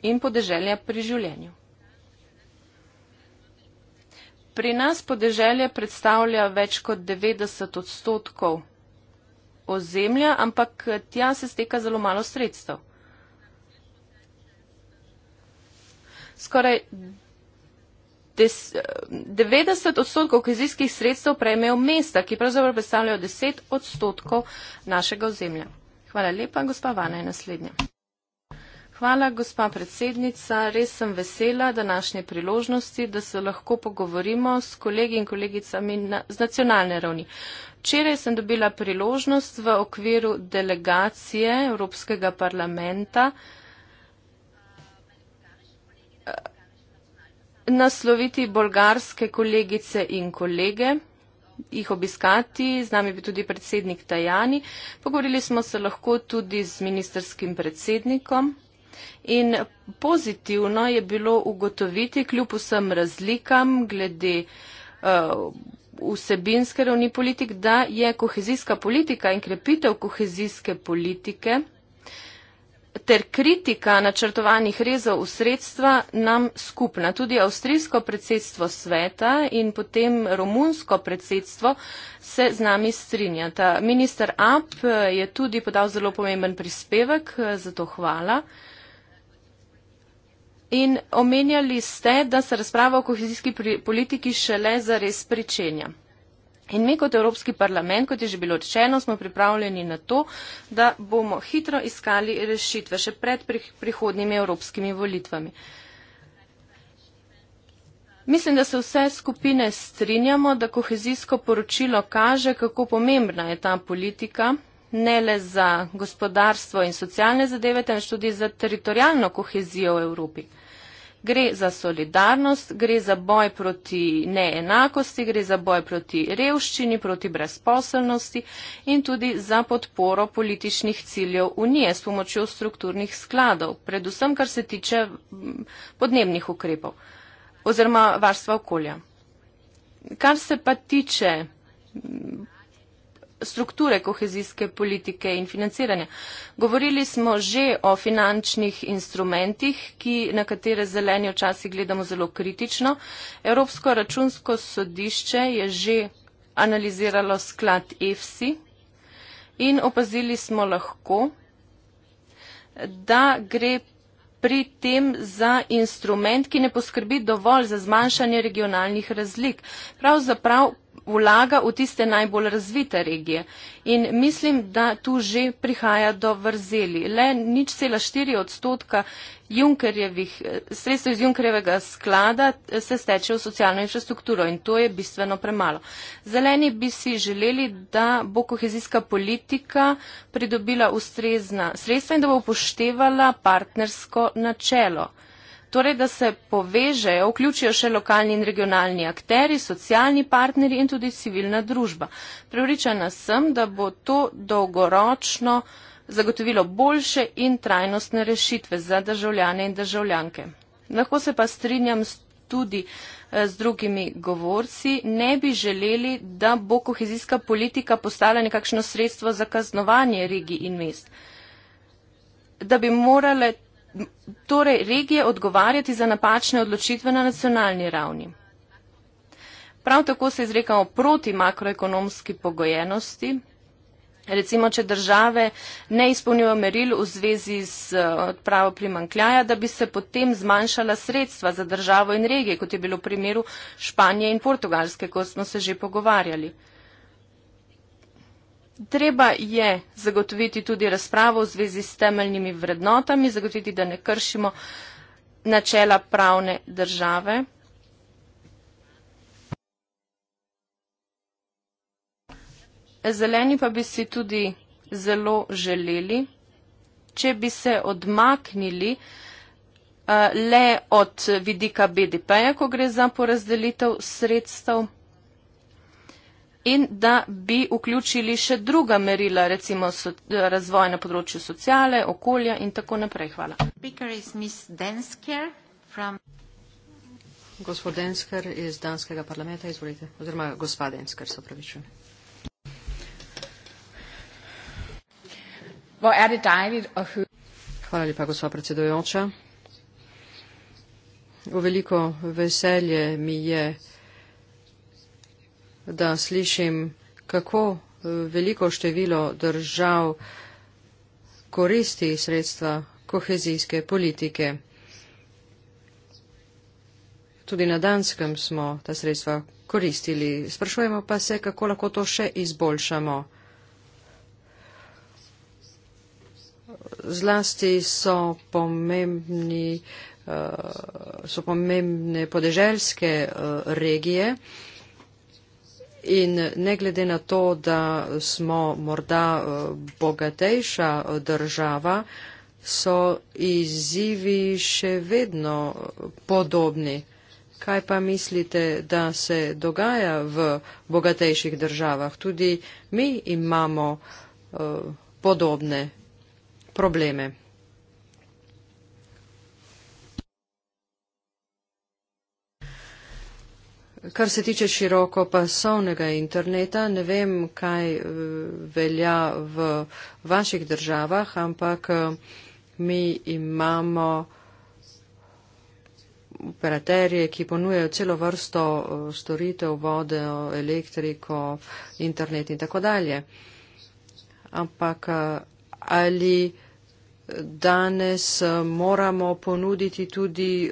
in podeželja pri življenju. Pri nas podeželje predstavlja več kot 90 odstotkov ozemlja, ampak tja se steka zelo malo sredstev. Skoraj des, 90 odstotkov kohezijskih sredstev prejmejo mesta, ki pravzaprav predstavljajo 10 odstotkov našega ozemlja. Hvala lepa, gospa Vana je naslednja. Hvala, gospa predsednica. Res sem vesela današnje priložnosti, da se lahko pogovorimo s kolegi in kolegicami na, z nacionalne ravni. Včeraj sem dobila priložnost v okviru delegacije Evropskega parlamenta eh, nasloviti bolgarske kolegice in kolege jih obiskati, z nami bi tudi predsednik Tajani. Pogovorili smo se lahko tudi z ministerskim predsednikom In pozitivno je bilo ugotoviti, kljub vsem razlikam glede uh, vsebinske ravni politik, da je kohezijska politika in krepitev kohezijske politike ter kritika načrtovanih rezov v sredstva nam skupna. Tudi avstrijsko predsedstvo sveta in potem romunsko predsedstvo se z nami strinjata. Minister Ab eh, je tudi podal zelo pomemben prispevek, eh, zato hvala. In omenjali ste, da se razprava o kohezijski politiki šele zares pričenja. In mi kot Evropski parlament, kot je že bilo rečeno, smo pripravljeni na to, da bomo hitro iskali rešitve še pred prihodnimi evropskimi volitvami. Mislim, da se vse skupine strinjamo, da kohezijsko poročilo kaže, kako pomembna je ta politika, ne le za gospodarstvo in socialne zadeve, temveč tudi za teritorijalno kohezijo v Evropi gre za solidarnost, gre za boj proti neenakosti, gre za boj proti revščini, proti brezposelnosti in tudi za podporo političnih ciljev Unije s pomočjo strukturnih skladov, predvsem kar se tiče mm, podnebnih ukrepov oziroma varstva okolja. Kar se pa tiče strukture kohezijske politike in financiranja. Govorili smo že o finančnih instrumentih, ki, na katere zeleni včasih gledamo zelo kritično. Evropsko računsko sodišče je že analiziralo sklad EFSI in opazili smo lahko, da gre pri tem za instrument, ki ne poskrbi dovolj za zmanjšanje regionalnih razlik. Pravzaprav vlaga v tiste najbolj razvite regije. In mislim, da tu že prihaja do vrzeli. Le nič cela štiri odstotka eh, sredstev iz Junkerjevega sklada eh, se steče v socialno infrastrukturo in to je bistveno premalo. Zeleni bi si želeli, da bo kohezijska politika pridobila ustrezna sredstva in da bo upoštevala partnersko načelo torej da se povežejo, vključijo še lokalni in regionalni akteri, socialni partneri in tudi civilna družba. Prevričana sem, da bo to dolgoročno zagotovilo boljše in trajnostne rešitve za državljane in državljanke. Lahko se pa strinjam tudi eh, z drugimi govorci, ne bi želeli, da bo kohezijska politika postala nekakšno sredstvo za kaznovanje regij in mest. Da bi morale torej regije odgovarjati za napačne odločitve na nacionalni ravni. Prav tako se izrekamo proti makroekonomski pogojenosti. Recimo, če države ne izpolnjujejo meril v zvezi z eh, odpravo primankljaja, da bi se potem zmanjšala sredstva za državo in regije, kot je bilo v primeru Španije in Portugalske, kot smo se že pogovarjali. Treba je zagotoviti tudi razpravo v zvezi s temeljnimi vrednotami, zagotoviti, da ne kršimo načela pravne države. Zeleni pa bi si tudi zelo želeli, če bi se odmaknili uh, le od vidika BDP-ja, ko gre za porazdelitev sredstev in da bi vključili še druga merila, recimo so, eh, razvoj na področju sociale, okolja in tako naprej. Hvala. Gospod Densker iz Danskega parlamenta, izvolite, oziroma gospa Densker, se opravičujem. Er Hvala lepa, gospa predsedujoča. V veliko veselje mi je, da slišim, kako eh, veliko število držav koristi sredstva kohezijske politike. Tudi na Danskem smo ta sredstva koristili. Sprašujemo pa se, kako lahko to še izboljšamo. Zlasti so, pomembni, eh, so pomembne podeželske eh, regije. In ne glede na to, da smo morda eh, bogatejša eh, država, so izzivi še vedno eh, podobni. Kaj pa mislite, da se dogaja v bogatejših državah? Tudi mi imamo uh, podobne probleme. Kar se tiče širokopasovnega interneta, ne vem, kaj eh, velja v vaših državah, ampak eh, mi imamo operaterje, ki ponujejo celo vrsto eh, storitev, vode, elektriko, internet in tako dalje. Ampak ali danes moramo ponuditi tudi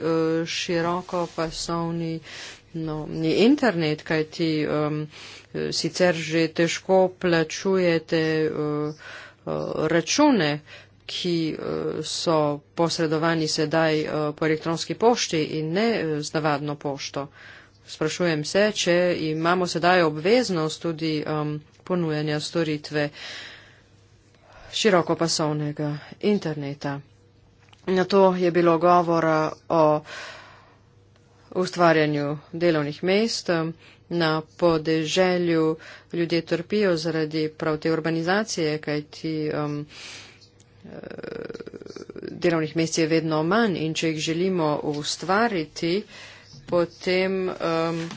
širokopasovni interneta? No, ni internet, kaj ti um, sicer že težko plačujete uh, uh, račune, ki uh, so posredovani sedaj uh, po elektronski pošti in ne uh, z navadno pošto. Sprašujem se, če imamo sedaj obveznost tudi um, ponujanja storitve širokopasovnega interneta. Na to je bilo govora o ustvarjanju delovnih mest, na podeželju ljudje trpijo zaradi prav te urbanizacije, kajti um, eh, delovnih mest je vedno manj in če jih želimo ustvariti, potem um,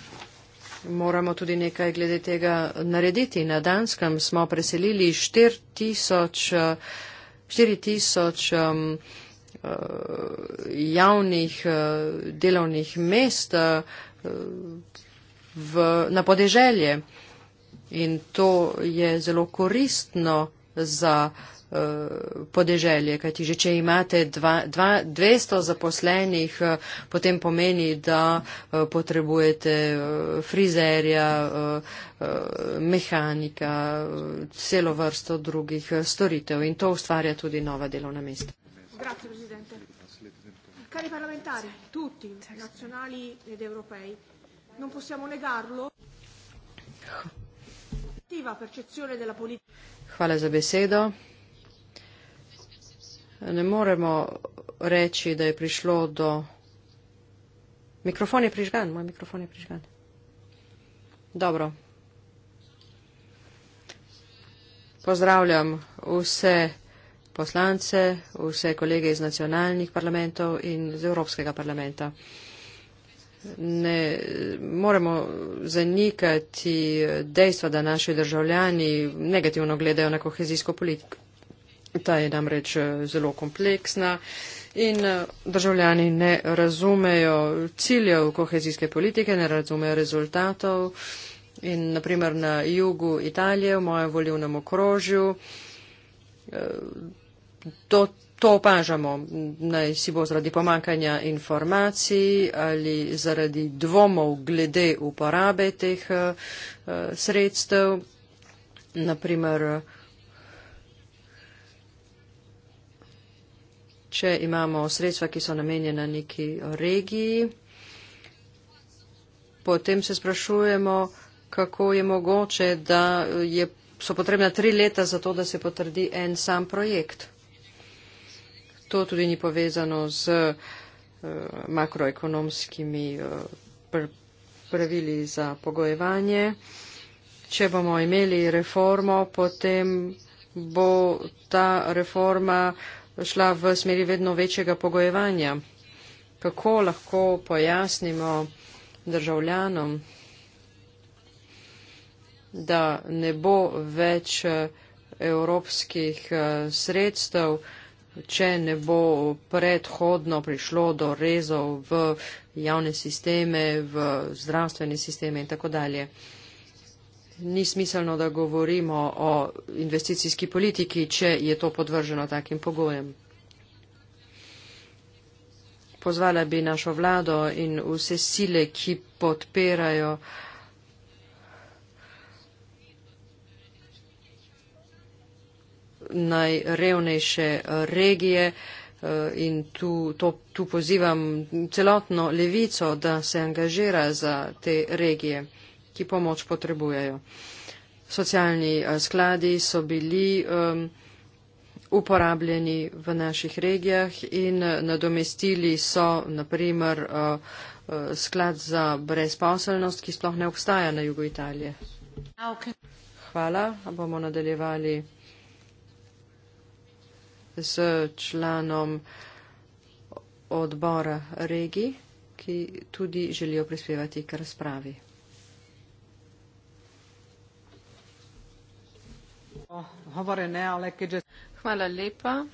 moramo tudi nekaj glede tega narediti. Na Danskem smo preselili 4000. 4000 um, Eh, javnih eh, delovnih mest eh, v, na podeželje. In to je zelo koristno za podeželje, kajti že če imate dva, dva, 200 zaposlenih, potem pomeni, da potrebujete frizerja, mehanika, celo vrsto drugih storitev in to ustvarja tudi nova delovna mesta. Grazie Presidente. Cari parlamentari, tutti, nazionali ed europei, non possiamo negarlo. percezione della politica. Hvala za besedo. Ne moremo reči, da je prišlo do. Mikrofon je prižgan, moj mikrofon je prižgan. Dobro. Pozdravljam vse poslance, vse kolege iz nacionalnih parlamentov in z Evropskega parlamenta. Ne moremo zanikati dejstva, da naši državljani negativno gledajo na kohezijsko politiko. Ta je namreč eh, zelo kompleksna in eh, državljani ne razumejo ciljev kohezijske politike, ne razumejo rezultatov. In naprimer na jugu Italije, v mojem volivnem okrožju, eh, to, to opažamo, naj si bo zaradi pomankanja informacij ali zaradi dvomov glede uporabe teh uh, sredstev. Naprimer, če imamo sredstva, ki so namenjena neki regiji, potem se sprašujemo, kako je mogoče, da je, so potrebna tri leta za to, da se potrdi en sam projekt to tudi ni povezano z eh, makroekonomskimi eh, pravili za pogojevanje. Če bomo imeli reformo, potem bo ta reforma šla v smeri vedno večjega pogojevanja. Kako lahko pojasnimo državljanom, da ne bo več eh, evropskih sredstev, če ne bo predhodno prišlo do rezov v javne sisteme, v zdravstvene sisteme in tako dalje. Ni smiselno, da govorimo o investicijski politiki, če je to podvrženo takim pogojem. Pozvala bi našo vlado in vse sile, ki podpirajo uh, najrevnejše eh, regije eh, in tu, to, tu pozivam celotno levico, da se angažira za te regije, ki pomoč potrebujejo. Socialni eh, skladi so bili um, uporabljeni v naših regijah in nadomestili so naprimer uh, sklad za brezposelnost, ki sploh ne obstaja na jugu Italije. Hvala, bomo nadaljevali z članom odbora regi, ki tudi želijo prispevati k razpravi. Hvala lepa.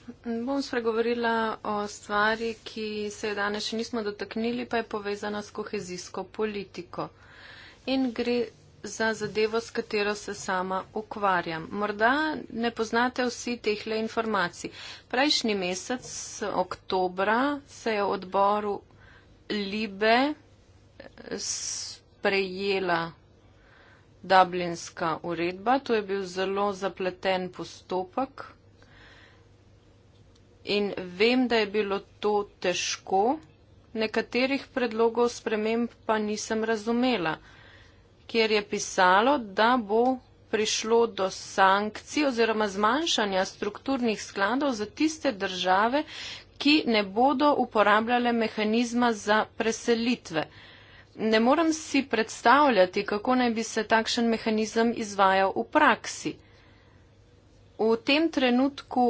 Bom spregovorila o stvari, ki se je danes še nismo dotaknili, pa je povezana s kohezijsko politiko. In gre za zadevo, s katero se sama ukvarjam. Morda ne poznate vsi teh le informacij. Prejšnji mesec, oktobra, se je odboru Libe sprejela Dublinska uredba. To je bil zelo zapleten postopek. In vem, da je bilo to težko, nekaterih predlogov sprememb pa nisem razumela kjer je pisalo, da bo prišlo do sankcij oziroma zmanjšanja strukturnih skladov za tiste države, ki ne bodo uporabljale mehanizma za preselitve. Ne moram si predstavljati, kako naj bi se takšen mehanizem izvajal v praksi. V tem trenutku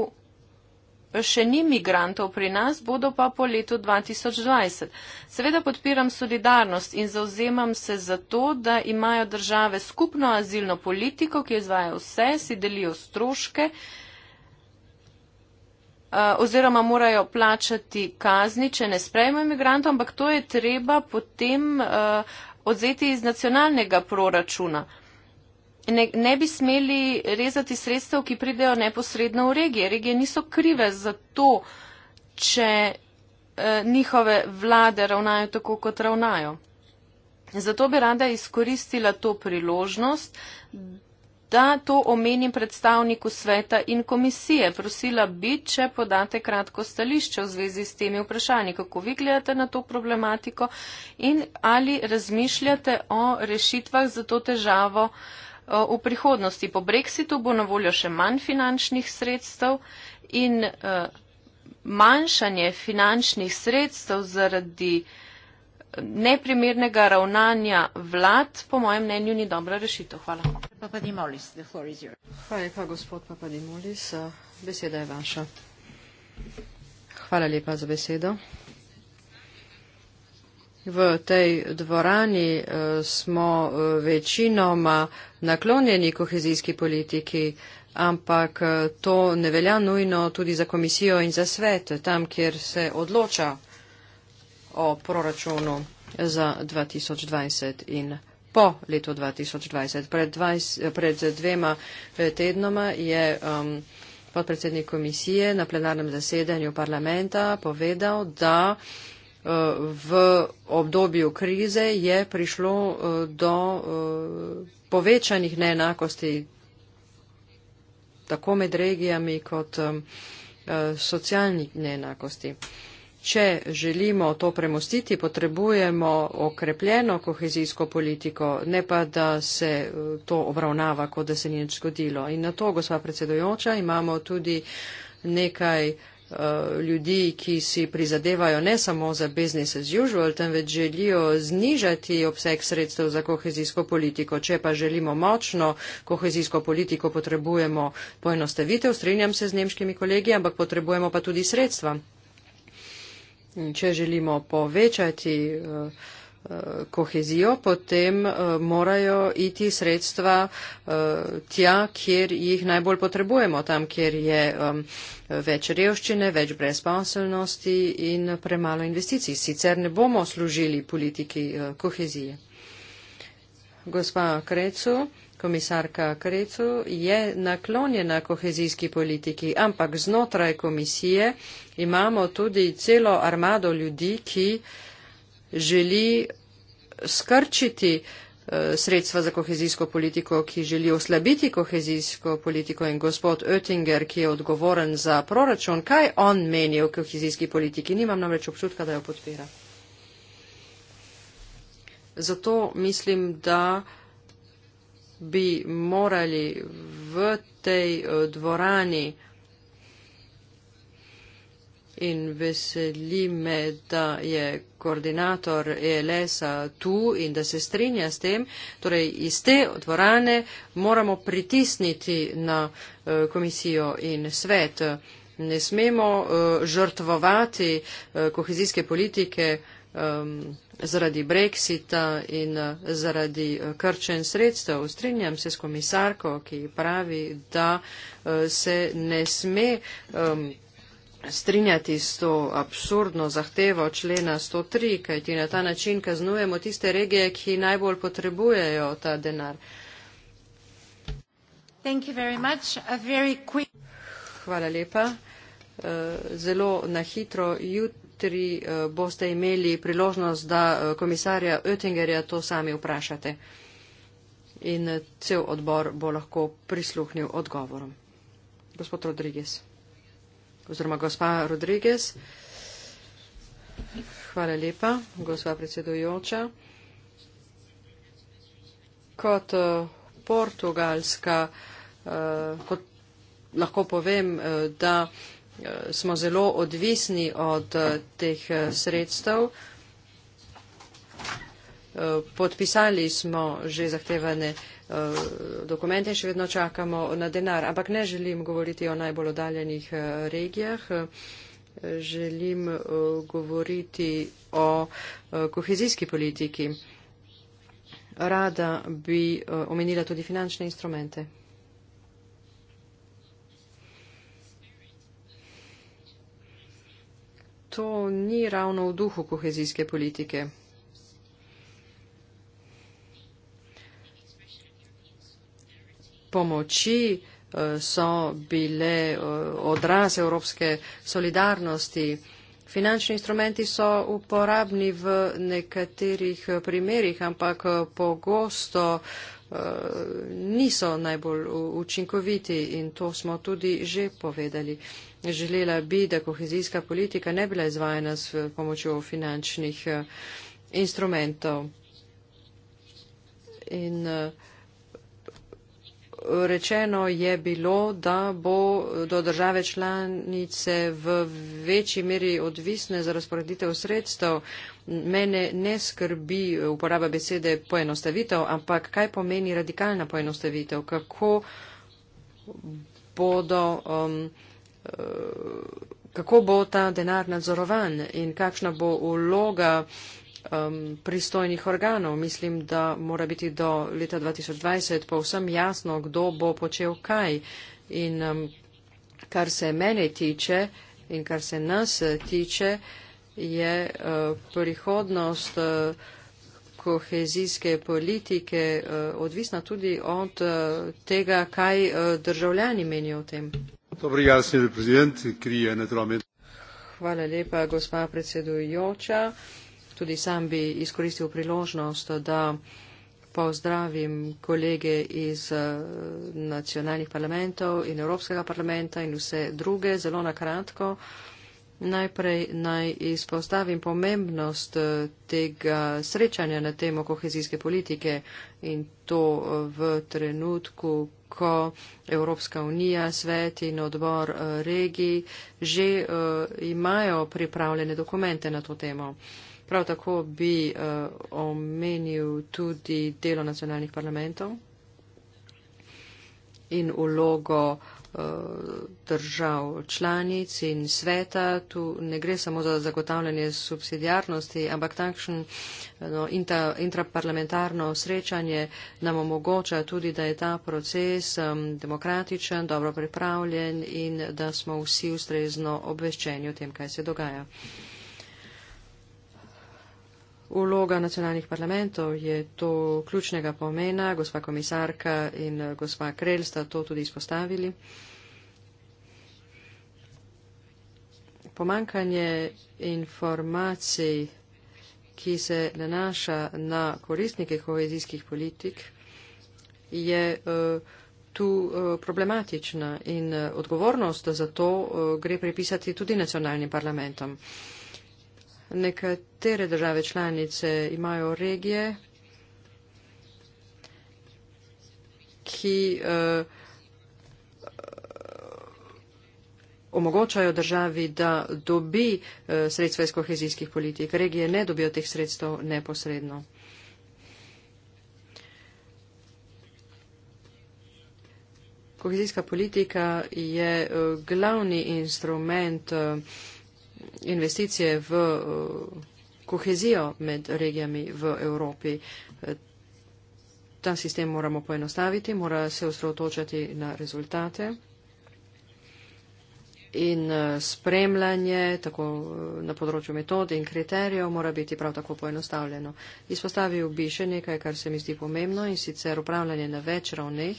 še ni migrantov pri nas, bodo pa po letu 2020. Seveda podpiram solidarnost in zauzemam se za to, da imajo države skupno azilno politiko, ki izvaja vse, si delijo stroške eh, oziroma morajo plačati kazni, če ne sprejmejo migrantov, ampak to je treba potem eh, odzeti iz nacionalnega proračuna ne, ne bi smeli rezati sredstev, ki pridejo neposredno v regije. Regije niso krive za to, če eh, njihove vlade ravnajo tako, kot ravnajo. Zato bi rada izkoristila to priložnost, da to omenim predstavniku sveta in komisije. Prosila bi, če podate kratko stališče v zvezi s temi vprašanji, kako vi gledate na to problematiko in ali razmišljate o rešitvah za to težavo. Uh, Eh, v prihodnosti po brexitu bo na voljo še manj finančnih sredstev in eh, manjšanje finančnih sredstev zaradi eh, neprimernega ravnanja vlad po mojem mnenju ni dobra rešitev. Hvala. Hvala lepa, gospod Papadimolis. Beseda je vaša. Hvala lepa za besedo v tej dvorani eh, smo eh, večinoma naklonjeni kohezijski politiki, ampak eh, to ne velja nujno tudi za komisijo in za svet, tam, kjer se odloča o proračunu za 2020 in po letu 2020. Pred, 20, pred dvema tednoma je um, podpredsednik komisije na plenarnem zasedanju parlamenta povedal, da Eh, v obdobju krize je prišlo eh, do eh, povečanih neenakosti tako med regijami kot socialnih neenakosti. Če želimo to premostiti, potrebujemo okrepljeno kohezijsko politiko, ne pa da se to obravnava, kot da se ni nič zgodilo. In na to, gospa predsedujoča, imamo tudi nekaj uh, Eh, ljudi, ki si prizadevajo ne samo za business as usual, temveč želijo znižati obseg sredstev za kohezijsko politiko. Če pa želimo močno kohezijsko politiko, potrebujemo poenostavitev, strinjam se z nemškimi kolegi, ampak potrebujemo pa tudi sredstva. In če želimo povečati. Uh, Eh, kohezijo, potem eh, morajo iti sredstva eh, tja, kjer jih najbolj potrebujemo, tam, kjer je več revščine, več brezposobnosti in premalo investicij. Sicer ne bomo služili politiki kohezije. Gospa Krecu, komisarka Krecu, je naklonjena kohezijski politiki, ampak znotraj komisije imamo tudi celo armado ljudi, ki želi skrčiti eh, sredstva za kohezijsko politiko, ki želi oslabiti kohezijsko politiko in gospod Oettinger, ki je odgovoren za proračun, kaj on meni o kohezijski politiki? Nimam namreč občutka, da jo podpira. Zato mislim, da bi morali v tej eh, dvorani uh, in veseli me, da je koordinator ELS-a tu in da se strinja s tem. Torej, iz te dvorane moramo pritisniti na eh, komisijo in svet. Ne smemo eh, žrtvovati eh, kohezijske politike ehm, zaradi brexita in zaradi krčen sredstev. Strinjam se s komisarko, ki pravi, da se ne sme um, strinjati s to absurdno zahtevo člena 103, kajti na ta način kaznujemo tiste regije, ki najbolj potrebujejo ta denar. Hvala lepa. Eh, zelo na hitro jutri eh, boste imeli priložnost, da eh, komisarja Oettingerja to sami vprašate in cel odbor bo lahko prisluhnil odgovorom. Gospod Rodriguez oziroma gospa Rodriguez. Hvala lepa, gospa predsedujoča. Kot eh, portugalska, eh, kot lahko povem, eh, da smo zelo odvisni od teh sredstev. Podpisali smo že zahtevane Eh, dokumente in še vedno čakamo na denar. Ampak ne želim govoriti o najbolj oddaljenih eh, regijah. Eh, želim govoriti o kohezijski politiki. Rada bi omenila tudi finančne instrumente. To ni ravno v duhu kohezijske politike. pomoči eh, so bile eh, odraz evropske solidarnosti. Finančni instrumenti so uporabni v nekaterih eh, primerjih, ampak pogosto niso najbolj učinkoviti in to smo tudi že povedali. Želela bi, da kohezijska politika ne bila izvajena s pomočjo finančnih instrumentov. In, uh, rečeno je bilo, da bo do države članice v večji meri odvisne za razporeditev sredstev. Mene ne skrbi uporaba besede poenostavitev, ampak kaj pomeni radikalna poenostavitev? Kako bodo. Um, eh, kako bo ta denar nadzorovan in kakšna bo uloga uh, um, pristojnih organov. Mislim, da mora biti do leta 2020 povsem jasno, kdo bo počel kaj. In um, kar se mene tiče in kar se nas tiče, je uh, prihodnost uh, kohezijske politike uh, odvisna tudi od uh, tega, kaj uh, državljani menijo o tem. Dobro, jaz sem predsednik, ki je na trome. Hvala lepa, gospa predsedujoča tudi sam bi izkoristil priložnost, da pozdravim kolege iz eh, nacionalnih parlamentov in Evropskega parlamenta in vse druge zelo nakratko. Najprej naj izpostavim pomembnost eh, tega srečanja na temo kohezijske politike in to eh, v trenutku, ko Evropska unija, svet in odbor regij že imajo pripravljene dokumente na to temo. Prav tako bi uh, omenil tudi delo nacionalnih parlamentov in ulogo eh, držav članic in sveta. Tu ne gre samo za zagotavljanje subsidijarnosti, ampak takšen no, inta, intraparlamentarno srečanje nam omogoča tudi, da je ta proces um, demokratičen, dobro pripravljen in da smo vsi ustrezno obveščeni o tem, kaj se dogaja. Uh, Vloga nacionalnih parlamentov je to ključnega pomena, gospa komisarka in eh, gospa Krel sta to tudi izpostavili. Pomankanje informacij, ki se nanaša na koristnike kohezijskih politik, je eh, tu eh, problematična in odgovornost za to gre pripisati tudi nacionalnim parlamentom. Nekatere države članice imajo regije, ki eh, eh, omogočajo državi, da dobi eh, sredstva iz kohezijskih politik. Regije ne dobijo teh sredstev neposredno. Kohezijska politika je glavni instrument uh, investicije v eh, kohezijo med regijami v Evropi. Eh, ta sistem moramo poenostaviti, mora se osredotočati na rezultate in eh, spremljanje tako na področju metod in kriterijev mora biti prav tako poenostavljeno. Izpostavil bi še nekaj, kar se mi zdi pomembno in sicer upravljanje na več ravneh.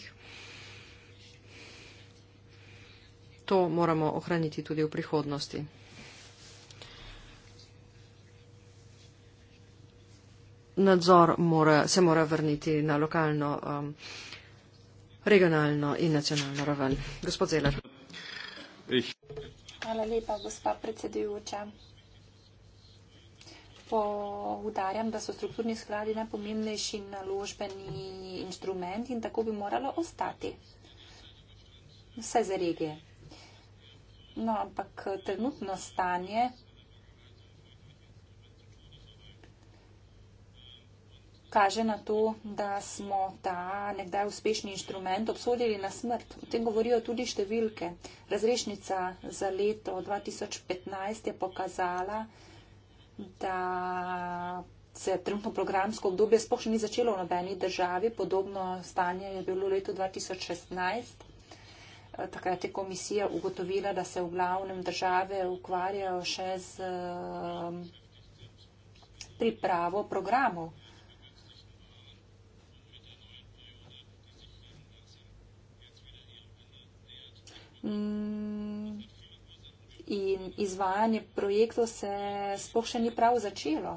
To moramo ohraniti tudi v prihodnosti. nadzor mora, se mora vrniti na lokalno, um, regionalno in nacionalno raven. Gospod Zeler. Hvala lepa, gospa predsedujoča. Poudarjam, da so strukturni skladi najpomembnejši naložbeni inštrument in tako bi moralo ostati. Vse za regije. No, ampak trenutno stanje kaže na to, da smo ta nekdaj uspešni inštrument obsodili na smrt. O tem govorijo tudi številke. Razrešnica za leto 2015 je pokazala, da se trenutno programsko obdobje sploh še ni začelo v nobeni državi. Podobno stanje je bilo v letu 2016. Eh, takrat je komisija ugotovila, da se v glavnem države ukvarjajo še z eh, pripravo programov. Mm, in izvajanje projektov se sploh še ni prav začelo.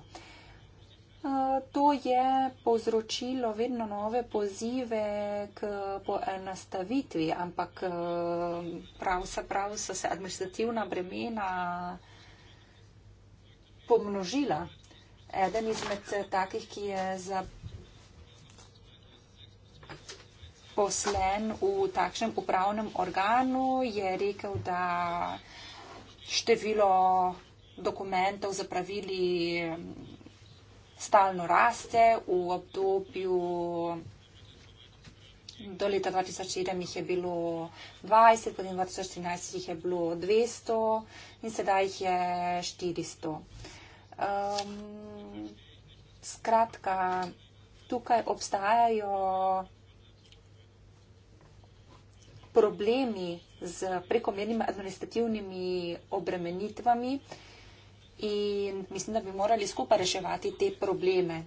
Uh, to je povzročilo vedno nove pozive k poenostavitvi, ampak uh, pravzaprav so se administrativna bremena pomnožila. Eden izmed takih, ki je za poslen v takšnem upravnem organu, je rekel, da število dokumentov za pravili mm, stalno raste v obdobju do leta 2007 jih je bilo 20, potem 2013 jih je bilo 200 in sedaj jih je 400. Um, ehm, skratka, tukaj obstajajo problemi z prekomernimi administrativnimi obremenitvami in mislim, da bi morali skupaj reševati te probleme.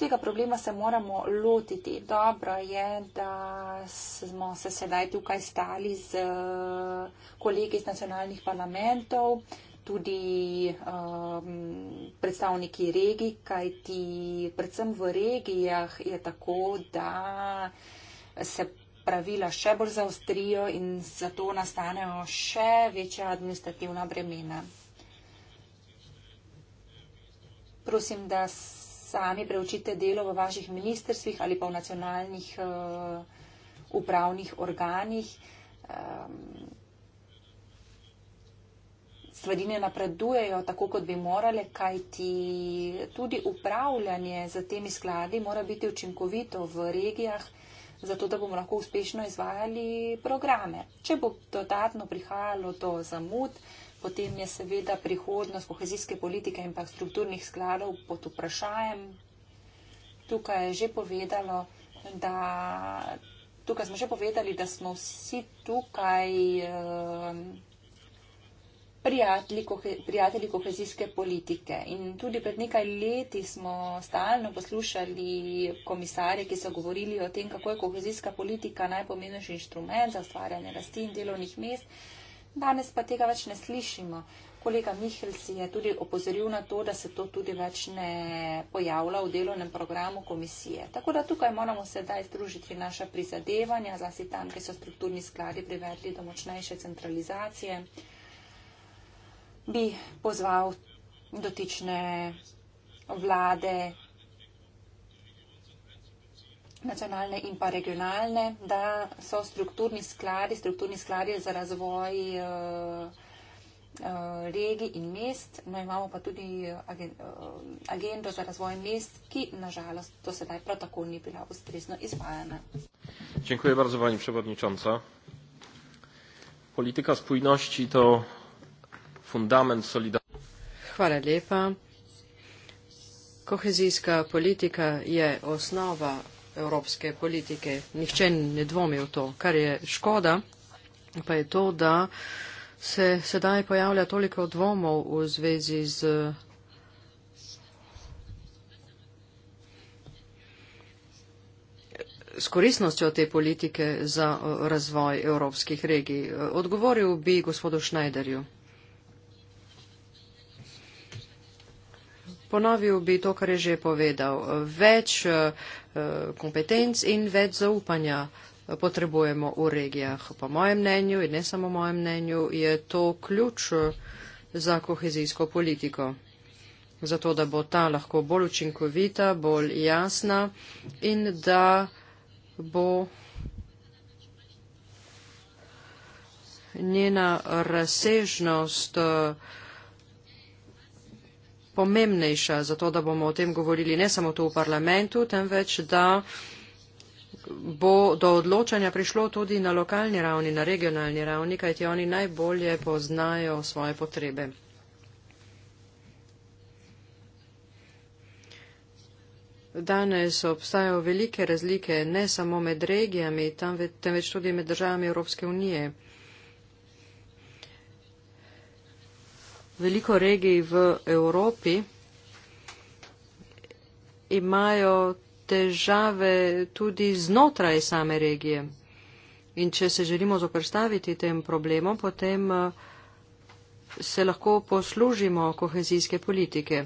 Tega problema se moramo lotiti. Dobro je, da smo se sedaj tukaj stali z kolegi iz nacionalnih parlamentov, tudi um, predstavniki regij, kajti predvsem v regijah je tako, da se pravila še bolj zaostrijo in zato nastanejo še večja administrativna bremena. Prosim, da sami preučite delo v vaših ministrstvih ali pa v nacionalnih uh, upravnih organih. Um, stvari ne napredujejo tako, kot bi morale, kaj ti tudi upravljanje z temi skladi mora biti učinkovito v regijah, zato da bomo lahko uspešno izvajali programe. Če bo dodatno prihajalo do zamud, potem je seveda prihodnost kohezijske politike in pa strukturnih skladov pod vprašajem. Tukaj je že povedalo, da. Tukaj smo že povedali, da smo vsi tukaj. Uh, prijatelji, kohe, prijatelji kohezijske politike. In tudi pred nekaj leti smo stalno poslušali komisarje, ki so govorili o tem, kako je kohezijska politika najpomembnejši inštrument za ustvarjanje rasti in delovnih mest. Danes pa tega več ne slišimo. Kolega Mihel si je tudi opozoril na to, da se to tudi več ne pojavlja v delovnem programu komisije. Tako da tukaj moramo sedaj združiti naša prizadevanja, zlasti tam, kjer so strukturni skladi privedli do močnejše centralizacije bi pozval dotične vlade, nacionalne in pa regionalne, da so strukturni skladi, strukturni skladi za razvoj uh, uh, regij in mest. No, imamo pa tudi eh, agen, uh, agendo za razvoj mest, ki nažalost do sedaj prav tako ni bila ustrezno izvajana. Dziękuję bardzo Pani Przewodnicząca. Polityka spójności to fundament solidarnosti. Hvala lepa. Kohezijska politika je osnova evropske politike. Nihče ne dvomi v to. Kar je škoda, pa je to, da se sedaj pojavlja toliko dvomov v zvezi z s koristnostjo te politike za eh, razvoj evropskih regij. Odgovoril bi gospodu Šnajderju. Ponovil bi to, kar je že povedal. Več eh, eh, kompetenc in več zaupanja eh, potrebujemo v regijah. Po mojem mnenju in ne samo mojem mnenju je to ključ za kohezijsko politiko. Zato, da bo ta lahko bolj učinkovita, bolj jasna in da bo njena razsežnost uh, pomembnejša za to, da bomo o tem govorili ne samo tu v parlamentu, temveč da bo do odločanja prišlo tudi na lokalni ravni, na regionalni ravni, kajti oni najbolje poznajo svoje potrebe. Danes obstajajo velike razlike ne samo med regijami, temveč tudi med državami Evropske unije. veliko regij v Evropi imajo težave tudi znotraj same regije. In če se želimo zoprstaviti tem problemom, potem eh, se lahko poslužimo kohezijske politike.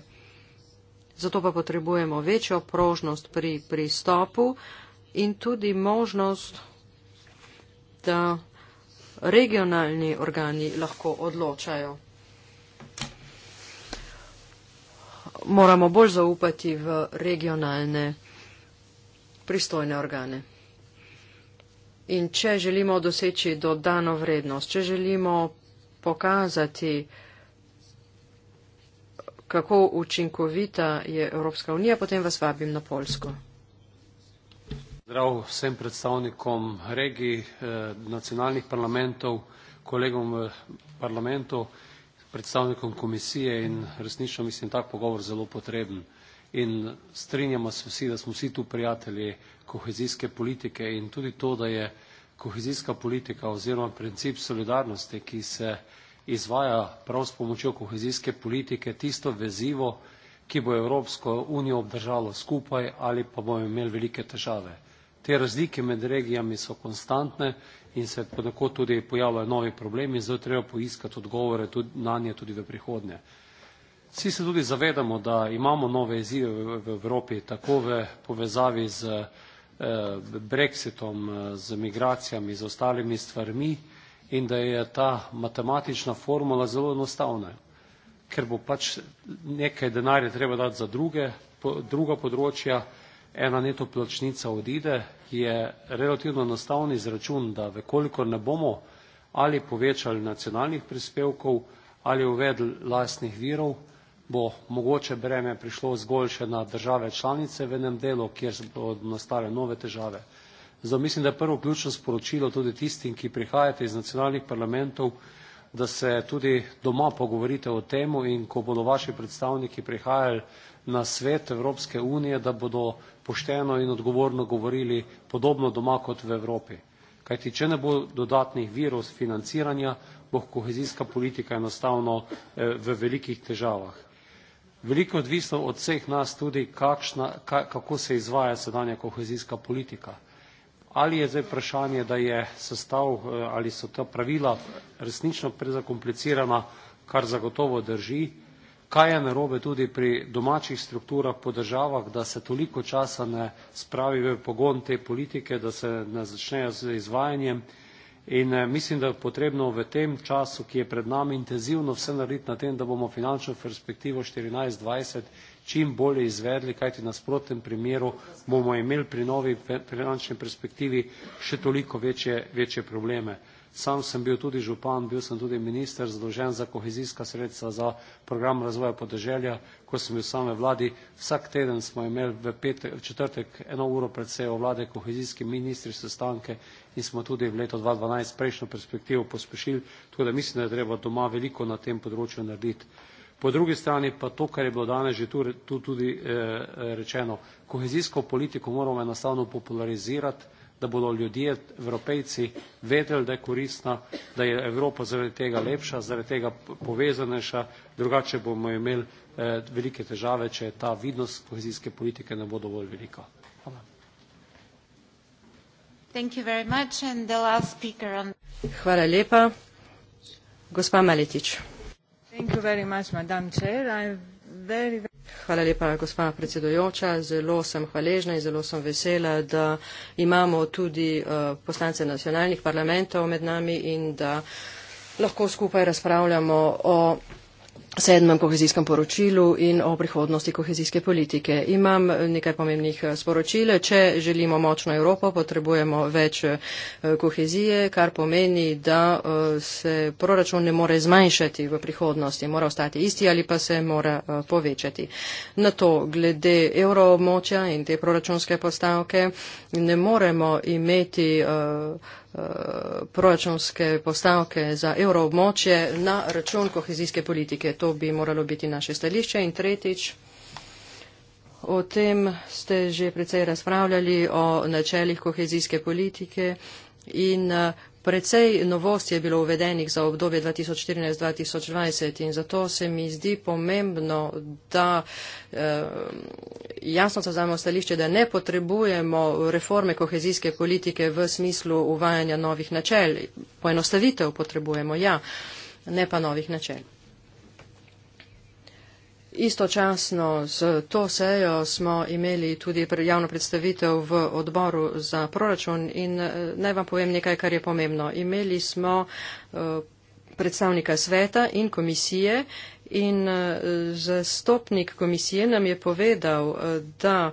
Zato pa potrebujemo večjo prožnost pri pristopu in tudi možnost, da regionalni organi lahko odločajo. moramo bolj zaupati v regionalne pristojne organe. In če želimo doseči dodano vrednost, če želimo pokazati, kako učinkovita je Evropska unija, potem vas vabim na Polsko. Zdrav vsem predstavnikom regij, eh, nacionalnih parlamentov, kolegom v parlamentu predstavnikom komisije in resnično mislim tak pogovor zelo potreben in strinjamo se vsi, da smo vsi tu prijatelji kohezijske politike in tudi to, da je kohezijska politika oziroma princip solidarnosti, ki se izvaja prav s pomočjo kohezijske politike, tisto vezivo, ki bo Evropsko unijo obdržalo skupaj ali pa bomo imeli velike težave te razlike med regijami so konstantne in se ponekod tudi pojavljajo novi problemi, zato treba poiskati odgovore tudi, na nje tudi v prihodnje. Vsi se tudi zavedamo, da imamo nove izzive v, v Evropi, tako v povezavi z eh, brexitom, z migracijami, z ostalimi stvarmi in da je ta matematična formula zelo enostavna, ker bo pač nekaj denarja treba dati za druge, po, druga področja, ena neto plačnica odide, je relativno enostaven izračun, da vekoliko ne bomo ali povečali nacionalnih prispevkov ali uvedli lastnih virov, bo mogoče breme prišlo zgolj še na države članice v enem delu, kjer bodo nastale nove težave. Zato mislim, da je prvo ključno sporočilo tudi tistim, ki prihajate iz nacionalnih parlamentov, da se tudi doma pogovorite o temu in ko bodo vaši predstavniki prihajali na svet Evropske unije, da bodo pošteno in odgovorno govorili podobno doma kot v Evropi. Kajti, če ne bo dodatnih virov financiranja, bo kohezijska politika enostavno eh, v velikih težavah. Veliko je odvisno od vseh nas tudi, kakšna, kako se izvaja sedanja kohezijska politika. Ali je zdaj vprašanje, da je sestav eh, ali so ta pravila resnično prezakomplicirana, kar zagotovo drži, kaj je narobe tudi pri domačih strukturah po državah, da se toliko časa ne spravi v pogon te politike, da se ne začnejo z izvajanjem. In eh, mislim, da je potrebno v tem času, ki je pred nami, intenzivno vse narediti na tem, da bomo finančno perspektivo 14-20 čim bolje izvedli, kajti na sprotnem primeru bomo imeli pri novi finančni perspektivi še toliko večje, večje probleme. Sam sem bil tudi župan, bil sem tudi minister, zadolžen za kohezijska sredstva, za program razvoja podeželja, ko sem bil same vladi. Vsak teden smo imeli v, pet, v četrtek eno uro pred sejo vlade kohezijski ministri sestanke in smo tudi v letu 2012 prejšnjo perspektivo pospešili, tako da mislim, da je treba doma veliko na tem področju narediti. Po drugi strani pa to, kar je bilo danes že tu, tu tudi eh, eh rečeno, kohezijsko politiko moramo enostavno popularizirati, da bodo ljudje, evropejci, vedeli, da je koristna, da je Evropa zaradi tega lepša, zaradi tega povezanejša, drugače bomo imeli eh, velike težave, če ta vidnost kohezijske politike ne bo dovolj velika. Hvala. Hvala lepa. Gospa Maletič. Thank you very much, Madam Chair. I'm very, very... Hvala lepa, gospa predsedojoča. Zelo sem hvaležna in zelo sem vesela, da imamo tudi eh, poslance nacionalnih parlamentov med nami in da lahko skupaj razpravljamo o sedmem kohezijskem poročilu in o prihodnosti kohezijske politike. Imam eh, nekaj pomembnih eh, sporočil. Če želimo močno Evropo, potrebujemo več eh, kohezije, kar pomeni, da se proračun ne more zmanjšati v prihodnosti, mora ostati isti ali pa se mora povečati. Na to, glede evroomočja in te proračunske postavke, ne moremo imeti. Uh, Eh, proračunske postavke za evroobmočje na račun kohezijske politike. To bi moralo biti naše stališče. In tretjič, o tem ste že precej razpravljali o načeljih kohezijske politike in eh, Precej novosti je bilo uvedenih za obdobje 2014-2020 in zato se mi zdi pomembno, da eh, jasno se zame ostališče, da ne potrebujemo reforme kohezijske politike v smislu uvajanja novih načel. Poenostavitev potrebujemo, ja, ne pa novih načel. Istočasno z to sejo smo imeli tudi javno predstavitev v odboru za proračun in eh, naj vam povem nekaj, kar je pomembno. Imeli smo eh, predstavnika sveta in komisije in eh, zastopnik komisije nam je povedal, da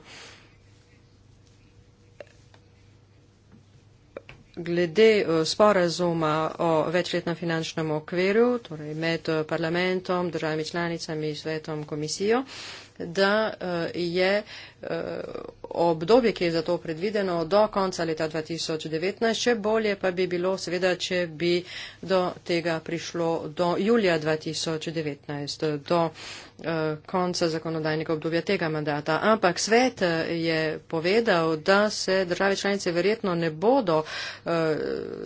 glede eh, sporazuma o večletnem finančnem okviru, torej med eh, parlamentom, državami članicami, svetom, komisijo, da eh, je obdobje, ki je za to predvideno, do konca leta 2019, še bolje pa bi bilo, seveda, če bi do tega prišlo do julija 2019, do Eh, konca zakonodajnega obdobja tega mandata. Ampak svet eh, je povedal, da se države članice verjetno ne bodo eh,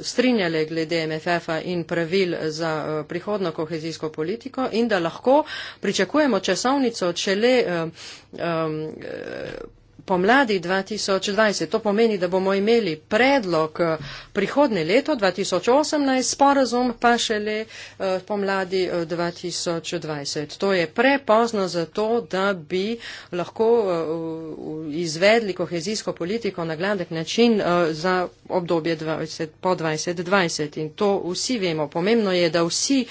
strinjale glede MFF-a in pravil za prihodno kohezijsko politiko in da lahko pričakujemo časovnico, če le um, um, pomladi 2020. To pomeni, da bomo imeli predlog eh, prihodne leto 2018, sporazum pa šele eh, pomladi 2020. Eh, to je prepozno za to, da bi lahko izvedli kohezijsko politiko na gladek način za obdobje 20, po 2020. In to vsi vemo. Pomembno je, da vsi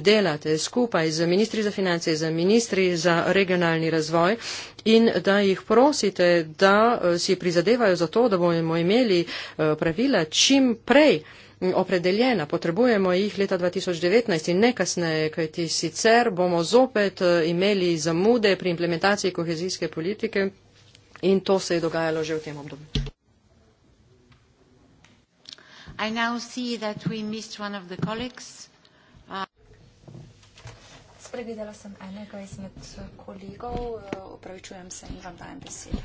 delate skupaj z ministri za finance, z ministri za regionalni razvoj in da jih prosite, da eh, si prizadevajo za to, da bomo imeli eh, pravila čim prej mm, opredeljena. Potrebujemo jih leta 2019 in ne kasneje, kajti sicer bomo zopet eh, imeli zamude pri implementaciji kohezijske politike in to se je dogajalo že v tem obdobju. I now see that we missed one of the colleagues. Spregledala sem enega izmed kolegov, upravičujem se in vam dajem besedo.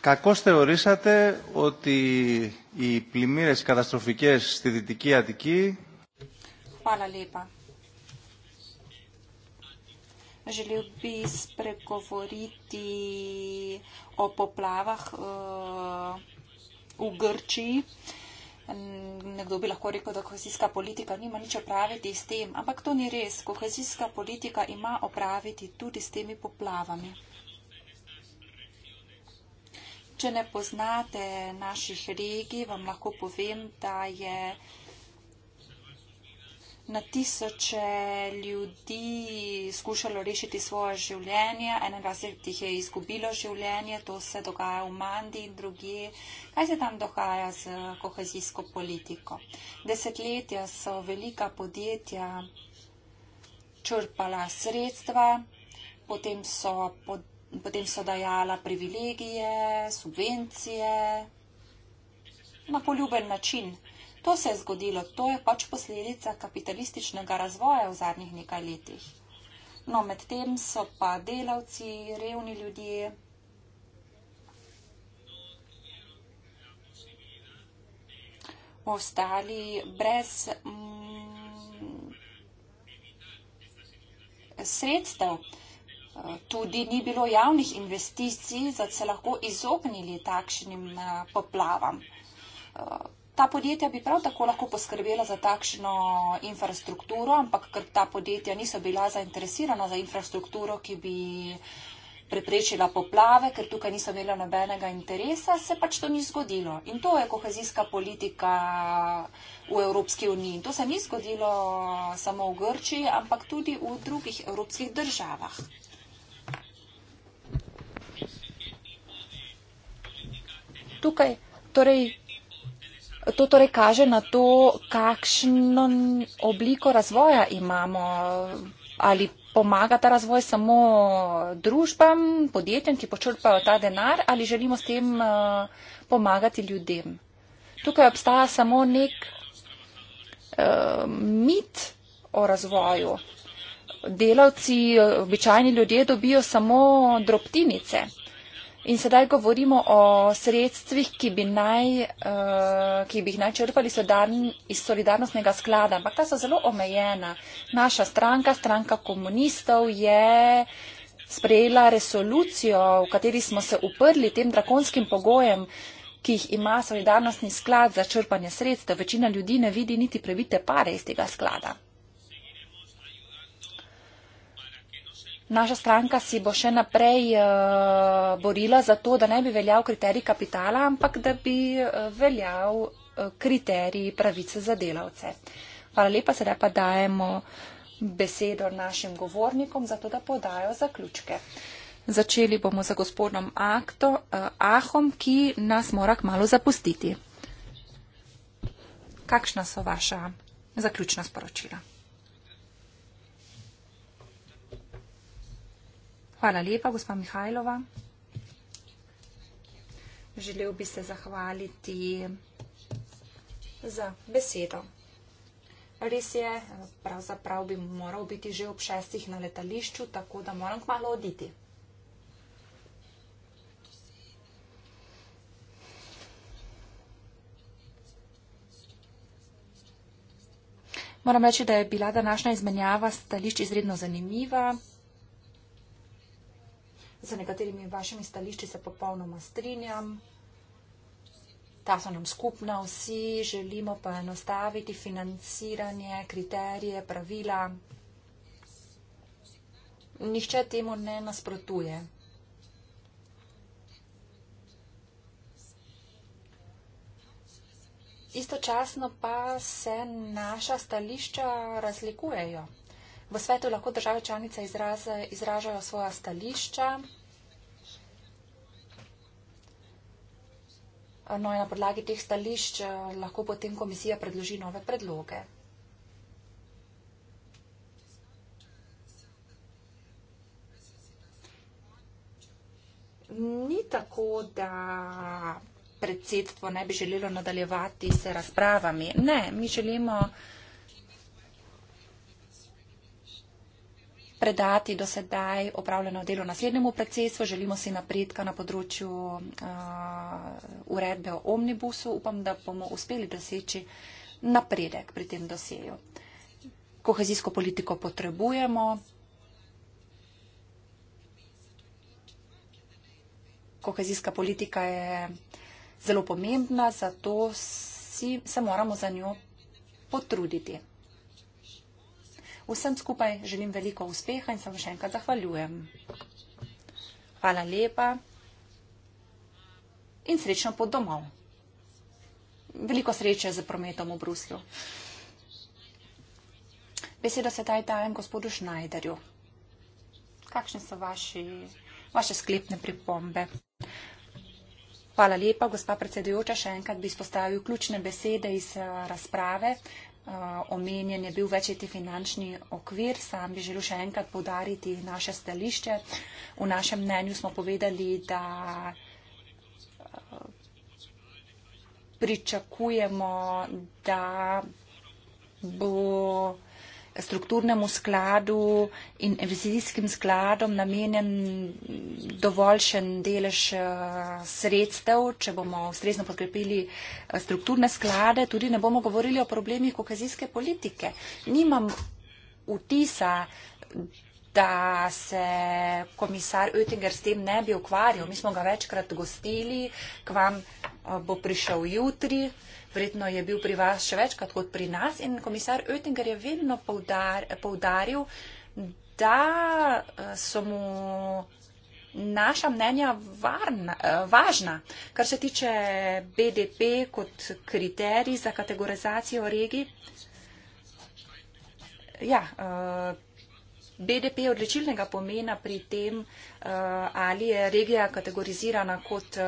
Κακό θεωρήσατε ότι οι πλημμύρε καταστροφικέ στη Δυτική Αττική. Πάλα λίπα. Želel bi spregovoriti o poplavah uh, v Grčiji nekdo bi lahko rekel, da kohezijska politika nima nič opraviti s tem, ampak to ni res. Kohezijska politika ima opraviti tudi s temi poplavami. Če ne poznate naših regij, vam lahko povem, da je na tisoče ljudi skušalo rešiti svoje življenje, enega se jih je izgubilo življenje, to se dogaja v Mandi in drugi. Kaj se tam dogaja z kohezijsko politiko? Desetletja so velika podjetja črpala sredstva, potem so, pod, potem so dajala privilegije, subvencije na poljuben način. To se je zgodilo, to je pač posledica kapitalističnega razvoja v zadnjih nekaj letih. No, medtem so pa delavci, revni ljudje. Ostali brez mm, sredstev, tudi ni bilo javnih investicij, da se lahko izognili takšnim eh, poplavam ta podjetja bi prav tako lahko poskrbela za takšno infrastrukturo, ampak ker ta podjetja niso bila zainteresirana za infrastrukturo, ki bi preprečila poplave, ker tukaj niso imela nobenega interesa, se pač to ni zgodilo. In to je kohezijska politika v Evropski uniji. In to se ni zgodilo samo v Grčiji, ampak tudi v drugih evropskih državah. Tukaj, torej, to torej kaže na to, kakšno obliko razvoja imamo ali pomaga ta razvoj samo družbam, podjetjem, ki počrpajo ta denar ali želimo s tem eh, pomagati ljudem. Tukaj obstaja samo nek uh, mit o razvoju. Delavci, eh, običajni ljudje dobijo samo drobtinice. In sedaj govorimo o sredstvih, ki bi, naj, uh, ki bi jih naj črpali iz solidarnostnega sklada, ampak ta so zelo omejena. Naša stranka, stranka komunistov, je sprejela resolucijo, v kateri smo se uprli tem drakonskim pogojem, ki jih ima solidarnostni sklad za črpanje sredstev. Večina ljudi ne vidi niti previte pare iz tega sklada. Naša stranka si bo še naprej uh, borila za to, da ne bi veljal kriterij kapitala, ampak da bi eh, veljal eh, kriterij pravice za delavce. Hvala lepa, sedaj pa dajemo besedo našim govornikom, zato da podajo zaključke. Začeli bomo za gospodom Akto, uh, Ahom, ki nas mora kmalo zapustiti. Kakšna so vaša zaključna sporočila? Hvala lepa, gospa Mihajlova. Želel bi se zahvaliti za besedo. Res je, pravzaprav bi moral biti že ob šestih na letališču, tako da moram kmalo oditi. Moram reči, da je bila današnja izmenjava stališč izredno zanimiva. Z nekaterimi vašimi stališči se popolnoma strinjam. Ta so nam skupna, vsi želimo pa enostaviti financiranje, kriterije, pravila. Nihče temu ne nasprotuje. Istočasno pa se naša stališča razlikujejo. V svetu lahko države članice izraze, izražajo svoja stališča. No, na podlagi teh stališč eh, lahko potem komisija predloži nove predloge. Ni tako, da predsedstvo ne bi želelo nadaljevati se razpravami. Ne, mi želimo. predati do sedaj opravljeno delo naslednjemu procesu. Želimo si napredka na področju uh, uredbe o omnibusu. Upam, da bomo uspeli doseči napredek pri tem doseju. Kohezijsko politiko potrebujemo. Kohezijska politika je zelo pomembna, zato si, se moramo za njo potruditi. Vsem skupaj želim veliko uspeha in se vam še enkrat zahvaljujem. Hvala lepa in srečno pot domov. Veliko sreče z prometom v Bruslju. Besedo se taj dajem gospodu Šnajderju. Kakšne so vaši, vaše sklepne pripombe? Hvala lepa, gospa predsedujoča, še enkrat bi izpostavil ključne besede iz eh, razprave. Eh, omenjen je bil večeti finančni okvir. Sam bi želel še enkrat podariti naše stališče. V našem mnenju smo povedali, da eh, pričakujemo, da bo strukturnemu skladu in investicijskim skladom namenjen dovoljšen delež eh, sredstev, če bomo ustrezno podkrepili eh, strukturne sklade, tudi ne bomo govorili o problemih kohezijske politike. Nimam vtisa, da se komisar Oettinger s tem ne bi ukvarjal. Mi smo ga večkrat gostili, k vam eh, bo prišel jutri. Vredno je bil pri vas še večkrat kot pri nas in komisar Oettinger je vedno poudar, poudaril, da eh, so mu naša mnenja varna, eh, važna, kar se tiče BDP kot kriterij za kategorizacijo regij. Ja, uh, BDP je odločilnega pomena pri tem, eh, ali je regija kategorizirana kot eh,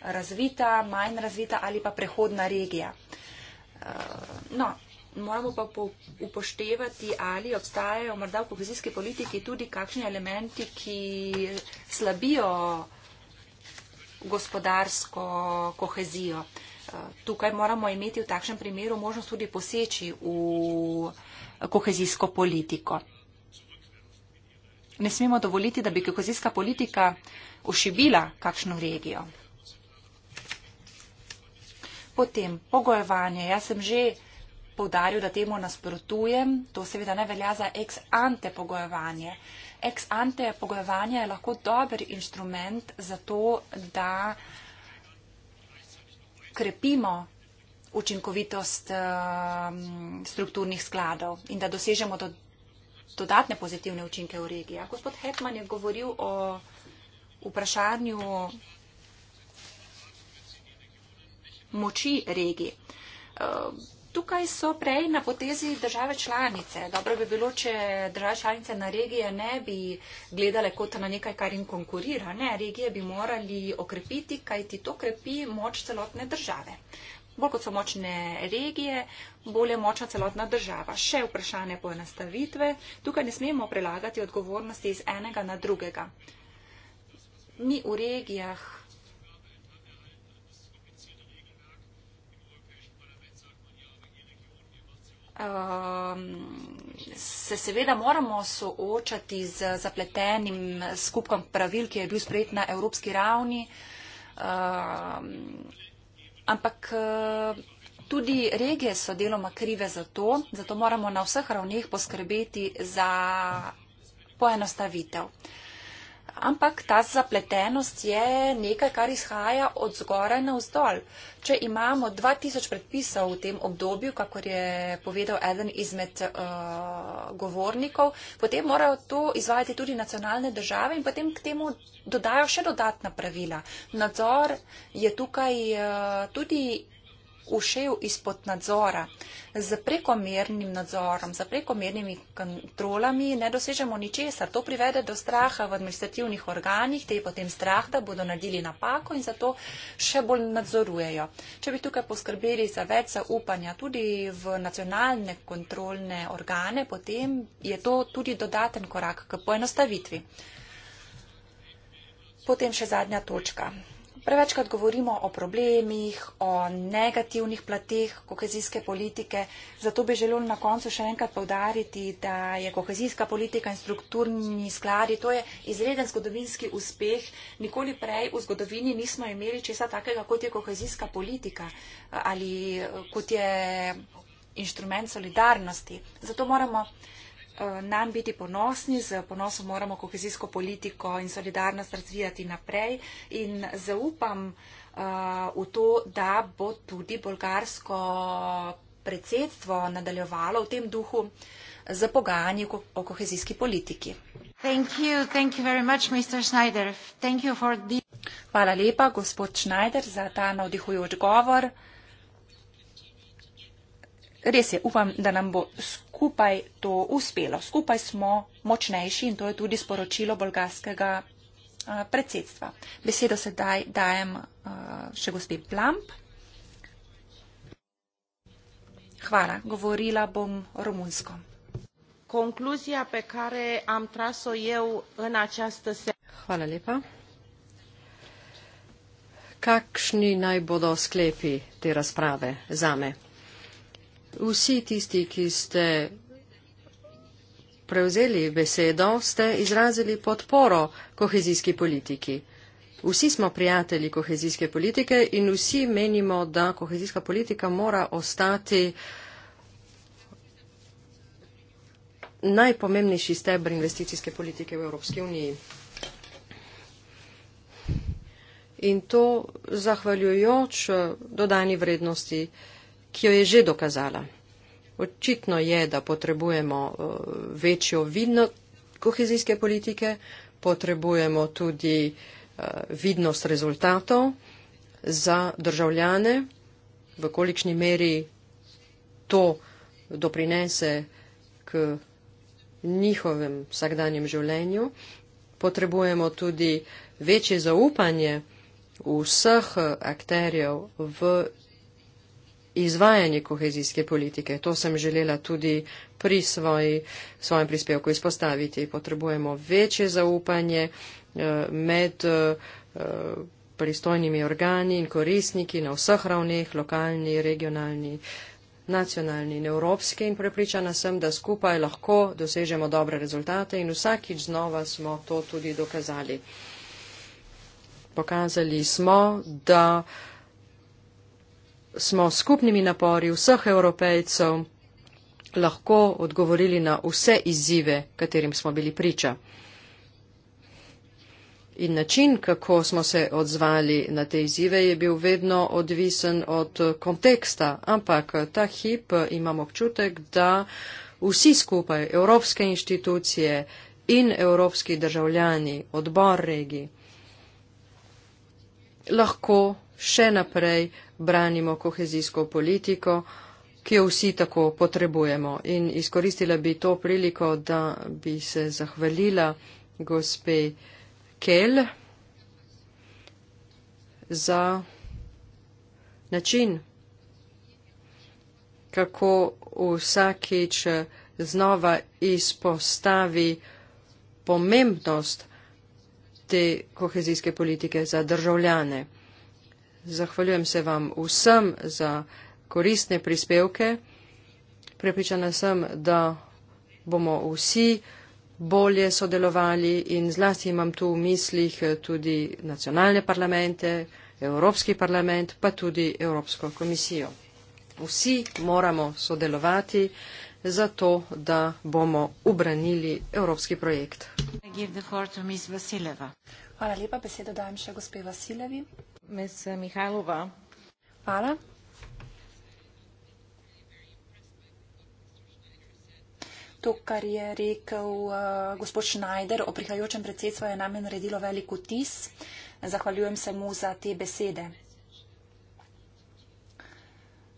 razvita, manj razvita ali pa prehodna regija. Eh, no, moramo pa upoštevati, ali obstajajo morda v kohezijski politiki tudi kakšni elementi, ki slabijo gospodarsko kohezijo. Tukaj moramo imeti v takšnem primeru možnost tudi poseči v kohezijsko politiko ne smemo dovoliti, da bi kohezijska politika ošibila kakšno regijo. Potem pogojevanje. Jaz sem že povdaril, da temu nasprotujem. To seveda ne velja za ex ante pogojevanje. Ex ante pogojevanje je lahko dober instrument za to, da krepimo učinkovitost ehm, strukturnih skladov in da dosežemo dodatne pozitivne učinke v regiji. A gospod Hetman je govoril o vprašanju moči regiji. Tukaj so prej na potezi države članice. Dobro bi bilo, če države članice na regije ne bi gledale kot na nekaj, kar jim konkurira. Ne, regije bi morali okrepiti, kajti to krepi moč celotne države. Bolj kot so močne regije, bolj je močna celotna država. Še vprašanje poenostavitve. Tukaj ne smemo prelagati odgovornosti iz enega na drugega. Mi v regijah um, se seveda moramo soočati z zapletenim skupkom pravil, ki je bil sprejet na evropski ravni. Um, Ampak eh, tudi regije so deloma krive za to, zato moramo na vseh ravneh poskrbeti za poenostavitev ampak ta zapletenost je nekaj, kar izhaja od zgoraj na vzdolj. Če imamo 2000 predpisov v tem obdobju, kakor je povedal eden izmed uh, govornikov, potem morajo to izvajati tudi nacionalne države in potem k temu dodajo še dodatna pravila. Nadzor je tukaj uh, tudi ušel izpod nadzora. Z prekomernim nadzorom, z prekomernimi kontrolami ne dosežemo ničesar. To privede do straha v administrativnih organih, te je potem strah, da bodo naredili napako in zato še bolj nadzorujejo. Če bi tukaj poskrbeli za več zaupanja tudi v nacionalne kontrolne organe, potem je to tudi dodaten korak k poenostavitvi. Potem še zadnja točka. Prevečkrat govorimo o problemih, o negativnih plateh kohezijske politike, zato bi želel na koncu še enkrat povdariti, da je kohezijska politika in strukturni skladi, to je izreden zgodovinski uspeh. Nikoli prej v zgodovini nismo imeli česa takega, kot je kohezijska politika eh, ali eh, kot je inštrument solidarnosti. Zato moramo Eh, nam biti ponosni, z ponosom moramo kohezijsko politiko in solidarnost razvijati naprej in zaupam eh, v to, da bo tudi bolgarsko predsedstvo nadaljevalo v tem duhu z pogajanji o kohezijski politiki. Thank you, thank you much, Hvala lepa, gospod Schneider, za ta navdihujoč govor res je, upam, da nam bo skupaj to uspelo. Skupaj smo močnejši in to je tudi sporočilo bolgarskega predsedstva. Besedo sedaj dajem še gospe Plamp. Hvala, govorila bom romunsko. Konkluzija, pe care am traso eu în această se... Hvala lepa. Kakšni naj bodo sklepi te razprave za me? Vsi tisti, ki ste prevzeli besedo, ste izrazili podporo kohezijski politiki. Vsi smo prijatelji kohezijske politike in vsi menimo, da kohezijska politika mora ostati najpomembnejši stebr investicijske politike v Evropski uniji. In to zahvaljujoč dodani vrednosti ki jo je že dokazala. Očitno je, da potrebujemo eh, večjo vidno kohezijske politike, potrebujemo tudi eh, vidnost rezultatov za državljane, v kolikšni meri to doprinese k njihovem vsakdanjem življenju. Potrebujemo tudi večje zaupanje vseh akterjev v izvajanje kohezijske politike. To sem želela tudi pri svoji, svojem prispevku izpostaviti. Potrebujemo večje zaupanje eh, med eh, eh, pristojnimi organi in korisniki na vseh ravneh, lokalni, regionalni, nacionalni in evropski. In prepričana sem, da skupaj lahko dosežemo dobre rezultate in vsakič znova smo to tudi dokazali. Pokazali smo, da uh, smo skupnimi napori vseh evropejcev lahko odgovorili na vse izzive, katerim smo bili priča. In način, kako smo se odzvali na te izzive, je bil vedno odvisen od konteksta, ampak ta hip imamo občutek, da vsi skupaj, evropske inštitucije in evropski državljani, odbor regi, lahko še naprej branimo kohezijsko politiko, ki jo vsi tako potrebujemo. In izkoristila bi to priliko, da bi se zahvalila gospe Kel za način, kako vsakič znova izpostavi pomembnost te kohezijske politike za državljane. Zahvaljujem se vam vsem za koristne prispevke. Prepričana sem, da bomo vsi bolje sodelovali in zlasti imam tu v mislih tudi nacionalne parlamente, Evropski parlament, pa tudi Evropsko komisijo. Vsi moramo sodelovati za to, da bomo ubranili evropski projekt. Hvala lepa, besedo dajem še gospe Vasilevi. Hvala. To, kar je rekel uh, gospod Schneider o prihajajočem predsedstvu, je name naredilo veliko tis. Zahvaljujem se mu za te besede.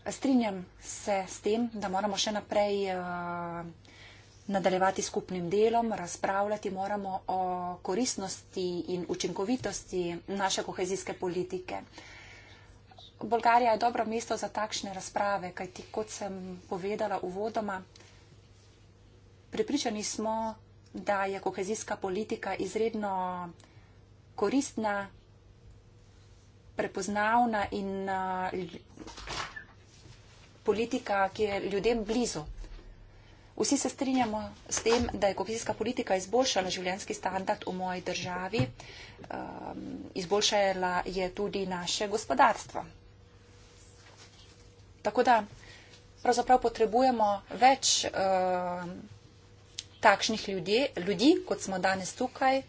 Strinjam se s tem, da moramo še naprej uh, nadaljevati skupnim delom, razpravljati moramo o koristnosti in učinkovitosti naše kohezijske politike. Bolgarija je dobro mesto za takšne razprave, kajti kot sem povedala uvodoma, pripričani smo, da je kohezijska politika izredno koristna, prepoznavna in eh, politika, ki je ljudem blizu. Vsi se strinjamo s tem, da je kohezijska politika izboljšala življenski standard v moji državi, um, izboljšala je tudi naše gospodarstvo. Tako da pravzaprav potrebujemo več uh, takšnih ljudi, ljudi, kot smo danes tukaj.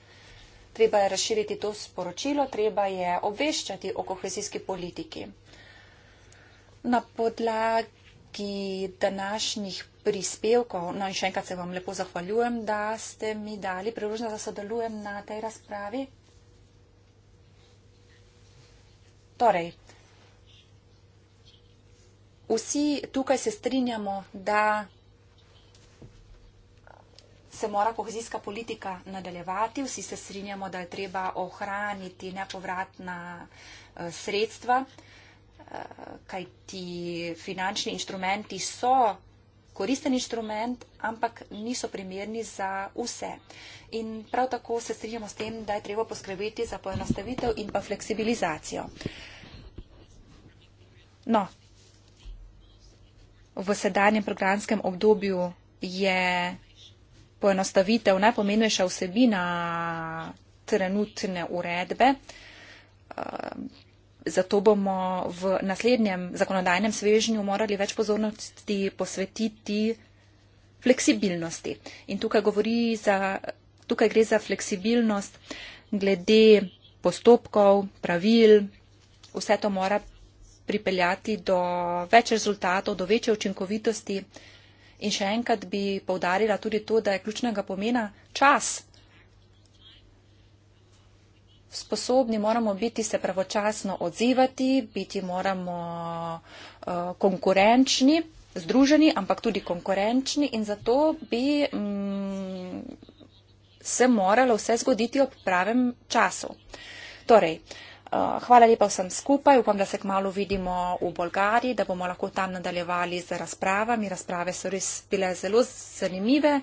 Treba je razširiti to sporočilo, treba je obveščati o kohezijski politiki. Na podlagi današnjih prispevkov. No in še enkrat se vam lepo zahvaljujem, da ste mi dali priložnost, da sodelujem na tej razpravi. Torej, vsi tukaj se strinjamo, da se mora kohezijska politika nadaljevati, vsi se strinjamo, da je treba ohraniti nepovratna eh, sredstva, eh, kajti finančni inštrumenti so koristen inštrument, ampak niso primerni za vse. In prav tako se strinjamo s tem, da je treba poskrbeti za poenostavitev in pa fleksibilizacijo. No, v sedanjem programskem obdobju je poenostavitev najpomembnejša vsebina trenutne uredbe. Ehm, zato bomo v naslednjem zakonodajnem svežnju morali več pozornosti posvetiti fleksibilnosti. In tukaj, za, tukaj gre za fleksibilnost glede postopkov, pravil, vse to mora pripeljati do več rezultatov, do večje učinkovitosti. In še enkrat bi povdarila tudi to, da je ključnega pomena čas sposobni, moramo biti se pravočasno odzivati, biti moramo uh, konkurenčni, združeni, ampak tudi konkurenčni in zato bi mm, se moralo vse zgoditi ob pravem času. Torej, eh, Hvala lepa vsem skupaj. Upam, da se kmalo vidimo v Bolgariji, da bomo lahko tam nadaljevali z razpravami. Razprave so res bile zelo zanimive.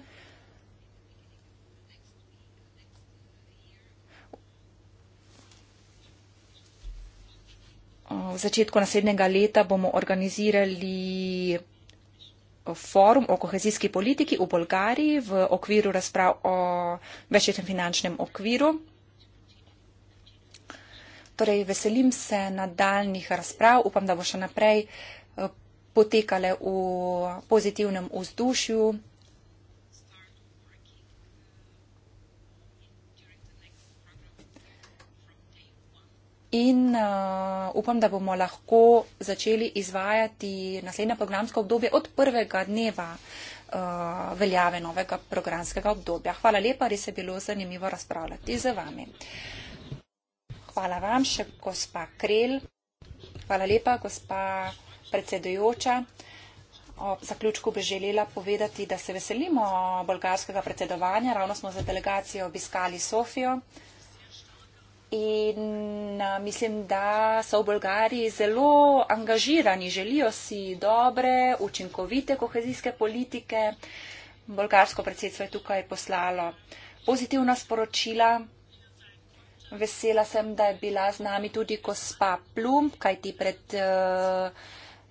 V začetku naslednjega leta bomo organizirali forum o kohezijski politiki v Bolgariji v okviru razprav o večletnem finančnem okviru. Torej, veselim se nadaljnih razprav, upam, da bo še naprej eh, potekale v pozitivnem vzdušju. in uh, upam, da bomo lahko začeli izvajati naslednje programsko obdobje od prvega dneva uh, veljave novega programskega obdobja. Hvala lepa, res je bilo zanimivo razpravljati z vami. Hvala vam še, gospa Krel. Hvala lepa, gospa predsedujoča. O zaključku bi želela povedati, da se veselimo bolgarskega predsedovanja. Ravno smo za delegacijo obiskali Sofijo. In mislim, da so v Bolgariji zelo angažirani, želijo si dobre, učinkovite kohezijske politike. Bolgarsko predsedstvo je tukaj poslalo pozitivna sporočila. Vesela sem, da je bila z nami tudi gospa Plum, kajti pred uh,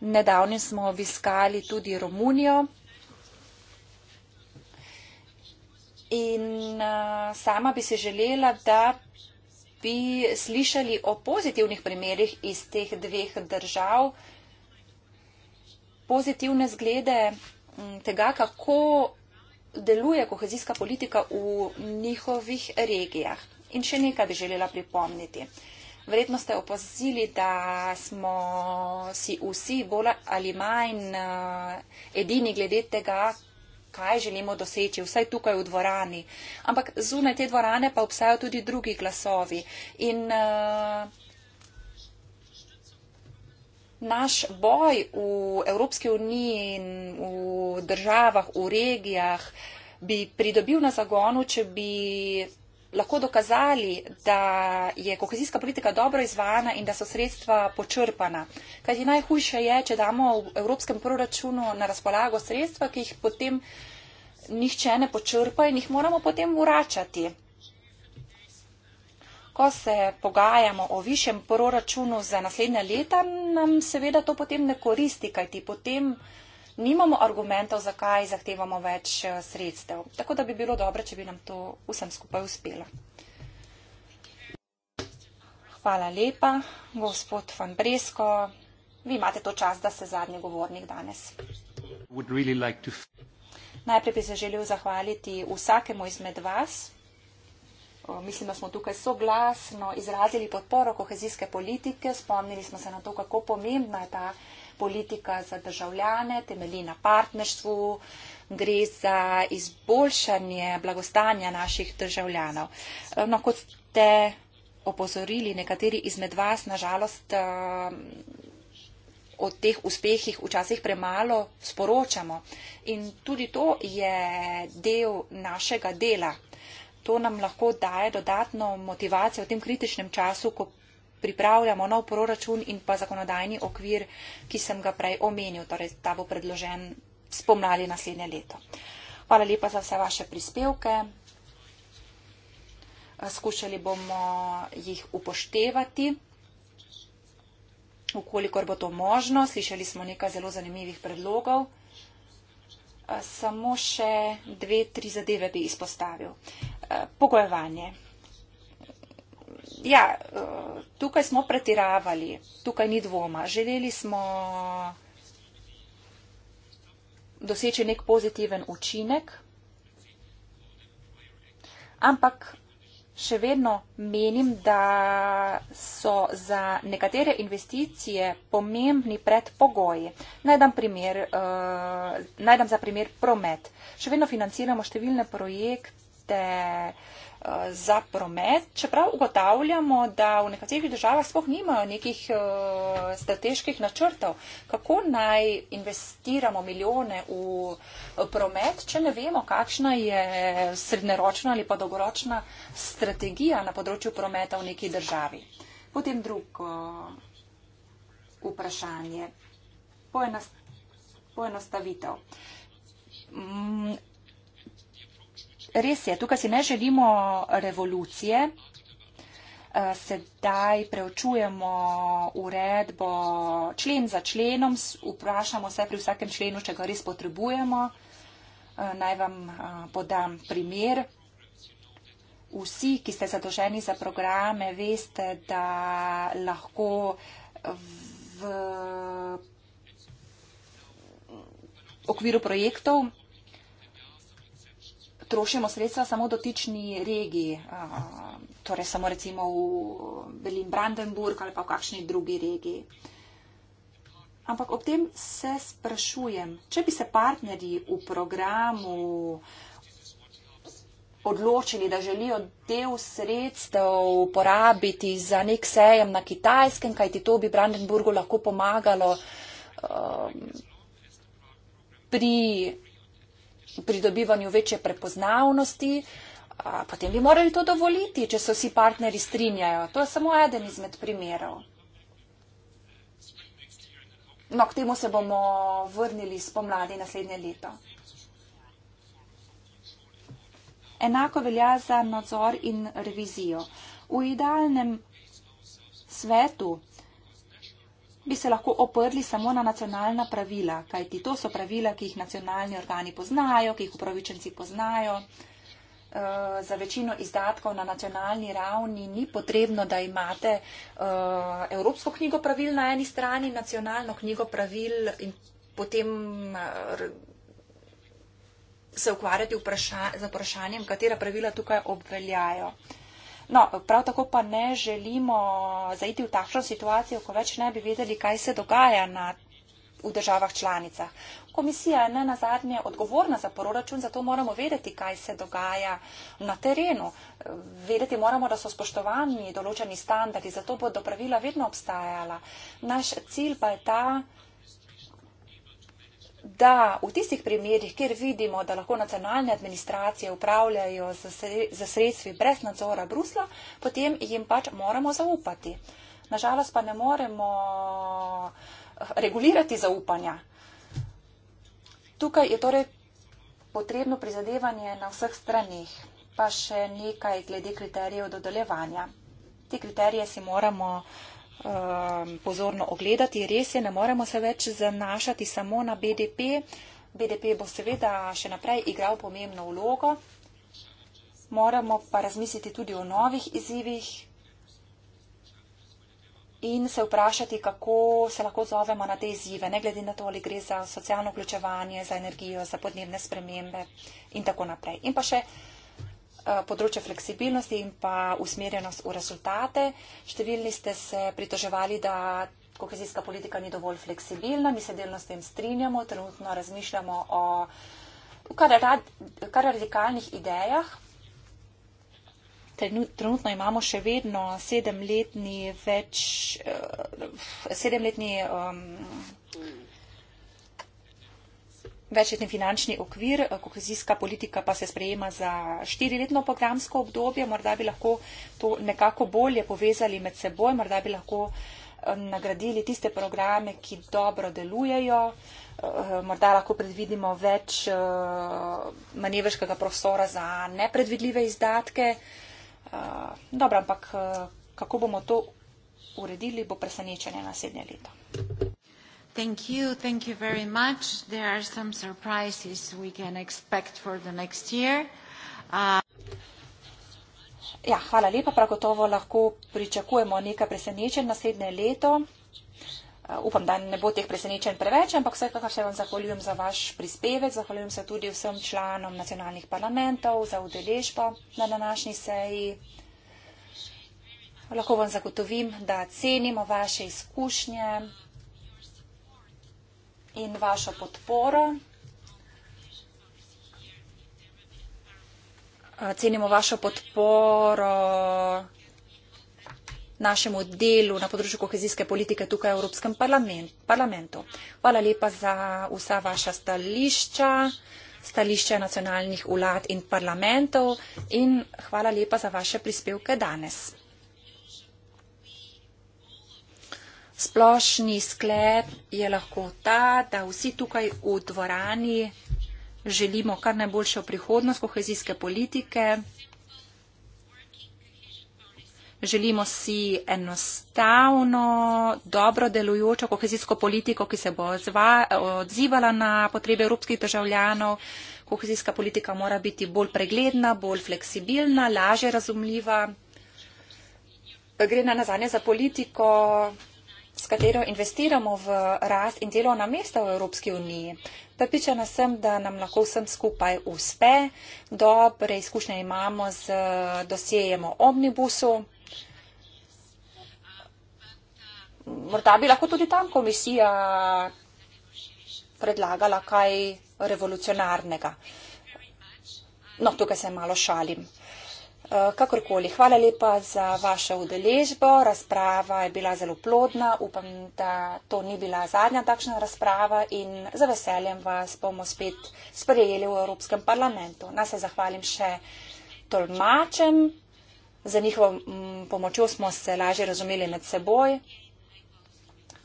nedavnim smo obiskali tudi Romunijo. In uh, sama bi se želela, da bi slišali o pozitivnih primerih iz teh dveh držav, pozitivne zglede tega, kako deluje kohezijska politika v njihovih regijah. In še nekaj bi želela pripomniti. Verjetno ste opozili, da smo si vsi bolj ali manj eh, edini glede tega, kaj želimo doseči, vsaj tukaj v dvorani. Ampak zunaj te dvorane pa obstajajo tudi drugi glasovi. In uh, naš boj v Evropski uniji in v državah, v regijah bi pridobil na zagonu, če bi lahko dokazali, da je kohezijska politika dobro izvajana in da so sredstva počrpana. Kaj je najhujše je, če damo v evropskem proračunu na razpolago sredstva, ki jih potem nihče ne počrpa in jih moramo potem vračati. Ko se pogajamo o višjem proračunu za naslednja leta, nam seveda to potem ne koristi, kajti potem nimamo argumentov, zakaj zahtevamo več eh, sredstev. Tako da bi bilo dobro, če bi nam to vsem skupaj uspelo. Hvala lepa, gospod Van Bresko. Vi imate to čas, da ste zadnji govornik danes. Najprej bi se želel zahvaliti vsakemu izmed vas. Mislim, da smo tukaj soglasno izrazili podporo kohezijske politike. Spomnili smo se na to, kako pomembna je ta politika za državljane, temelji na partnerstvu, gre za izboljšanje blagostanja naših državljanov. Eh, no, kot ste opozorili, nekateri izmed vas, nažalost, eh, o teh uspehih včasih premalo sporočamo. In tudi to je del našega dela. To nam lahko daje dodatno motivacijo v tem kritičnem času, ko pripravljamo nov proračun in pa zakonodajni okvir, ki sem ga prej omenil. Torej, ta bo predložen spomladi naslednje leto. Hvala lepa za vse vaše prispevke. Skušali bomo jih upoštevati, ukolikor bo to možno. Slišali smo nekaj zelo zanimivih predlogov. Samo še dve, tri zadeve bi izpostavil. Pogojevanje ja, eh, tukaj smo pretiravali, tukaj ni dvoma. Želeli smo doseči nek pozitiven učinek, ampak še vedno menim, da so za nekatere investicije pomembni predpogoji. Najdem, primer, uh, eh, najdem za primer promet. Še vedno financiramo številne projekte uh, za promet, čeprav ugotavljamo, da v nekaterih državah sploh nimajo nekih eh, strateških načrtov, kako naj investiramo milijone v promet, če ne vemo, kakšna je srednjeročna ali pa dolgoročna strategija na področju prometa v neki državi. Potem drugo eh, vprašanje. Poenostavitev. Mm, res je, tukaj si ne želimo revolucije. Eh, sedaj preučujemo uredbo člen za členom, vprašamo se pri vsakem členu, če ga res potrebujemo. Eh, naj vam eh, podam primer. Vsi, ki ste zadoženi za programe, veste, da lahko v okviru projektov trošimo sredstva samo dotični regiji, a, torej samo recimo v Berlin Brandenburg ali pa v kakšni drugi regiji. Ampak ob tem se sprašujem, če bi se partnerji v programu odločili, da želijo del sredstev uporabiti za nek sejem na kitajskem, kajti to bi Brandenburgu lahko pomagalo um, pri pridobivanju večje prepoznavnosti, potem bi morali to dovoliti, če se vsi partneri strinjajo. To je samo eden izmed primerov. No, k temu se bomo vrnili spomladi naslednje leto. Enako velja za nadzor in revizijo. V idealnem svetu bi se lahko oprli samo na nacionalna pravila, kajti to so pravila, ki jih nacionalni organi poznajo, ki jih upravičenci poznajo. Eh, za večino izdatkov na nacionalni ravni ni potrebno, da imate eh, Evropsko knjigo pravil na eni strani, nacionalno knjigo pravil in potem eh, se ukvarjati vpraša, z vprašanjem, katera pravila tukaj obveljajo. No, prav tako pa ne želimo zaiti v takšno situacijo, ko več ne bi vedeli, kaj se dogaja na, v državah članicah. Komisija je ne na zadnje odgovorna za proračun, zato moramo vedeti, kaj se dogaja na terenu. Vedeti moramo, da so spoštovani določeni standardi, zato bodo pravila vedno obstajala. Naš cilj pa je ta, da v tistih primerjih, kjer vidimo, da lahko nacionalne administracije upravljajo za sredstvi brez nadzora Brusla, potem jim pač moramo zaupati. Nažalost pa ne moremo eh, regulirati zaupanja. Tukaj je torej potrebno prizadevanje na vseh stranih, pa še nekaj glede kriterijev dodeljevanja. Te kriterije si moramo uh, Um, pozorno ogledati. Res je, ne moremo se več zanašati samo na BDP. BDP bo seveda še naprej igral pomembno vlogo. Moramo pa razmisliti tudi o novih izzivih in se vprašati, kako se lahko zovemo na te izzive, ne glede na to, ali gre za socialno vključevanje, za energijo, za podnebne spremembe in tako naprej. In pa še Eh, področje fleksibilnosti in pa usmerjenost v rezultate. Številni ste se pritoževali, da kohezijska politika ni dovolj fleksibilna. Mi se delno s tem strinjamo, trenutno razmišljamo o kar radikalnih idejah. Trenutno imamo še vedno sedemletni več, eh, sedemletni um, večletni finančni okvir, eh, kohezijska politika pa se sprejema za štiriletno programsko obdobje. Morda bi lahko to nekako bolje povezali med seboj, morda bi lahko eh, nagradili tiste programe, ki dobro delujejo. Eh, morda lahko predvidimo več manevrskega prostora za nepredvidljive izdatke. Dobro, ampak kako bomo to uredili, bo presenečenje naslednje leto. Thank you. Thank you very much. There are some surprises we can expect for the next year. Uh, ja, hvala lepa. Prav gotovo lahko pričakujemo nekaj presenečenj naslednje leto. Uh, upam, da ne bo teh presenečenj preveč, ampak vsekakor se vam zahvaljujem za vaš prispevek. Zahvaljujem se tudi vsem članom nacionalnih parlamentov za udeležbo na današnji seji. Lahko vam zagotovim, da cenimo vaše izkušnje in vašo podporo. Eh, cenimo vašo podporo našemu delu na področju kohezijske politike tukaj v Evropskem parlamentu. Hvala lepa za vsa vaša stališča, stališča nacionalnih vlad in parlamentov in hvala lepa za vaše prispevke danes. Splošni sklep je lahko ta, da vsi tukaj v dvorani želimo kar najboljšo prihodnost kohezijske politike. Želimo si enostavno, dobro delujočo kohezijsko politiko, ki se bo odzivala na potrebe evropskih državljanov. Kohezijska politika mora biti bolj pregledna, bolj fleksibilna, laže razumljiva. Gre na nazanje za politiko, s katero investiramo v rast in delovna mesta v Evropski uniji. Prepričana sem, da nam lahko vsem skupaj uspe. Dobre izkušnje imamo z dosjejem o omnibusu. Morda bi lahko tudi tam komisija predlagala kaj revolucionarnega. No, tukaj se malo šalim. Eh, kakorkoli, hvala lepa za vašo udeležbo. Razprava je bila zelo plodna. Upam, da to ni bila zadnja takšna razprava in za veseljem vas bomo spet sprejeli v Evropskem parlamentu. Naj se zahvalim še tolmačem. Za njihovo mm, pomočjo smo se lažje razumeli med seboj.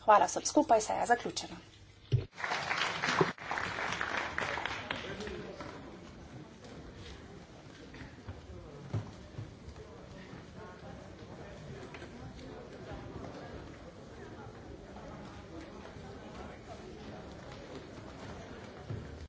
Hvala vsem skupaj, saj je zaključeno.